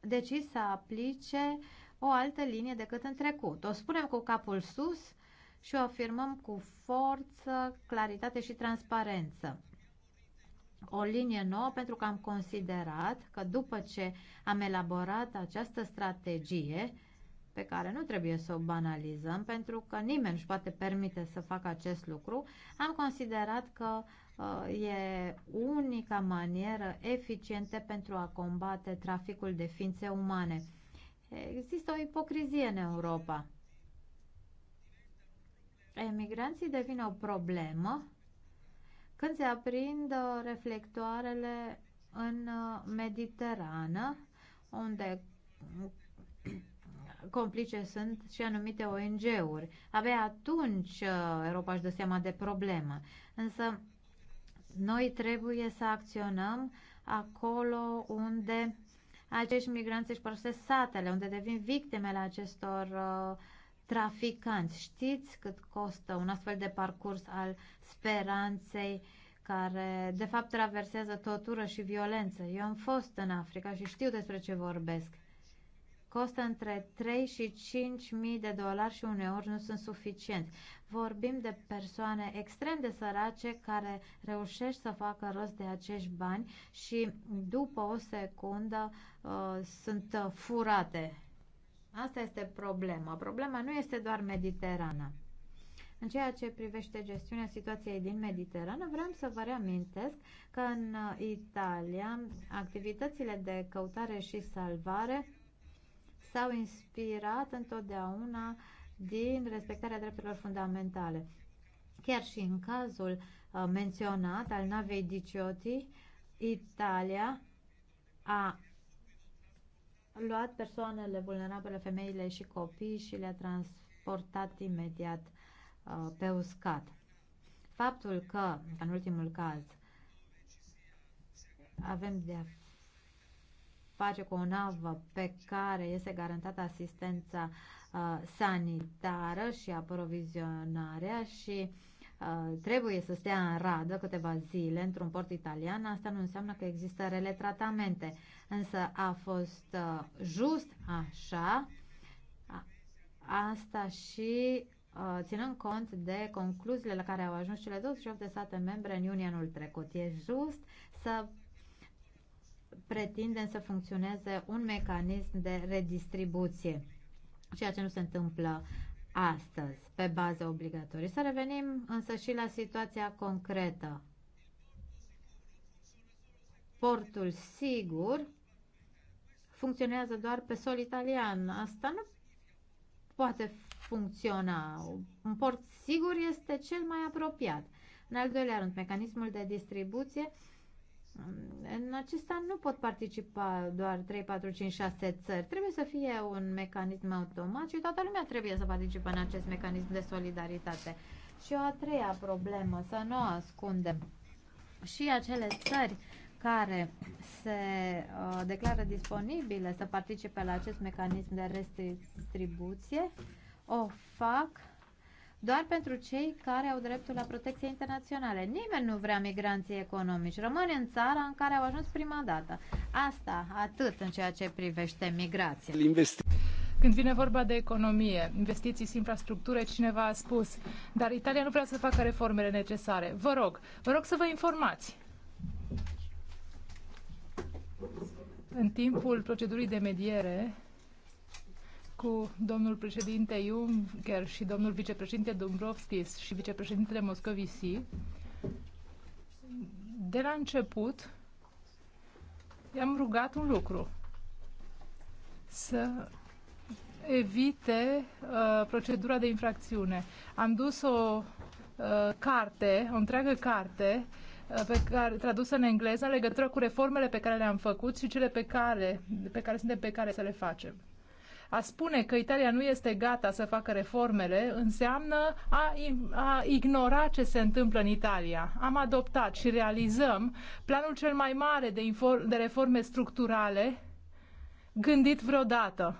decis să aplice o altă linie decât în trecut. O spunem cu capul sus și o afirmăm cu forță, claritate și transparență o linie nouă pentru că am considerat că după ce am elaborat această strategie, pe care nu trebuie să o banalizăm, pentru că nimeni își poate permite să facă acest lucru, am considerat că uh, e unica manieră eficientă pentru a combate traficul de ființe umane. Există o ipocrizie în Europa. Emigranții devin o problemă când se aprind uh, reflectoarele în uh, Mediterană, unde complice sunt și anumite ONG-uri. Abia atunci uh, Europa își dă seama de problemă. Însă noi trebuie să acționăm acolo unde acești migranți își părăsesc satele, unde devin victimele acestor uh, traficanți. Știți cât costă un astfel de parcurs al speranței care de fapt traversează tortură și violență. Eu am fost în Africa și știu despre ce vorbesc. Costă între 3 și 5 mii de dolari și uneori nu sunt suficienți. Vorbim de persoane extrem de sărace care reușesc să facă rost de acești bani și după o secundă uh, sunt uh, furate Asta este problema. Problema nu este doar Mediterana. În ceea ce privește gestiunea situației din Mediterană, vreau să vă reamintesc că în Italia activitățile de căutare și salvare s-au inspirat întotdeauna din respectarea drepturilor fundamentale. Chiar și în cazul uh, menționat al navei Diciotti, Italia a luat persoanele vulnerabile, femeile și copii și le-a transportat imediat uh, pe uscat. Faptul că, în ultimul caz, avem de a face cu o navă pe care este garantată asistența uh, sanitară și aprovizionarea și uh, trebuie să stea în radă câteva zile într-un port italian, asta nu înseamnă că există rele tratamente. Uh, însă a fost uh, just așa, asta și uh, ținând cont de concluziile la care au ajuns cele 28 de state membre în iunie anul trecut. E just să pretindem să funcționeze un mecanism de redistribuție, ceea ce nu se întâmplă astăzi, pe bază obligatorie. Să revenim însă și la situația concretă. Portul sigur funcționează doar pe sol italian. Asta nu poate funcționa. Un port sigur este cel mai apropiat. În al doilea rând, mecanismul de distribuție. În acesta nu pot participa doar 3, 4, 5, 6 țări. Trebuie să fie un mecanism automat și toată lumea trebuie să participe în acest mecanism de solidaritate. Și o a treia problemă, să nu ascundem. Și acele țări care se uh, declară disponibile să participe la acest mecanism de redistribuție o fac doar pentru cei care au dreptul la protecție internațională. Nimeni nu vrea migranții economici. Rămâne în țara în care au ajuns prima dată. Asta atât în ceea ce privește migrația. Când vine vorba de economie, investiții și infrastructură, cineva a spus, dar Italia nu vrea să facă reformele necesare. Vă rog, vă rog să vă informați în timpul procedurii de mediere cu domnul președinte Juncker și domnul vicepreședinte Dombrovskis și vicepreședintele Moscovici, de la început i-am rugat un lucru. Să evite uh, procedura de infracțiune. Am dus o uh, carte, o întreagă carte, Uh, pe care, tradusă în engleză în legătură cu reformele pe care le-am făcut și cele pe care, pe care suntem pe care să le facem. A spune că Italia nu este gata să facă reformele înseamnă a, a ignora ce se întâmplă în Italia. Am adoptat și realizăm planul cel mai mare de, de reforme structurale gândit vreodată.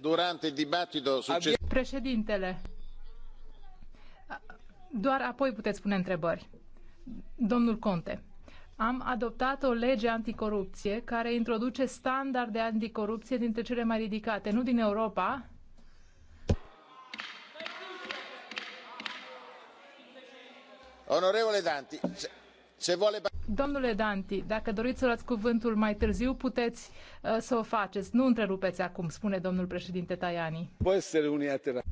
Durante dibattito successivo. Președintele doar apoi puteți pune întrebări. Domnul Conte, am adoptat o lege anticorupție care introduce standarde anticorupție dintre cele mai ridicate, nu din Europa. Onorevole Danti, se vuole... Domnule Danti, dacă doriți să luați cuvântul mai târziu, puteți uh, să o faceți. Nu întrerupeți acum, spune domnul președinte Tajani. Poate unilateral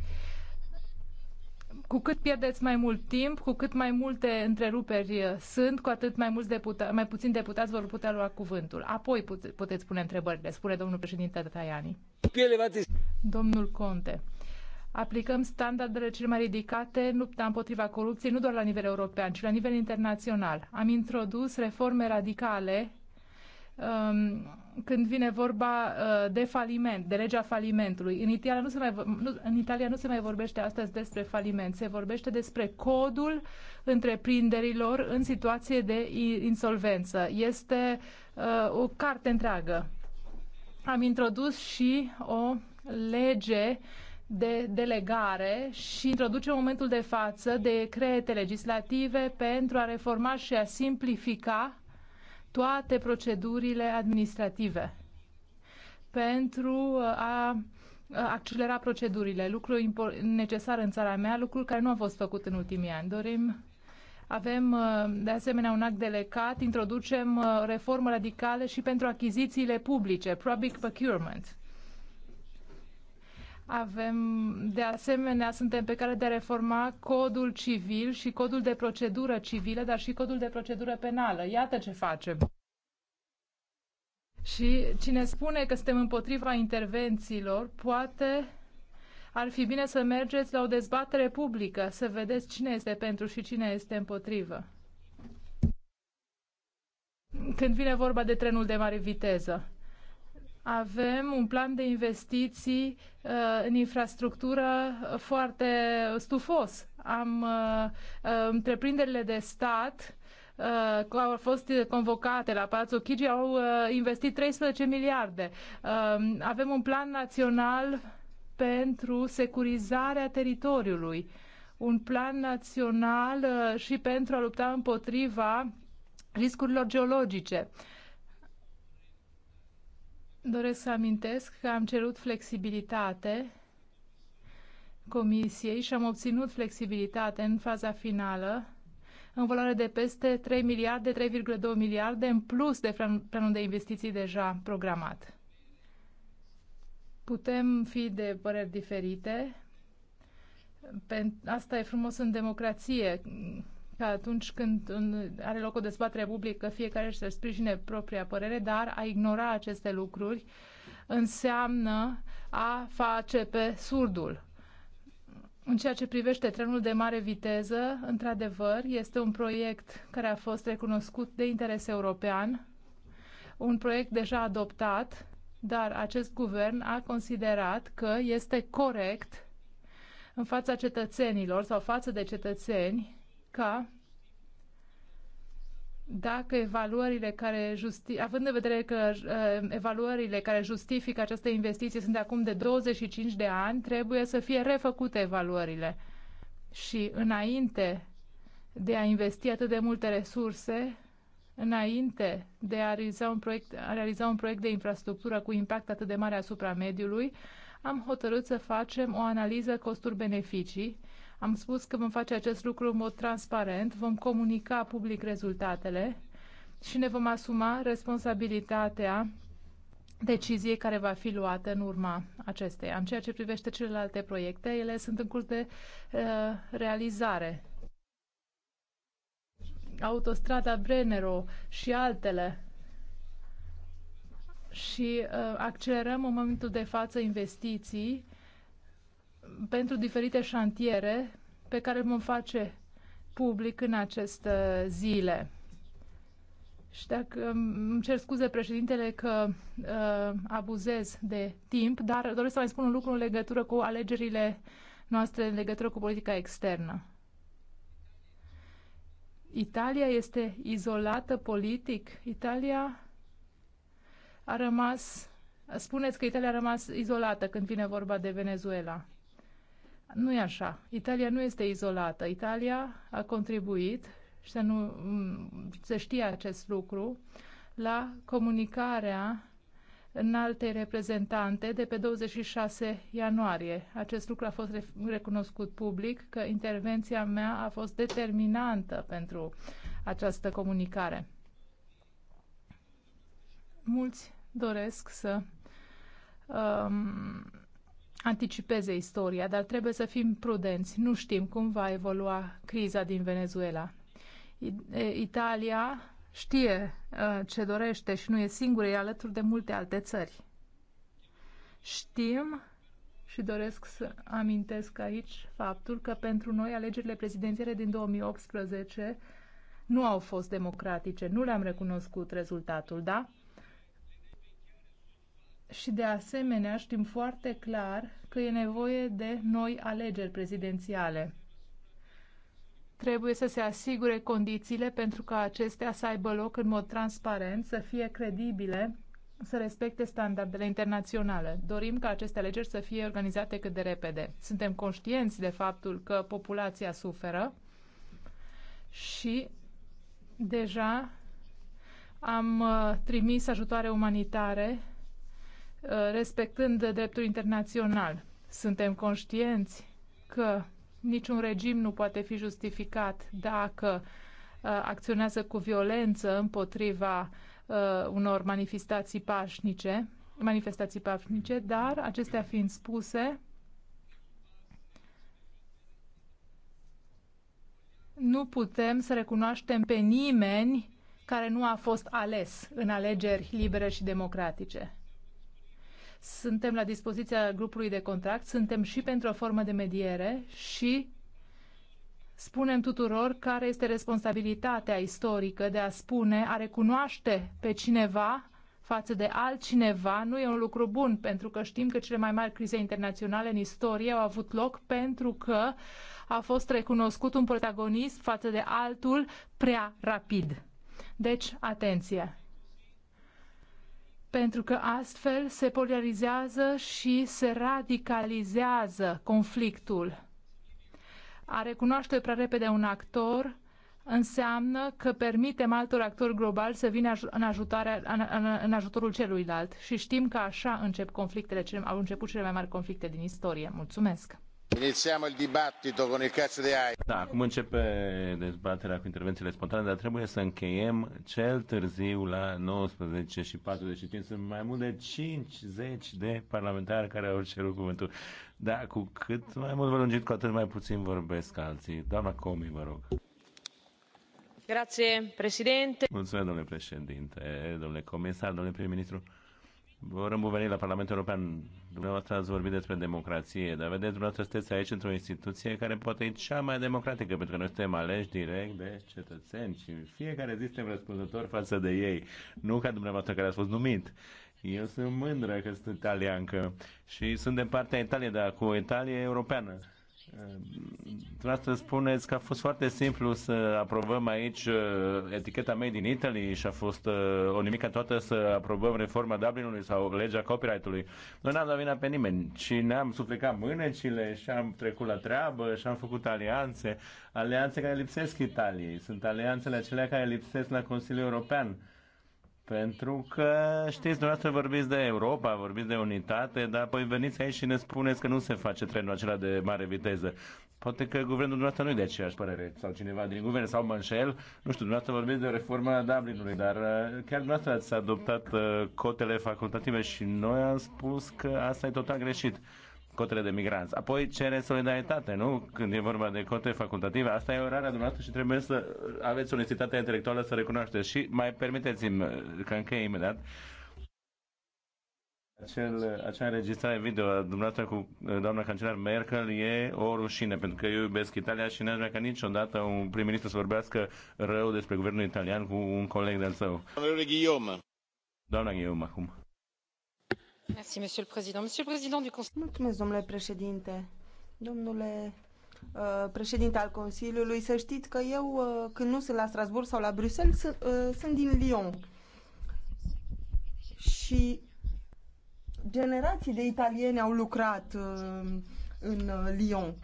cu cât pierdeți mai mult timp, cu cât mai multe întreruperi uh, sunt, cu atât mai, mulți deputa- mai puțin deputați vor putea lua cuvântul. Apoi pute- puteți pune întrebările, spune domnul președinte Tajani. Domnul Conte, aplicăm standardele cele mai ridicate în lupta împotriva corupției, nu doar la nivel european, ci la nivel internațional. Am introdus reforme radicale Um, când vine vorba uh, de faliment, de legea falimentului. În Italia nu se mai, nu, în Italia nu se mai vorbește astăzi despre faliment, se vorbește despre codul întreprinderilor în situație de insolvență. Este uh, o carte întreagă. Am introdus și o lege de delegare și introduce în momentul de față decrete legislative pentru a reforma și a simplifica toate procedurile administrative pentru uh, a uh, accelera procedurile, lucru necesar în țara mea, lucru care nu a fost făcut în ultimii ani. Dorim avem uh, de asemenea un act delegat, introducem reformă radicală și pentru achizițiile publice, public procurement. Avem, de asemenea, suntem pe care de a reforma codul civil și codul de procedură civilă, dar și codul de procedură penală. Iată ce facem. Și cine spune că suntem împotriva intervențiilor, poate ar fi bine să mergeți la o dezbatere publică, să vedeți cine este pentru și cine este împotrivă. Când vine vorba de trenul de mare viteză avem un plan de investiții uh, în infrastructură uh, foarte stufos. Am uh, uh, întreprinderile de stat uh, au fost convocate la Palatul Chigi, au uh, investit 13 miliarde. Um, avem un plan național pentru securizarea teritoriului, un plan național și pentru a lupta împotriva riscurilor geologice. Uh, Doresc să amintesc că am cerut flexibilitate Comisiei și am obținut flexibilitate în faza finală în valoare de peste 3 miliarde, 3,2 miliarde în plus de planul de investiții deja programat. Putem fi de păreri diferite. Asta e frumos în democrație că atunci când are loc o dezbatere publică, fiecare își să sprijine propria părere, dar a ignora aceste lucruri înseamnă a face pe surdul. În ceea ce privește trenul de mare viteză, într-adevăr, este un proiect care a fost recunoscut de interes european, un proiect deja adoptat, dar acest guvern a considerat că este corect în fața cetățenilor sau față de cetățeni ca dacă evaluările care justi- având în vedere că uh, evaluările care justifică această investiție sunt de acum de 25 de ani, trebuie să fie refăcute evaluările. Și înainte de a investi atât de multe resurse, înainte de a realiza un proiect, a realiza un proiect de infrastructură cu impact atât de mare asupra mediului, am hotărât să facem o analiză costuri-beneficii am spus că vom face acest lucru în mod transparent, vom comunica public rezultatele și ne vom asuma responsabilitatea deciziei care va fi luată în urma acesteia. În ceea ce privește celelalte proiecte, ele sunt în curs de uh, realizare. Autostrada Brenero și altele. Și uh, accelerăm în momentul de față investiții pentru diferite șantiere pe care vom face public în aceste zile. Și dacă îmi cer scuze președintele că uh, abuzez de timp, dar doresc să mai spun un lucru în legătură cu alegerile noastre, în legătură cu politica externă. Italia este izolată politic. Italia a rămas. Spuneți că Italia a rămas izolată când vine vorba de Venezuela. Nu e așa. Italia nu este izolată. Italia a contribuit, și să, nu, să știe acest lucru, la comunicarea în alte reprezentante de pe 26 ianuarie. Acest lucru a fost recunoscut public că intervenția mea a fost determinantă pentru această comunicare. Mulți doresc să um, anticipeze istoria, dar trebuie să fim prudenți. Nu știm cum va evolua criza din Venezuela. Italia știe uh, ce dorește și nu e singură, e alături de multe alte țări. Știm și doresc să amintesc aici faptul că pentru noi alegerile prezidențiale din 2018 nu au fost democratice, nu le-am recunoscut rezultatul, da? și de asemenea știm foarte clar că e nevoie de noi alegeri prezidențiale. Trebuie să se asigure condițiile pentru ca acestea să aibă loc în mod transparent, să fie credibile, să respecte standardele internaționale. Dorim ca aceste alegeri să fie organizate cât de repede. Suntem conștienți de faptul că populația suferă și deja am uh, trimis ajutoare umanitare Uh, respectând dreptul internațional. Suntem conștienți că niciun regim nu poate fi justificat dacă uh, acționează cu violență împotriva uh, unor manifestații pașnice, manifestații pașnice, dar acestea fiind spuse, nu putem să recunoaștem pe nimeni care nu a fost ales în alegeri libere și democratice. Suntem la dispoziția grupului de contract, suntem și pentru o formă de mediere și spunem tuturor care este responsabilitatea istorică de a spune, a recunoaște pe cineva față de altcineva nu e un lucru bun, pentru că știm că cele mai mari crize internaționale în istorie au avut loc pentru că a fost recunoscut un protagonist față de altul prea rapid. Deci, atenție! pentru că astfel se polarizează și se radicalizează conflictul. A recunoaște prea repede un actor înseamnă că permitem altor actori globali să vină în, ajutarea, în, în, în ajutorul celuilalt și știm că așa încep conflictele, au început cele mai mari conflicte din istorie. Mulțumesc! Iniziamo il dibattito con il cazzo de AI. Da, acum începe dezbaterea cu intervențiile spontane, dar trebuie să încheiem cel târziu la 19 și 45. Sunt mai mult de 50 de parlamentari care au cerut cuvântul. Da, cu cât mai mult vă lungit, cu atât mai puțin vorbesc alții. Doamna Comi, vă rog. Grazie, președinte. Mulțumesc, domnule președinte, domnule comisar, domnule prim-ministru. Vă urăm bun venit la Parlamentul European. Dumneavoastră ați vorbit despre democrație, dar vedeți, dumneavoastră sunteți aici într-o instituție care poate e cea mai democratică, pentru că noi suntem aleși direct de cetățeni și fiecare zi suntem răspunzători față de ei, nu ca dumneavoastră care ați fost numit. Eu sunt mândră că sunt italiancă și sunt de partea Italiei, dar cu o Italie europeană. Ehm, să spuneți că a fost foarte simplu să aprobăm aici eh, eticheta Made in Italy și a fost eh, o nimică toată să aprobăm reforma Dublinului sau legea copyright-ului. Noi n-am dat vina pe nimeni, ci ne-am suflecat mânecile și am trecut la treabă și am făcut alianțe, alianțe care lipsesc Italiei, sunt alianțele acelea care lipsesc la Consiliul European pentru că, știți, dumneavoastră vorbiți de Europa, vorbiți de unitate, dar apoi veniți aici și ne spuneți că nu se face trenul acela de mare viteză. Poate că guvernul dumneavoastră nu e de aceeași părere, sau cineva din guvern, sau mă înșel. Nu știu, dumneavoastră vorbiți de reforma Dublinului, dar uh, chiar dumneavoastră ați adoptat uh, cotele facultative și noi am spus că asta e total greșit cotele de migranți. Apoi cere solidaritate, nu? Când e vorba de cote facultative, asta e orarea dumneavoastră și trebuie să aveți onestitatea intelectuală să recunoașteți. Și mai permiteți-mi, că încheie imediat, acel, acea înregistrare video a dumneavoastră cu eh, doamna cancelar Merkel e o rușine, pentru că eu iubesc Italia și n-aș vrea ca niciodată un prim-ministru să vorbească rău despre guvernul italian cu un coleg de-al său. Doamna Guillaume acum. Mulțumesc, domnule președinte. Domnule uh, președinte al Consiliului, să știți că eu, uh, când nu sunt la Strasbourg sau la Bruxelles, uh, sunt din Lyon. Și generații de italieni au lucrat în Lyon.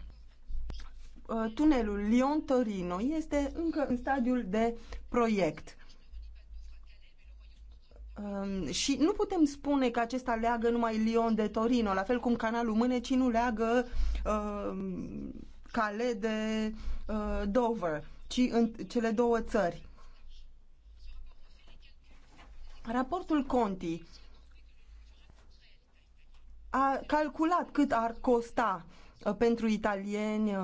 Tunelul Lyon-Torino este încă în stadiul de proiect Um, și nu putem spune că acesta leagă numai Lyon de Torino, la fel cum canalul Mânecii nu leagă um, Cale de uh, Dover, ci în cele două țări. Raportul Conti a calculat cât ar costa uh, pentru italieni uh,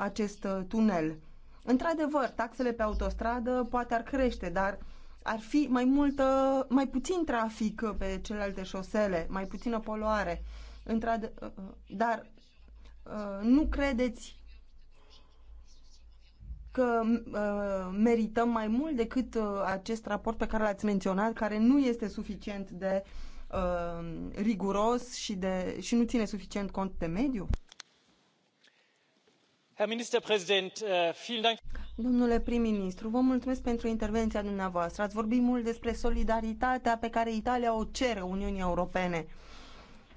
acest uh, tunel. Într-adevăr, taxele pe autostradă poate ar crește, dar uh, ar fi mai multă, mai puțin trafic pe celelalte șosele, mai puțină poluare. Uh, uh, dar uh, nu credeți că merităm mai mult decât acest raport pe care l-ați menționat, care nu este suficient de riguros și, de, și nu ține suficient cont de mediu? Herr Ministerpräsident, äh, vielen Dank. Domnule prim-ministru, vă mulțumesc pentru intervenția dumneavoastră. Ați vorbit mult despre solidaritatea pe care Italia o cere Uniunii Europene,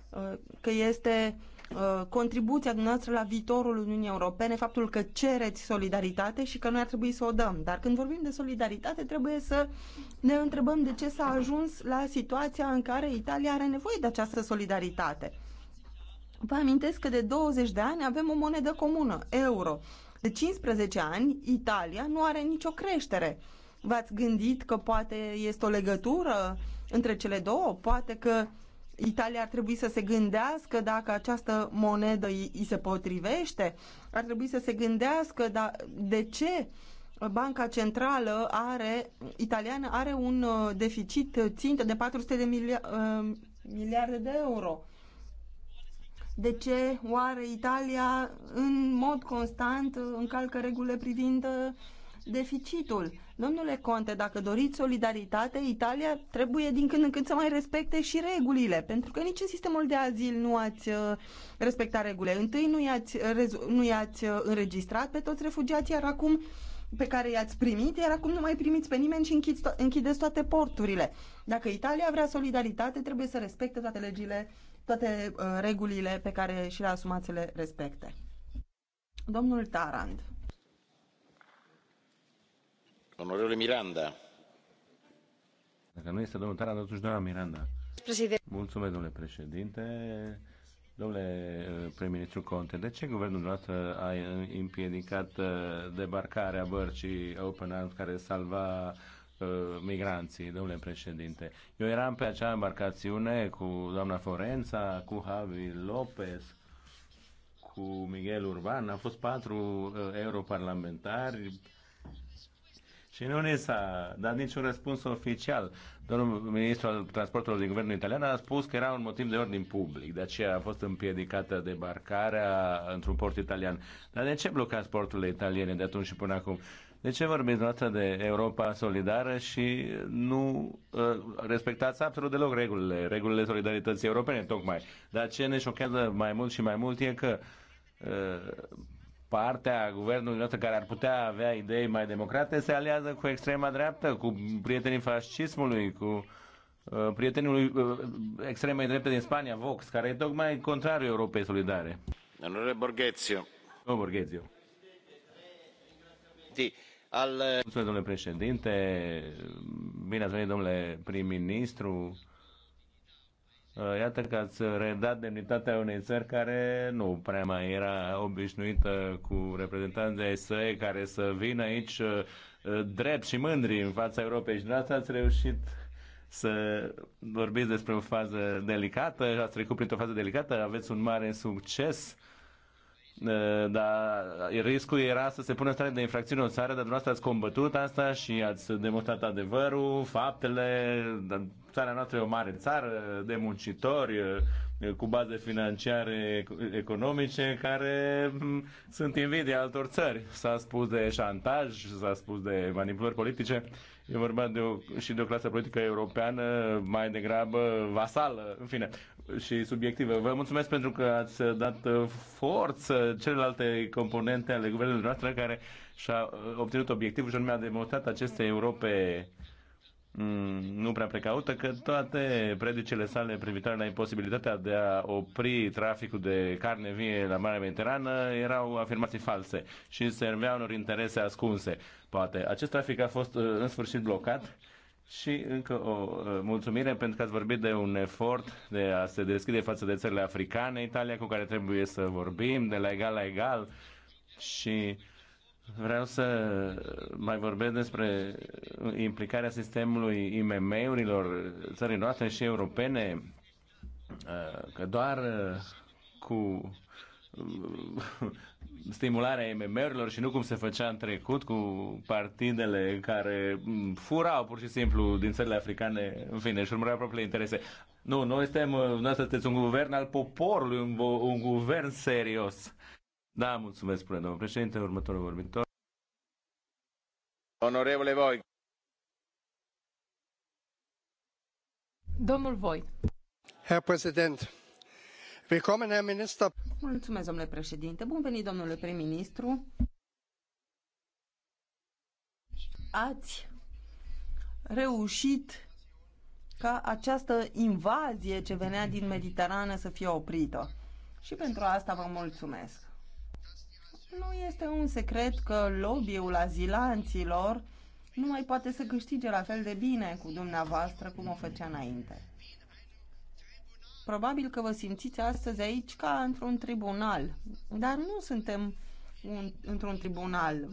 uh, că este uh, contribuția dumneavoastră la viitorul Uniunii Europene, faptul că cereți solidaritate și că noi ar trebui să o dăm. Dar când vorbim de solidaritate, trebuie să ne întrebăm de ce s-a ajuns la situația în care Italia are nevoie de această solidaritate. Vă amintesc că de 20 de ani avem o monedă comună, euro. De 15 ani, Italia nu are nicio creștere. V-ați gândit că poate este o legătură între cele două? Poate că Italia ar trebui să se gândească dacă această monedă îi se potrivește? Ar trebui să se gândească da, de ce Banca Centrală are, italiană are un uh, deficit uh, țintă de 400 de milia, uh, miliarde de euro. De ce oare Italia în mod constant încalcă regulile privind uh, deficitul? Domnule Conte, dacă doriți solidaritate, Italia trebuie din când în când să mai respecte și regulile, pentru că nici în sistemul de azil nu ați uh, respectat regulile. Întâi nu i-ați, nu i-ați uh, înregistrat pe toți refugiații, iar acum pe care i-ați primit, iar acum nu mai primiți pe nimeni și închideți toate porturile. Dacă Italia vrea solidaritate, trebuie să respecte toate legile toate uh, regulile pe care și le asumați să le respecte. Domnul Tarand. Onorele Miranda. Dacă nu este domnul Tarand, atunci doamna Miranda. Președinte. Mulțumesc, domnule președinte. Domnule uh, prim-ministru Conte, de ce guvernul noastră a uh, împiedicat uh, debarcarea bărcii Open Arms care salva Uh, migranții, domnule președinte. Eu eram pe acea embarcațiune cu doamna Forența, cu Javi Lopez, cu Miguel Urban, am fost patru uh, europarlamentari și nu ne s-a dat niciun răspuns oficial. Domnul ministru al transportului din guvernul italian a spus că era un motiv de ordin public, de aceea a fost împiedicată debarcarea într-un port italian. Dar de ce blocați porturile italiene de atunci și până acum? Uh, de ce vorbiți noastră de Europa solidară și nu uh, respectați absolut deloc regulile, regulile solidarității europene, tocmai? Dar ce ne șochează mai mult și mai mult e că uh, partea guvernului nostru care ar putea avea idei mai democrate se aliază cu extrema dreaptă, cu prietenii fascismului, cu uh, ă, prietenii lui uh, extremei drepte din Spania, Vox, care e tocmai contrariu Europei Solidare. Domnule Borghezio. Domnule Borghezio. Sì al... Uh, Mulțumesc, domnule președinte. Bine ați venit, domnule prim-ministru. Uh, iată că ați redat demnitatea unei țări care nu prea mai era obișnuită cu reprezentanții ai săi care să vină aici uh, drept și mândri în fața Europei și dumneavoastră ați reușit să vorbiți despre o fază delicată, ați trecut printr-o fază delicată, aveți un mare succes dar riscul era să se pună stare de infracțiune o țară, dar dumneavoastră ați combătut asta și ați demonstrat adevărul, faptele, țara noastră e o mare țară de muncitori, cu baze financiare economice care mm, sunt invidia altor țări. S-a spus de șantaj, s-a spus de manipulări politice. E vorba de o, și de o clasă politică europeană mai degrabă vasală, în fine, și subiectivă. Vă mulțumesc pentru că ați dat forță celelalte componente ale guvernului noastră care și-a uh, obținut obiectivul și anume a demonstrat aceste Europe Mm, nu prea precaută, că toate predicele sale privitoare la imposibilitatea de a opri traficul de carne vie la Marea Mediterană erau afirmații false și serveau unor interese ascunse. Poate acest trafic a fost uh, în sfârșit blocat și încă o uh, mulțumire pentru că ați vorbit de un efort de a se deschide față de țările africane, Italia cu care trebuie să vorbim, de la egal la egal și Vreau să mai vorbesc despre implicarea sistemului IMM-urilor țării noastre și europene, uh, că doar uh, cu uh, stimularea IMM-urilor și nu cum se făcea în trecut cu partidele care mm, furau pur și simplu din țările africane, în fine, și urmăreau propriile interese. Nu, noi suntem, noi sunteți un guvern al poporului, un, un guvern serios. Da, mulțumesc, spune domnul președinte. Următorul vorbitor. Onorevole voi. Domnul voi. Herr Präsident. Willkommen, Herr Minister. Mulțumesc, domnule președinte. Bun venit, domnule prim-ministru. Ați reușit ca această invazie ce venea din Mediterană să fie oprită. Și pentru asta vă mulțumesc. Nu este un secret că lobby-ul azilanților nu mai poate să câștige la fel de bine cu dumneavoastră cum o făcea înainte. Probabil că vă simțiți astăzi aici ca într-un tribunal, dar nu suntem un, într-un tribunal.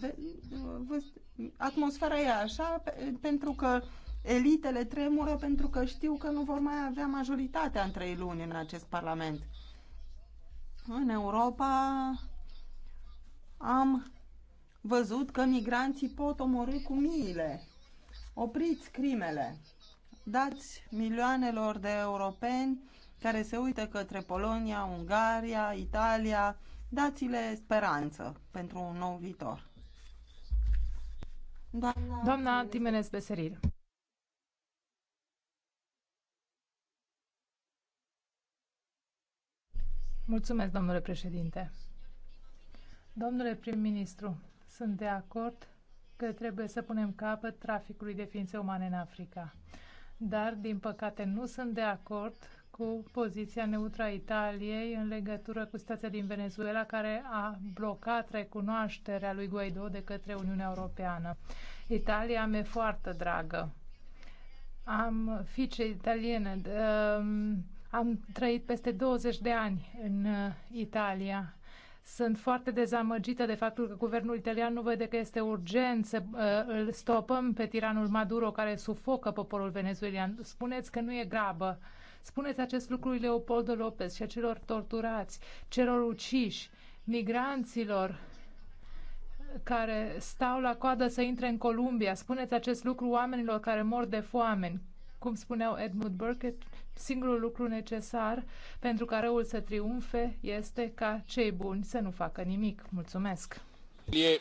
atmosfera e așa pentru că elitele tremură pentru că știu că nu vor mai avea majoritatea în trei luni în acest parlament. În Europa am văzut că migranții pot omorâ cu miile. Opriți crimele. Dați milioanelor de europeni care se uită către Polonia, Ungaria, Italia, dați-le speranță pentru un nou viitor. Doamna, Doamna Timenez Beseril. Mulțumesc, domnule președinte. Domnule prim-ministru, sunt de acord că trebuie să punem capăt traficului de ființe umane în Africa. Dar, din păcate, nu sunt de acord cu poziția neutră a Italiei în legătură cu situația din Venezuela, care a blocat recunoașterea lui Guaido de către Uniunea Europeană. Italia mi-e foarte dragă. Am fiice italiene. Um, am trăit peste 20 de ani în uh, Italia sunt foarte dezamăgită de faptul că guvernul italian nu vede că este urgent să uh, îl stopăm pe tiranul Maduro care sufocă poporul venezuelian. Spuneți că nu e grabă. Spuneți acest lucru lui Leopoldo Lopez și celor torturați, celor uciși, migranților care stau la coadă să intre în Columbia. Spuneți acest lucru oamenilor care mor de foame, cum spuneau Edmund Burke, singurul lucru necesar pentru ca răul să triumfe este ca cei buni să nu facă nimic. Mulțumesc! E...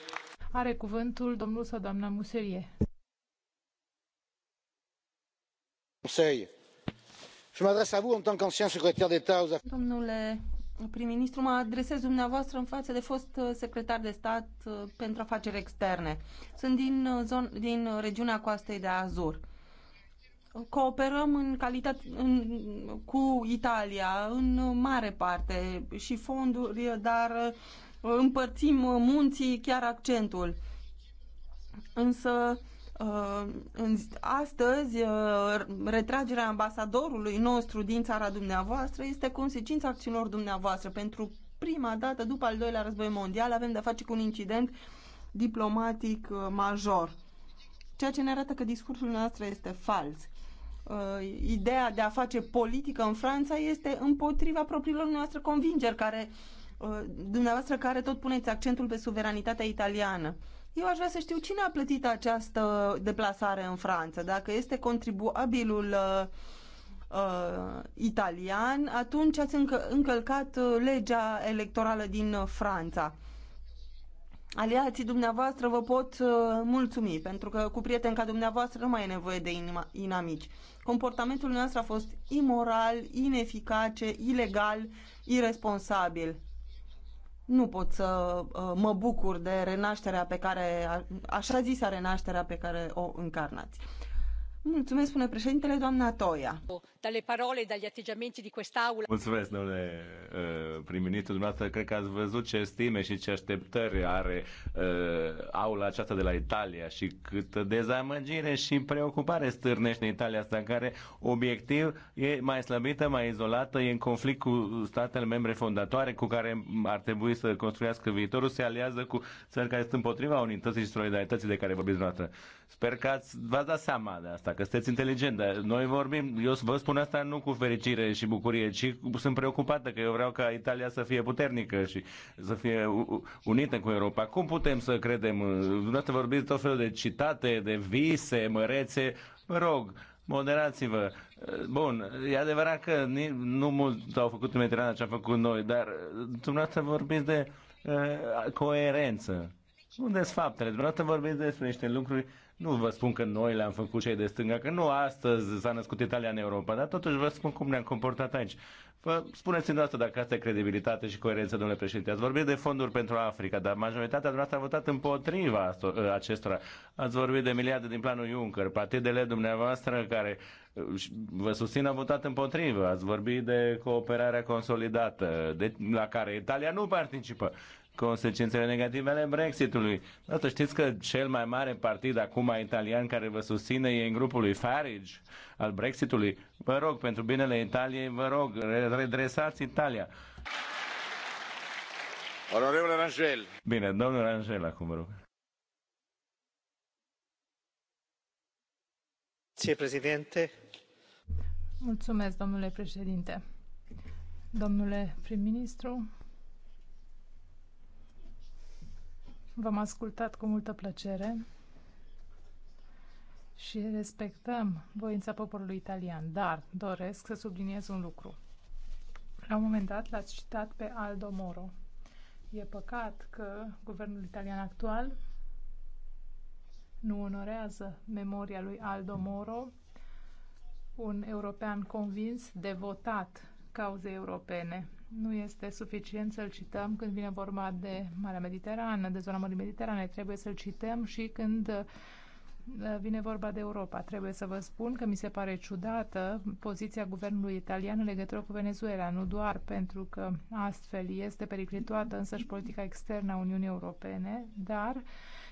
Are cuvântul domnul sau doamna Muserie. Conseil. Je m'adresse à vous en tant qu'ancien secrétaire d'État aux affaires. Domnule prim-ministru, mă adresez dumneavoastră în față de fost uh, secretar de stat uh, pentru afaceri externe. Sunt din, uh, zon, din regiunea coastei de Azur. Cooperăm în calitate în, cu Italia în mare parte și fonduri, dar uh, împărțim munții chiar accentul. Însă uh, astăzi uh, retragerea ambasadorului nostru din țara dumneavoastră este consecința acțiunilor dumneavoastră. Pentru prima dată după al doilea război mondial avem de-a face cu un incident diplomatic major. Ceea ce ne arată că discursul nostru este fals uh, ideea de a face politică în Franța este împotriva propriilor noastre convingeri, care, uh, dumneavoastră care tot puneți accentul pe suveranitatea italiană. Eu aș vrea să știu cine a plătit această deplasare în Franța. Dacă este contribuabilul uh, uh, italian, atunci ați încă, încălcat uh, legea electorală din uh, Franța. Aliații dumneavoastră vă pot uh, mulțumi, pentru că cu prieteni ca dumneavoastră nu mai e nevoie de inima, inamici. Comportamentul nostru a fost imoral, ineficace, ilegal, irresponsabil. Nu pot să uh, mă bucur de renașterea pe care, așa zisa renașterea pe care o încarnați. Mulțumesc, spune președintele, doamna Toia. Dalle parole, dagli atteggiamenti di quest'aula. Mulțumesc, domnule eh, prim-ministru. Dumneavoastră, cred că ați văzut ce stime și ce așteptări are uh, aula aceasta de la Italia și cât dezamăgire și preocupare stârnește Italia asta, în care obiectiv e mai slăbită, mai izolată, e în conflict cu statele membre fondatoare cu care ar trebui să construiască viitorul, se aliază cu țări care sunt împotriva unității și solidarității de care vorbiți dumneavoastră. Sper că ați, v-ați dat seama de asta asta, că sunteți inteligent, dar noi vorbim, eu vă spun asta nu cu fericire și bucurie, ci sunt preocupată că eu vreau ca Italia să fie puternică și să fie unită cu Europa. Cum putem să credem? Dumneavoastră vorbiți tot felul de citate, de vise, mărețe. Mă rog, moderați-vă. Bun, e adevărat că nu mult au făcut mediterana ce am făcut noi, dar dumneavoastră vorbiți de uh, coerență. Unde sunt faptele? Dumneavoastră vorbiți despre niște lucruri uh, nu vă spun că noi le-am făcut cei de stânga, că nu astăzi s-a născut Italia în Europa, dar totuși vă spun cum ne-am comportat aici. Vă spuneți-mi asta dacă asta e credibilitate și coerență, domnule președinte. Ați vorbit de fonduri pentru Africa, dar majoritatea dumneavoastră a votat împotriva acestora. Ați vorbit de miliarde din planul Juncker, partidele dumneavoastră care uh, vă susțin a votat împotriva. Ați vorbit de cooperarea consolidată, de, la care Italia nu participă consecințele negative ale Brexitului. Dată știți că cel mai mare partid acum italian care vă susține e în grupul lui Farage al Brexitului. Vă rog, pentru binele Italiei, vă rog, redresați Italia. Onorevole Rangel. Bine, domnul Rangel acum, vă rog. Ție, președinte. Mulțumesc, domnule președinte. Domnule prim-ministru, V-am ascultat cu multă plăcere și respectăm voința poporului italian, dar doresc să subliniez un lucru. La un moment dat l-ați citat pe Aldo Moro. E păcat că guvernul italian actual nu onorează memoria lui Aldo Moro, un european convins, devotat cauzei europene nu este suficient să-l cităm când vine vorba de Marea Mediterană, de zona Mării Mediterane. Trebuie să-l cităm și când uh, vine vorba de Europa. Trebuie să vă spun că mi se pare ciudată poziția guvernului italian în legătură cu Venezuela, nu doar pentru că astfel este periclitoată însăși politica externă a Uniunii Europene, dar uh,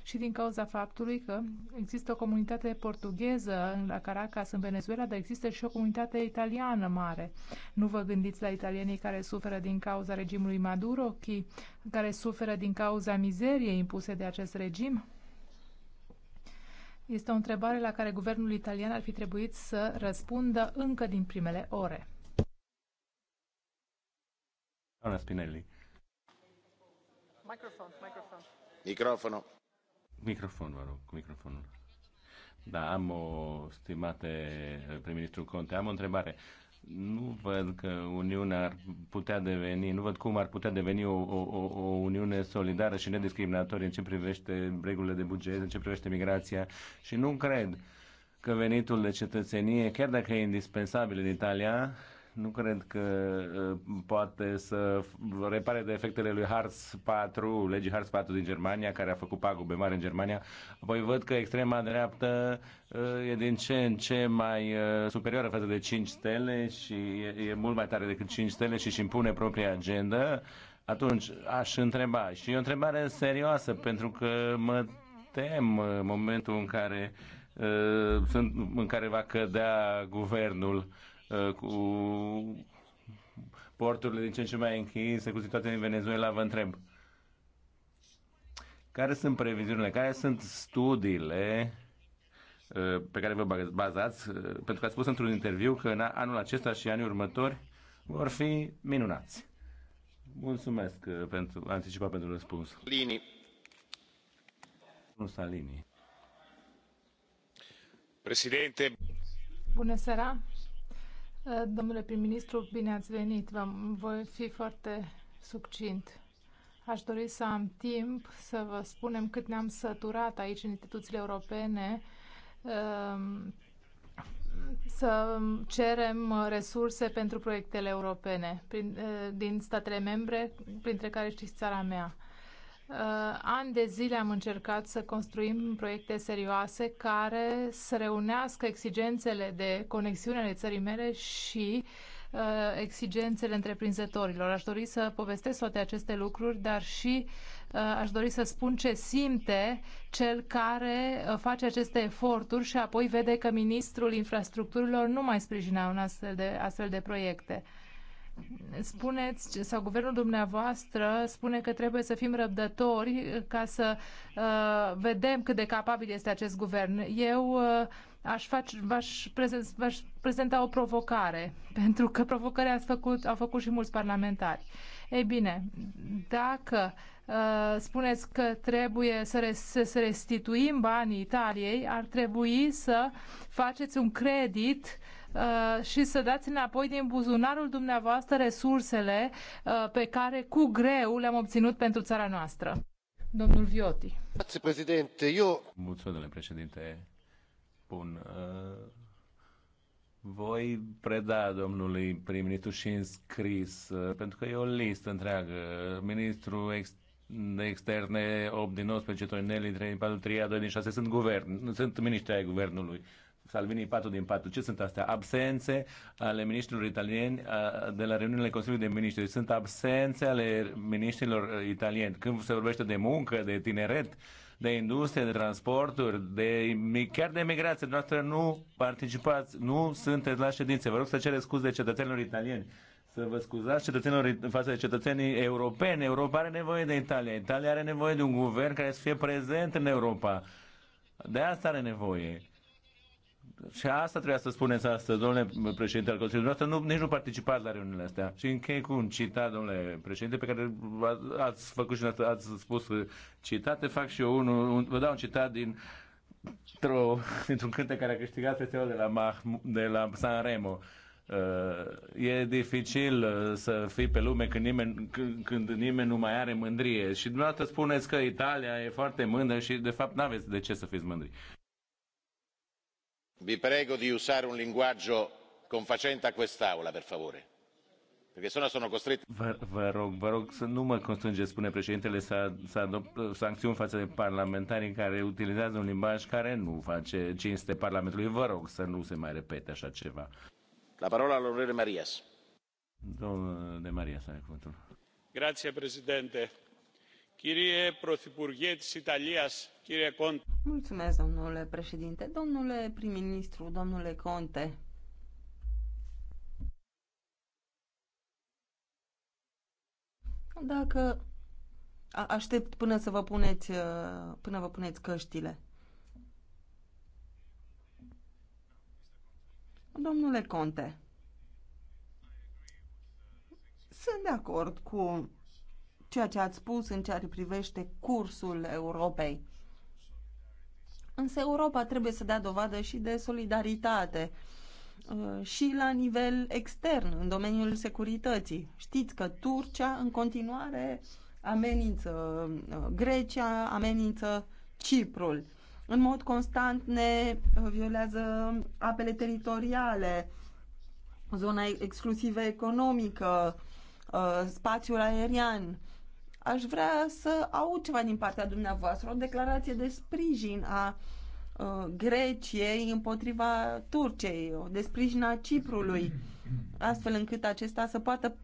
și din cauza faptului că există o comunitate portugheză la Caracas, în Venezuela, dar există și o comunitate italiană mare. Nu vă gândiți la italienii care suferă din cauza regimului Maduro, care suferă din cauza mizeriei impuse de acest regim? Este o întrebare la care guvernul italian ar fi trebuit să răspundă încă din primele ore. Doamna Spinelli. Microfon, microfon. Microfonul. Microfon, vă rog, cu microfonul. Da, am o, stimate eh, prim-ministru Conte, am o întrebare. Nu văd că Uniunea ar putea deveni, nu văd cum ar putea deveni o, o, o Uniune solidară și nediscriminatorie în ce privește regulile de buget, în ce privește migrația și nu cred că venitul de cetățenie, chiar dacă e indispensabil în Italia, nu cred că uh, poate să repare de efectele lui Hartz 4, legii Hartz 4 din Germania, care a făcut pagube mari în Germania. Apoi văd că extrema dreaptă uh, e din ce în ce mai uh, superioară față de 5 stele și e, e mult mai tare decât 5 stele și își impune propria agenda. Atunci aș întreba și e o întrebare serioasă pentru că mă tem momentul în care, în care va cădea guvernul Uh, cu porturile din ce în ce mai închise, cu situația din Venezuela, vă întreb. Care sunt previziunile, care sunt studiile uh, pe care vă bazați? Uh, pentru că ați spus într-un interviu că în anul acesta și anii următori vor fi minunați. Mulțumesc pentru anticipat pentru răspuns. Lini. Nu Salini. Președinte. Bună seara. Eh, domnule prim-ministru, bine ați venit. Vă voi fi foarte succint. Aș dori să am timp să vă spunem cât ne-am săturat aici în instituțiile europene eh, să cerem eh, resurse pentru proiectele europene prin, din statele membre, printre care și țara mea. Uh, ani de zile am încercat să construim proiecte serioase care să reunească exigențele de conexiune ale țării mele și uh, exigențele întreprinzătorilor. Aș dori să povestesc toate aceste lucruri, dar și uh, aș dori să spun ce simte cel care uh, face aceste eforturi și apoi vede că ministrul infrastructurilor nu mai sprijinea un astfel de, astfel de proiecte. Uh, spuneți, sau guvernul dumneavoastră spune că trebuie să fim răbdători ca să uh, vedem cât de capabil este acest guvern. Eu uh, aș, face, aș, prezent, aș prezenta o provocare, pentru că provocarea ați făcut, au făcut și mulți parlamentari. Ei bine, dacă uh, spuneți că trebuie să, re, să, să restituim banii Italiei, ar trebui să faceți un credit uh, Uh, și să dați înapoi din buzunarul dumneavoastră resursele uh, pe care cu greu le-am obținut pentru țara noastră. Domnul Vioti. Președinte, eu... Mulțumesc, domnule președinte. Bun. Uh, voi preda domnului prim-ministru și în scris, pentru că e o listă întreagă. Ministru ex- de externe, 8 din 19, 3 din 4, 3, din 6, sunt guvern, sunt miniștri ai guvernului. Salvini 4 din 4. Ce sunt astea? Absențe ale ministrilor italieni de la reuniunile Consiliului de Ministri. Sunt absențe ale ministrilor italieni. Când se vorbește de muncă, de tineret, de industrie, de transporturi, de, chiar de emigrație, noastră nu participați, nu sunteți la ședințe. Vă rog să cereți scuze cetățenilor italieni. Să vă scuzați cetățenilor față de cetățenii europeni. Europa are nevoie de Italia. Italia are nevoie de un guvern care să fie prezent în Europa. De asta are nevoie și asta trebuia să spuneți astăzi, domnule președinte al Consiliului. Noastră, nu, nici nu participați la reuniunile astea. Și închei cu un citat, domnule președinte, pe care ați făcut și ați spus citate. Fac și eu unul, un, vă dau un citat din dintr un cântec care a câștigat festivalul de la, Mah, de la San Remo. Uh, e dificil uh, să fii pe lume când nimeni, când, când nimeni nu mai are mândrie. Și dumneavoastră spuneți că Italia e foarte mândră și de fapt n-aveți de ce să fiți mândri vi prego di usare un linguaggio confacente a quest'aula per favore perché sennò sono costretto. Vă, vă rog, vă rog să nu mă constrângeți, spune președintele, să, să adopt sancțiuni față de parlamentarii care utilizează un limbaj care nu face cinste Parlamentului. Vă rog să nu se mai repete așa ceva. La parola l'onorevole Marias. Domnule de Marias, are cuvântul. Grazie, președinte Mulțumesc, domnule președinte domnule prim ministru domnule conte dacă aștept până să vă puneți uh, până vă puneți căștile domnule conte sunt de acord cu ceea ce ați spus în ceea ce privește cursul Europei. Însă Europa trebuie să dea dovadă și de solidaritate uh, și la nivel extern, în domeniul securității. Știți că Turcia în continuare amenință uh, Grecia, amenință Ciprul. În mod constant ne uh, violează apele teritoriale, zona exclusivă economică, spațiul aerian. Aș vrea să aud ceva din partea dumneavoastră, o declarație de sprijin a uh, Greciei împotriva Turciei, de sprijin a Ciprului, astfel încât acesta să poată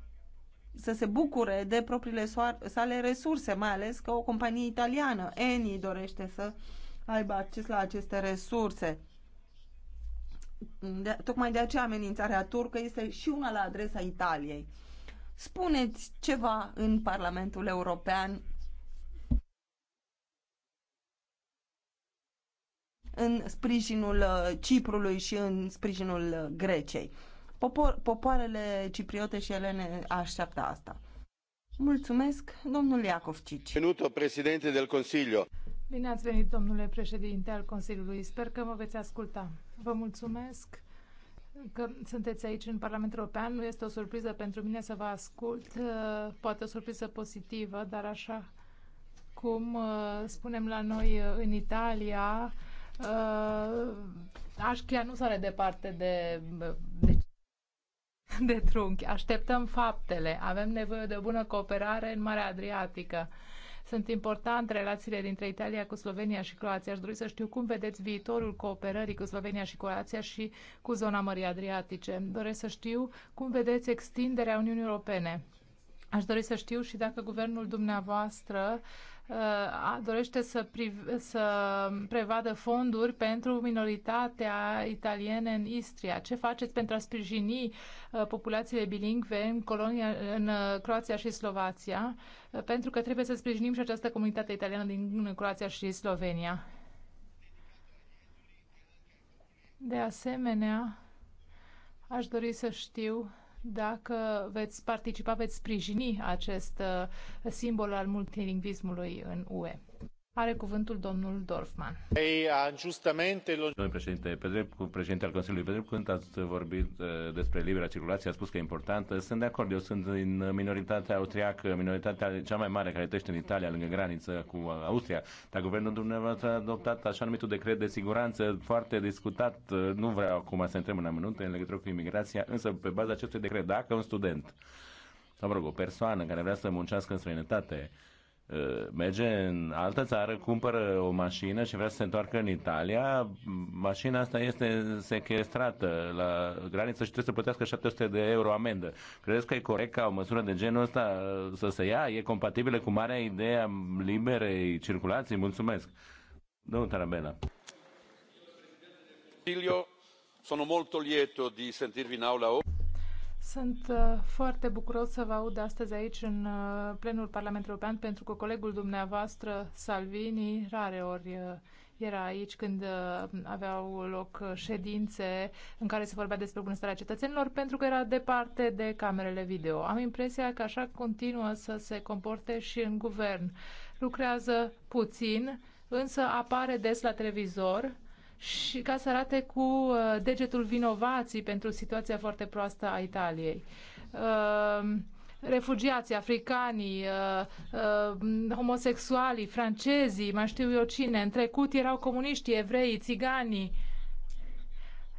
să se bucure de propriile sale resurse, mai ales că o companie italiană, Eni, dorește să aibă acces la aceste resurse. De, tocmai de aceea amenințarea turcă este și una la adresa Italiei spuneți ceva în Parlamentul European în sprijinul uh, Ciprului și în sprijinul uh, Greciei. Popor, popoarele cipriote și elene așteaptă asta. Mulțumesc, domnul Cici. Venuto, președinte del Consiliu. Bine ați venit, domnule președinte al Consiliului. Sper că mă veți asculta. Vă mulțumesc că sunteți aici în Parlamentul European. Nu este o surpriză pentru mine să vă ascult, uh, poate o surpriză pozitivă, dar așa cum uh, spunem la noi uh, în Italia, Așchia nu sare departe de, de, de trunchi. Așteptăm faptele. Avem nevoie de o bună cooperare în Marea Adriatică. Sunt importante relațiile dintre Italia cu Slovenia și Croația. Aș dori să știu cum vedeți viitorul cooperării cu Slovenia și Croația și cu zona Mării Adriatice. Doresc să știu cum vedeți extinderea Uniunii Europene. Aș dori să știu și dacă guvernul dumneavoastră Uh, dorește să, priv- să prevadă fonduri pentru minoritatea italiene în Istria. Ce faceți pentru a sprijini uh, populațiile bilingve în, colonia, în uh, Croația și Slovația? Pentru că trebuie să sprijinim și această comunitate italiană din Croația și Slovenia. De asemenea, aș dori să știu dacă veți participa, veți sprijini acest uh, simbol al multilingvismului în UE. Are cuvântul domnul Dorfman. Ei, ajustamente... Domnul președinte, pe drept, cu președinte al Consiliului, pe drept când ați vorbit despre libera circulație, a spus că e importantă. Sunt de acord, eu sunt din minoritatea austriacă, minoritatea cea mai mare care trăiește în Italia, lângă graniță cu Austria. Dar guvernul dumneavoastră a adoptat așa numitul decret de siguranță foarte discutat. Nu vreau acum să intrăm în amănunte în legătură cu imigrația, însă pe baza acestui decret, dacă un student sau, mă rog, o persoană care vrea să muncească în străinătate, Uh, merge în altă țară, cumpără o mașină și vrea să se întoarcă în Italia, mașina asta este sequestrată la graniță și trebuie să plătească 700 de euro amendă. Credeți că e corect ca o măsură de genul ăsta uh, să se ia? E compatibilă cu marea idee a liberei circulații? Mulțumesc! Domnul Tarabella. Silvio, sono molto lieto di sentirvi in aula oggi. Sunt uh, foarte bucuros să vă aud astăzi aici în uh, plenul Parlamentului European pentru că colegul dumneavoastră Salvini rare ori uh, era aici când aveau loc ședințe în care se vorbea despre bunăstarea cetățenilor pentru că era departe de camerele video. Am impresia că așa continuă să se comporte și în guvern. Lucrează puțin, însă apare des la televizor și ca să arate cu uh, degetul vinovații pentru situația foarte proastă a Italiei. Uh, refugiații, africanii, uh, homosexualii, francezii, mai știu eu cine, în trecut erau comuniștii, evrei, țiganii,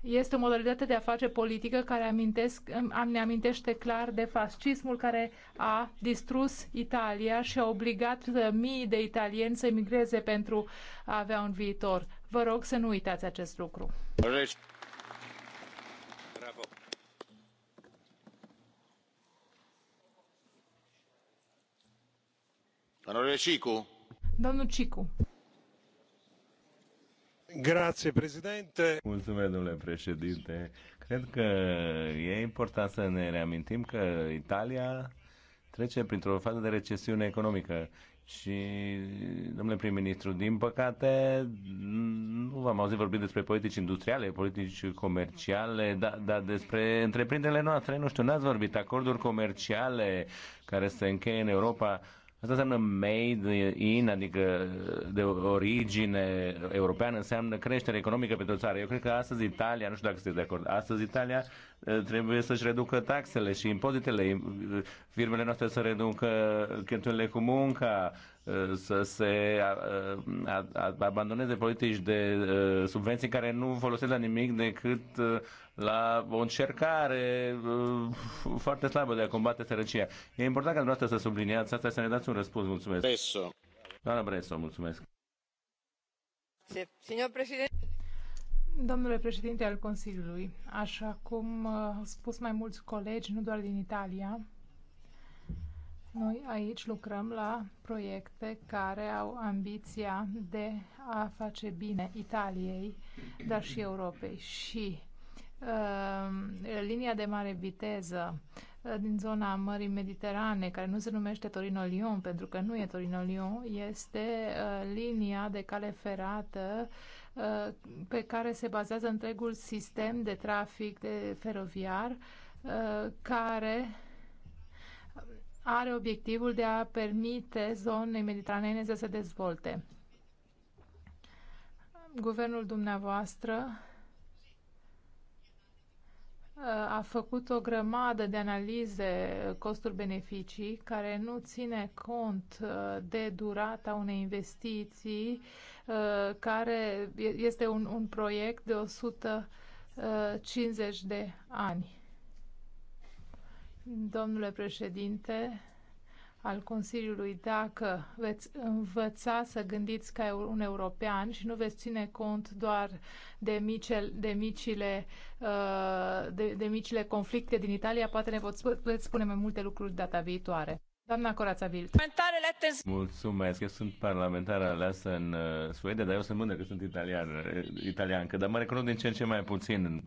este o modalitate de a face politică care amintesc, ne amintește clar de fascismul care a distrus Italia și a obligat mii de italieni să emigreze pentru a avea un viitor. Vă rog să nu uitați acest lucru. Bravo. Domnul Cicu. Grazie, Mulțumesc, domnule președinte. Cred că e important să ne reamintim că Italia trece printr-o fază de recesiune economică. Și, domnule prim-ministru, din păcate, nu v-am auzit vorbind despre politici industriale, politici comerciale, da, dar da, despre întreprinderile noastre, nu știu, n-ați vorbit, acorduri comerciale care se încheie în Europa Asta înseamnă made in, adică de origine europeană, înseamnă creștere economică pentru țară. Eu cred că astăzi Italia, nu știu dacă sunteți de acord, astăzi Italia eh, trebuie să-și reducă taxele și impozitele, firmele noastre să reducă cheltuielile cu munca, să se abandoneze politici de subvenții care nu folosesc la nimic decât la o încercare foarte slabă de a combate sărăcia. E important ca dumneavoastră să subliniați asta să ne dați un răspuns. Mulțumesc. Bresso. Doamna Bresso, mulțumesc. Domnule președinte al Consiliului, așa cum au spus mai mulți colegi, nu doar din Italia, noi aici lucrăm la proiecte care au ambiția de a face bine Italiei, dar și Europei. Și uh, linia de mare viteză uh, din zona Mării Mediterane, care nu se numește Torino-Lyon, pentru că nu e Torino-Lyon, este uh, linia de cale ferată uh, pe care se bazează întregul sistem de trafic de feroviar uh, care are obiectivul de a permite zonei mediteranene să se dezvolte. Guvernul dumneavoastră uh, a făcut o grămadă de analize costuri-beneficii care nu ține cont uh, de durata unei investiții uh, care este un, un proiect de 150 de ani domnule președinte al Consiliului, dacă veți învăța să gândiți ca un european și nu veți ține cont doar de, micel, de, micile, uh, de, de micile conflicte din Italia, poate ne veți spune mai multe lucruri data viitoare. Doamna Corața Vilt. Mulțumesc, eu sunt parlamentar aleasă în uh, Suedia, dar eu sunt mândră că sunt italian, uh, italiancă, dar mă recunosc din ce în ce mai puțin în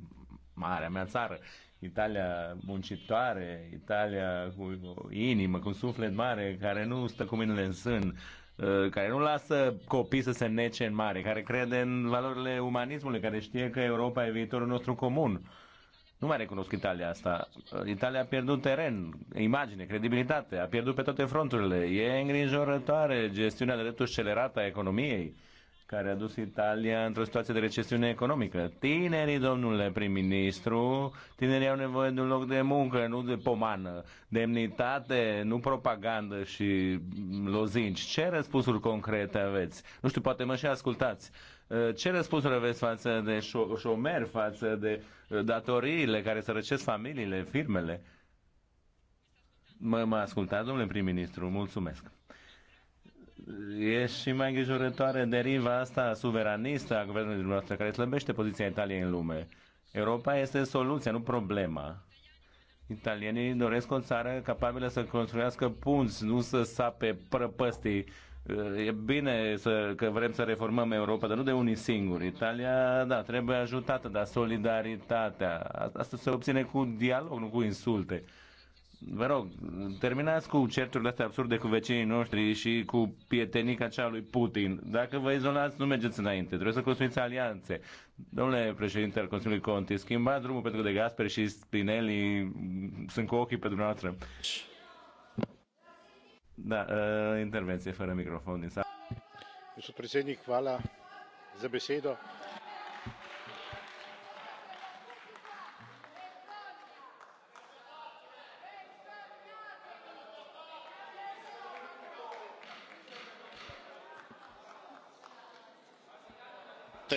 marea mea țară. Italia muncitoare, Italia cu inimă, cu suflet mare, care nu stă cu minele în sân, uh, care nu lasă copii să se nece în mare, care crede în valorile umanismului, care știe că Europa e viitorul nostru comun. Nu mai recunosc Italia asta. Uh, Italia a pierdut teren, imagine, credibilitate, a pierdut pe toate fronturile. E îngrijorătoare gestiunea de dreptul scelerată a economiei care a dus Italia într-o situație de recesiune economică. Tinerii, domnule prim-ministru, tinerii au nevoie de un loc de muncă, nu de pomană, demnitate, nu propagandă și lozinci. Ce răspunsuri concrete aveți? Nu știu, poate mă și ascultați. Uh, ce răspunsuri aveți față de șo- șomeri, față de uh, datoriile care să răcesc familiile, firmele? Mă, mă ascultați, domnule prim-ministru? Mulțumesc e și mai îngrijorătoare deriva asta suveranistă a guvernului dumneavoastră, care slăbește poziția Italiei în lume. Europa este soluția, nu problema. Italienii doresc o țară capabilă să construiască punți, nu să sape prăpăstii. E bine să, că vrem să reformăm Europa, dar nu de unii singuri. Italia, da, trebuie ajutată, dar solidaritatea, asta se obține cu dialog, nu cu insulte. Vă rog, terminați cu certurile astea absurde cu vecinii noștri și cu pietenica cea lui Putin. Dacă vă izolați, nu mergeți înainte. Trebuie să construiți alianțe. Domnule președinte al Consiliului Conti, schimbați drumul pentru că de Gasper și Spinelli sunt cu ochii pe dumneavoastră. Da, uh, intervenție fără microfon din sală. Gospod predsednik, hvala za besedo.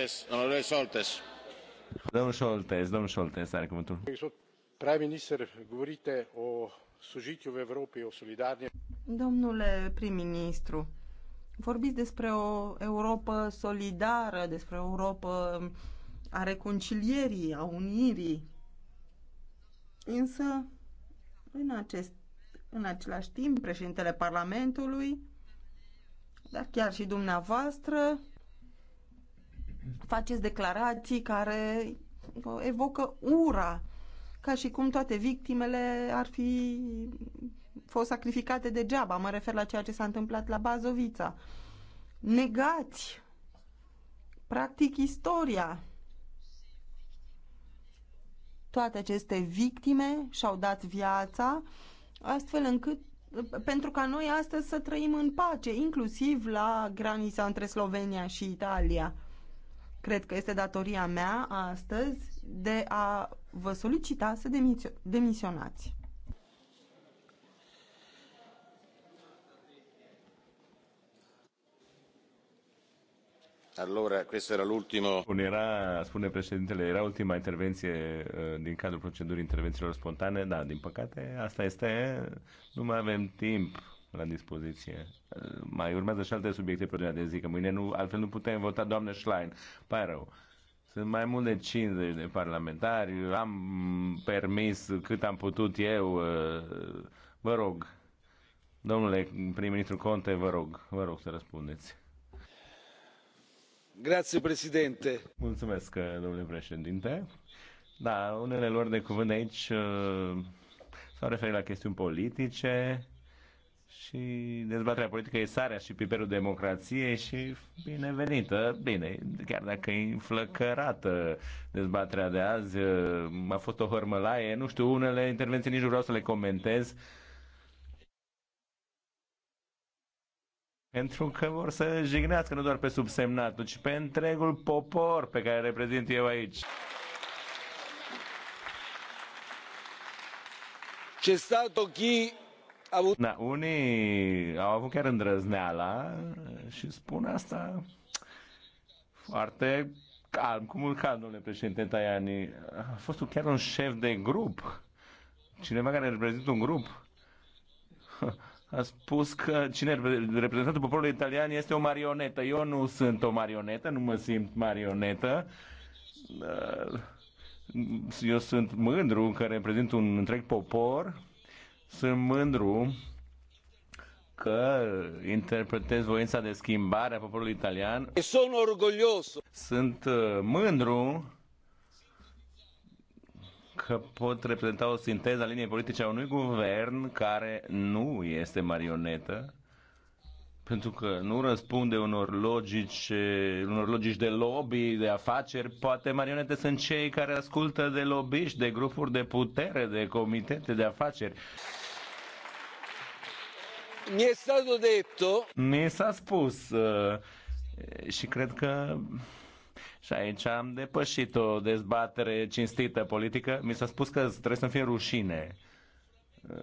Soltes, domnule Soltes. Domnul Soltes, domnul Soltes are cuvântul. o o Domnule prim-ministru, vorbiți despre o Europa solidară, despre o Europa a reconcilierii, a unirii. Însă, în, acest, în același timp, președintele Parlamentului, dar chiar și dumneavoastră, faceți declarații care evocă ura, ca și cum toate victimele ar fi fost sacrificate degeaba. Mă refer la ceea ce s-a întâmplat la Bazovița. Negați, practic, istoria. Toate aceste victime și-au dat viața astfel încât pentru ca noi astăzi să trăim în pace, inclusiv la granița între Slovenia și Italia. Cred că este datoria mea astăzi de a vă solicita să demisionați. Allora, questo era l'ultimo. Era, spune președintele, era ultima intervenție uh, din cadrul procedurii intervențiilor spontane. Da, din păcate, asta este. Nu mai avem timp la dispoziție. Mai urmează și alte subiecte pe ordinea de zi, că mâine nu, altfel nu putem vota doamne Schlein. Pare rău. Sunt mai mult de 50 de parlamentari, am permis cât am putut eu. Uh, vă rog, domnule prim-ministru Conte, vă rog, vă rog să răspundeți. Grazie, președinte. Mulțumesc, uh, domnule președinte. Da, unele lor de cuvânt aici uh, s-au referit la chestiuni politice, și dezbaterea politică e sarea și piperul democrației și binevenită, bine, chiar dacă e înflăcărată dezbaterea de azi, a fost o hărmălaie, nu știu, unele intervenții nici nu vreau să le comentez, pentru că vor să jignească nu doar pe subsemnatul, ci pe întregul popor pe care reprezint eu aici. Ce stato ochii avut... Da, unii au avut chiar îndrăzneala și spun asta foarte calm, cu mult calm, domnule președinte Tajani. A fost chiar un șef de grup, cineva care reprezintă un grup. A spus că cine reprezentantul poporului italian este o marionetă. Eu nu sunt o marionetă, nu mă simt marionetă. Eu sunt mândru că reprezint un întreg popor sunt mândru că interpretez voința de schimbare a poporului italian. Sunt orgoglios. Uh, sunt mândru că pot reprezenta o sinteză a liniei politice a unui guvern care nu este marionetă, pentru că nu răspunde unor logici, unor logici de lobby, de afaceri. Poate marionete sunt cei care ascultă de lobbyști, de grupuri de putere, de comitete de afaceri. Mi stato detto. Mi s-a spus uh, și cred că și aici am depășit o dezbatere cinstită politică. Mi s-a spus că trebuie să fie rușine Uh,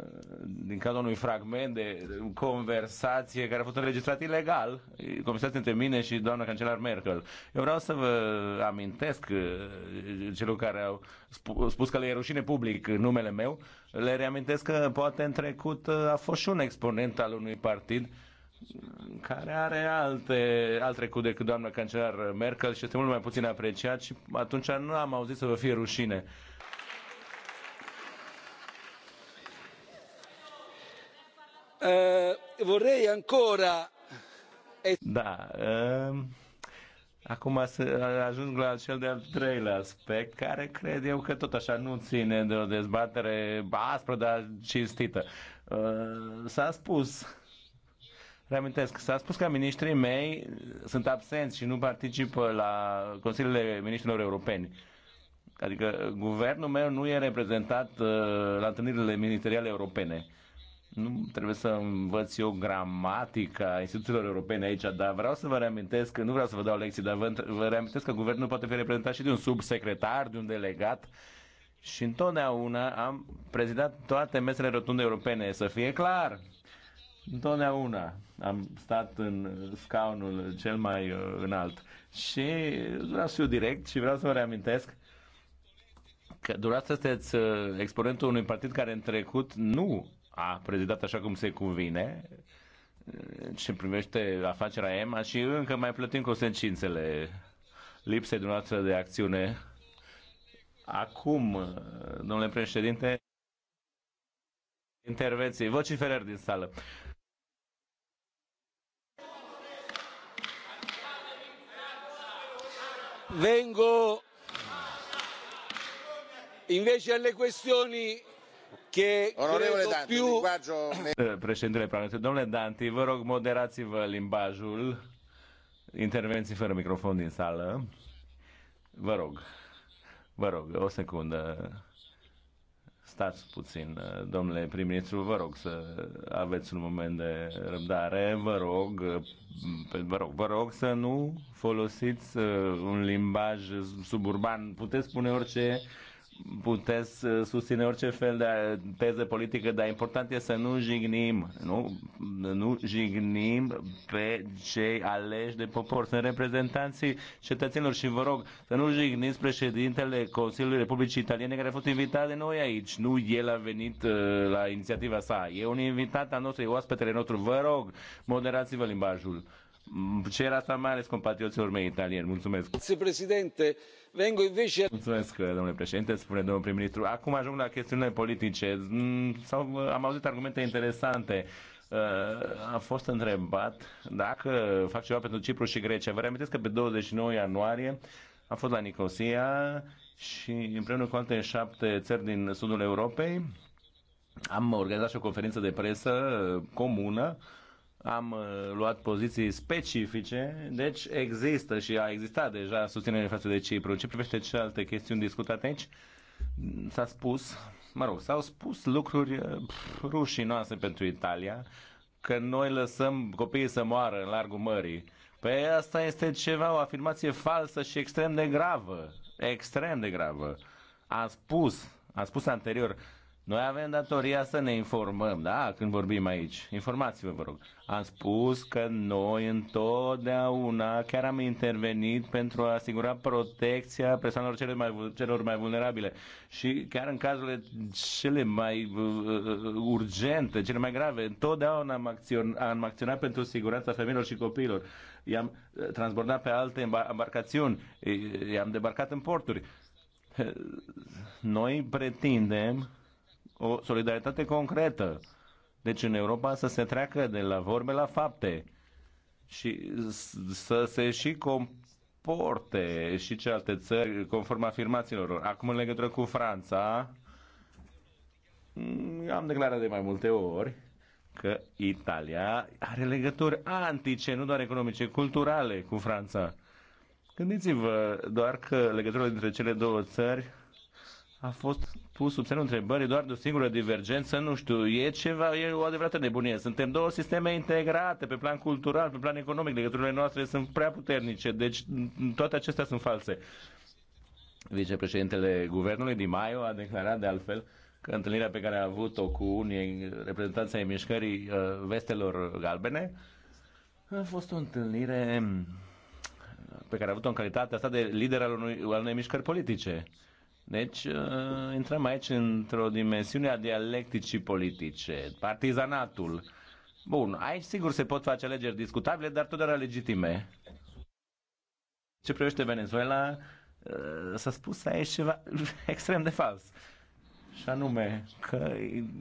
din cauza unui fragment de conversație care a fost înregistrat ilegal, conversație între mine și doamna cancelar Merkel. Eu vreau să vă amintesc uh, celor care au spus că le e rușine public numele meu, le reamintesc că poate în trecut uh, a fost și un exponent al unui partid care are alte, alt trecut decât doamna cancelar Merkel și este mult mai puțin apreciat și atunci nu am auzit să vă fie rușine. Eh, vorrei ancora... Da, uh, acum ajung la cel de-al treilea aspect, care cred eu că tot așa nu ține de o dezbatere aspră, dar cinstită. Uh, s-a spus Reamintesc, s-a spus că ministrii mei sunt absenți și nu participă la Consiliile Ministrilor Europeni. Adică guvernul meu nu e reprezentat uh, la întâlnirile ministeriale europene nu trebuie să învăț eu gramatica instituțiilor europene aici, dar vreau să vă reamintesc, că nu vreau să vă dau lecții, dar vă, vă reamintesc că guvernul poate fi reprezentat și de un subsecretar, de un delegat și întotdeauna am prezidat toate mesele rotunde europene, să fie clar. Întotdeauna am stat în scaunul cel mai uh, înalt și vreau să fiu direct și vreau să vă reamintesc că dumneavoastră sunteți uh, exponentul unui partid care în trecut nu a prezidat așa cum se convine ce privește afacerea EMA și încă mai plătim consecințele lipsei dumneavoastră de acțiune. Acum, domnule președinte, intervenții vociferări din sală. Vengo invece alle questioni che Onorevole più... linguaggio... Președintele domnule Danti, vă rog, moderați-vă limbajul. Intervenții fără microfon din sală. Vă rog, vă rog, o secundă. Stați puțin, domnule prim-ministru, vă rog să aveți un moment de răbdare, vă rog, vă rog, vă rog să nu folosiți uh, un limbaj suburban, puteți spune orice, puteți uh, susține orice fel de uh, teză politică, dar important e să nu jignim, nu? Nu jignim pe cei aleși de popor. Sunt reprezentanții cetățenilor și vă rog să nu jigniți președintele Consiliului Republicii Italiene care a fost invitat de noi aici. Nu el a venit uh, la inițiativa sa. E un invitat al nostru, e oaspetele nostru. Vă rog, moderați-vă limbajul cer asta mai ales compatrioților mei italieni. Mulțumesc. Mulțumesc, președinte. Vengo invece... Mulțumesc, domnule președinte, spune domnul prim-ministru. Acum ajung la chestiunile politice. Mm, am auzit argumente interesante. Uh, a fost întrebat dacă fac ceva pentru Cipru și Grecia. Vă reamintesc că pe 29 ianuarie am fost la Nicosia și împreună cu alte șapte țări din sudul Europei am organizat și o conferință de presă uh, comună am uh, luat poziții specifice, deci există și a existat deja susținere față de Cipru. Ce privește celelalte chestiuni discutate aici, s-a spus, mă rog, s-au spus lucruri uh, pf, rușinoase pentru Italia, că noi lăsăm copiii să moară în largul mării. Păi asta este ceva, o afirmație falsă și extrem de gravă. Extrem de gravă. A spus, a spus anterior, noi avem datoria să ne informăm, da, când vorbim aici. Informați-vă, vă rog. Am spus că noi întotdeauna chiar am intervenit pentru a asigura protecția persoanelor celor mai, celor mai vulnerabile. Și chiar în cazurile cele mai uh, uh, urgente, cele mai grave, întotdeauna am, acțion, am acționat pentru siguranța femeilor și copiilor. I-am uh, transbordat pe alte embarcațiuni, i-am debarcat în porturi. Noi pretindem o solidaritate concretă. Deci în Europa să se treacă de la vorbe la fapte și să se și comporte și celelalte țări conform afirmațiilor lor. Acum în legătură cu Franța, mm, am declarat de mai multe ori că Italia are legături antice, nu doar economice, culturale cu Franța. Gândiți-vă doar că legăturile dintre cele două țări a fost pus sub semnul întrebării doar de o singură divergență, nu știu, e ceva, e o adevărată nebunie. Suntem două sisteme integrate pe plan cultural, pe plan economic, legăturile noastre sunt prea puternice, deci toate acestea sunt false. Vicepreședintele Guvernului Di Maio a declarat de altfel că întâlnirea pe care a avut-o cu unii reprezentanții ai mișcării uh, vestelor galbene a fost o întâlnire pe care a avut-o în calitatea asta de lider al al unei mișcări politice. Deci, uh, intrăm aici într-o dimensiune a dialecticii politice, partizanatul. Bun, aici sigur se pot face alegeri discutabile, dar totdeauna legitime. Ce privește Venezuela, uh, s-a spus aici ceva extrem de fals. Și anume că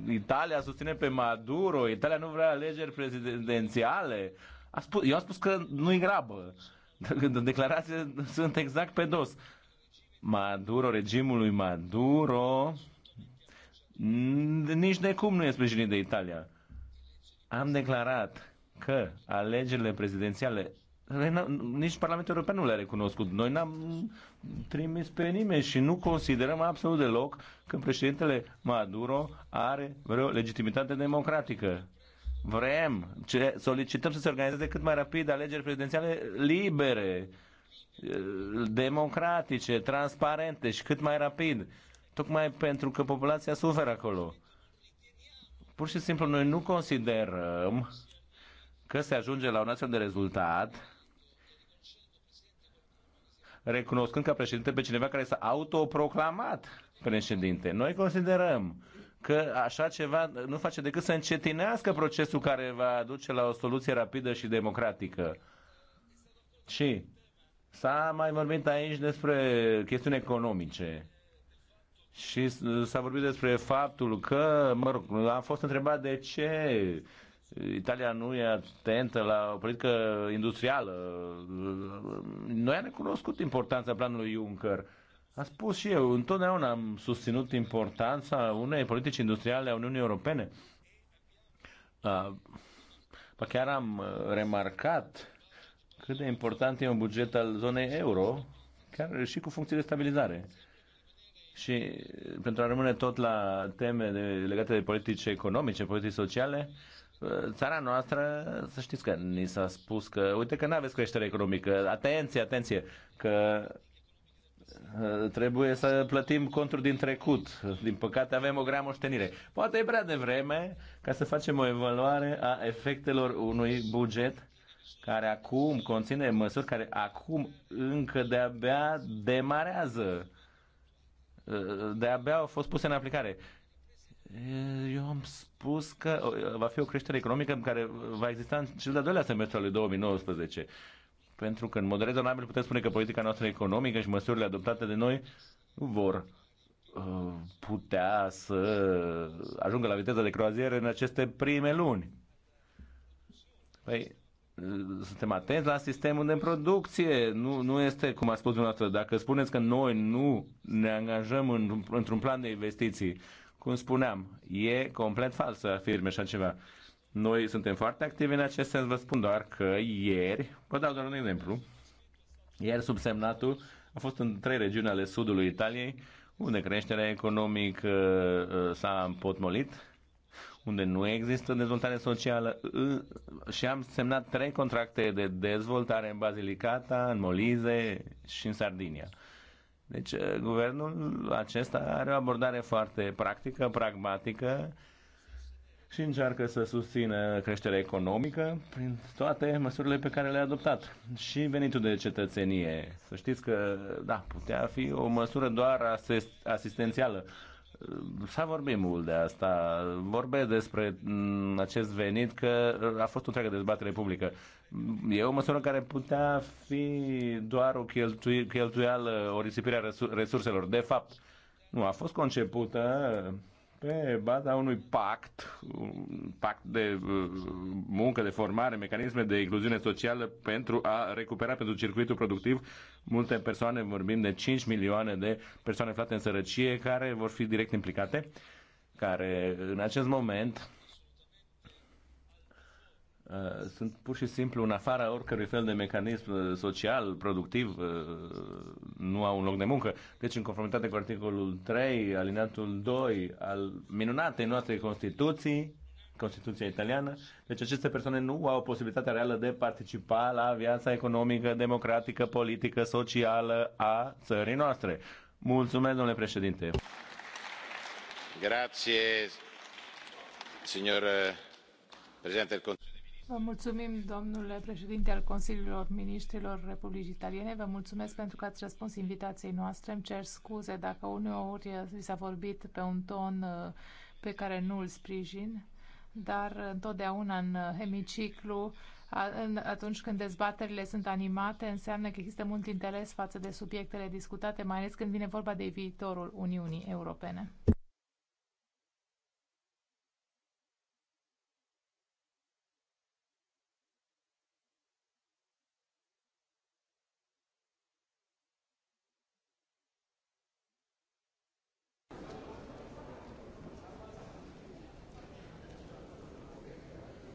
Italia susține pe Maduro, Italia nu vrea alegeri prezidențiale. A spus, eu am spus că nu-i grabă. Declarațiile sunt exact pe dos. Maduro, regimului Maduro, nici de cum nu e sprijinit de Italia. Am declarat că alegerile prezidențiale nici Parlamentul European nu le-a recunoscut. Noi n-am trimis pe nimeni și nu considerăm absolut deloc că președintele Maduro are vreo legitimitate democratică. Vrem, ce, solicităm să se organizeze cât mai rapid alegeri prezidențiale libere democratice, transparente și cât mai rapid. Tocmai pentru că populația suferă acolo. Pur și simplu noi nu considerăm că se ajunge la un astfel de rezultat recunoscând ca președinte pe cineva care s-a autoproclamat președinte. Noi considerăm că așa ceva nu face decât să încetinească procesul care va duce la o soluție rapidă și democratică. Și S-a mai vorbit aici despre chestiuni economice. Și s-a vorbit despre faptul că, mă rog, am fost întrebat de ce Italia nu e atentă la o politică industrială. Noi am recunoscut importanța planului Juncker. A spus și eu, întotdeauna am susținut importanța unei politici industriale a Uniunii Europene. Uh, chiar am remarcat cât de important e un buget al zonei euro, chiar și cu funcție de stabilizare. Și eh, pentru a rămâne tot la teme de, legate de politici economice, politici sociale, eh, țara noastră, să știți că ni s-a spus că, uite că nu aveți creștere economică, atenție, atenție, că eh, trebuie să plătim conturi din trecut. Din păcate avem o grea moștenire. Poate e prea devreme ca să facem o evaluare a efectelor unui buget care acum conține măsuri care acum încă de-abia demarează. De-abia au fost puse în aplicare. Eu am spus că va fi o creștere economică în care va exista în cel de-al doilea semestru al lui 2019. Pentru că, în mod rezonabil, putem spune că politica noastră economică și măsurile adoptate de noi vor uh, putea să ajungă la viteză de croazieră în aceste prime luni. Păi, suntem atenți la sistemul de producție. Nu, nu este, cum a spus dumneavoastră, dacă spuneți că noi nu ne angajăm în, într-un plan de investiții, cum spuneam, e complet fals să afirme așa ceva. Noi suntem foarte activi în acest sens, vă spun doar că ieri, vă dau doar un exemplu, ieri subsemnatul a fost în trei regiuni ale sudului Italiei, unde creșterea economică uh, s-a împotmolit, unde nu există dezvoltare socială și am semnat trei contracte de dezvoltare în Basilicata, în Molize și în Sardinia. Deci eh, guvernul acesta are o abordare foarte practică, pragmatică și încearcă să susțină creșterea economică prin toate măsurile pe care le-a adoptat. Și venitul de cetățenie. Să știți că, da, putea fi o măsură doar asist- asistențială S-a vorbit mult de asta. Vorbesc despre mm, acest venit că a fost o întreagă dezbatere publică. E o măsură care putea fi doar o cheltuială, o risipire a resurselor. De fapt, nu, a fost concepută pe baza unui pact, un pact de uh, muncă, de formare, mecanisme de incluziune socială pentru a recupera pentru circuitul productiv multe persoane, vorbim de 5 milioane de persoane aflate în sărăcie care vor fi direct implicate, care în acest moment Uh, sunt pur și simplu în afara oricărui fel de mecanism uh, social, productiv, uh, nu au un loc de muncă. Deci, în conformitate cu articolul 3, alineatul 2 al minunatei noastre Constituții, Constituția italiană, deci aceste persoane nu au posibilitatea reală de participa la viața economică, democratică, politică, socială a țării noastre. Mulțumesc, domnule președinte. Grazie, signor președinte del Consiliu. Vă mulțumim, domnule președinte al Consiliilor Ministrilor Republicii Italiene. Vă mulțumesc pentru că ați răspuns invitației noastre. Îmi cer scuze dacă uneori vi s-a vorbit pe un ton uh, pe care nu îl sprijin, dar întotdeauna în uh, hemiciclu, atunci când dezbaterile sunt animate, înseamnă că există mult interes față de subiectele discutate, mai ales când vine vorba de viitorul Uniunii Europene.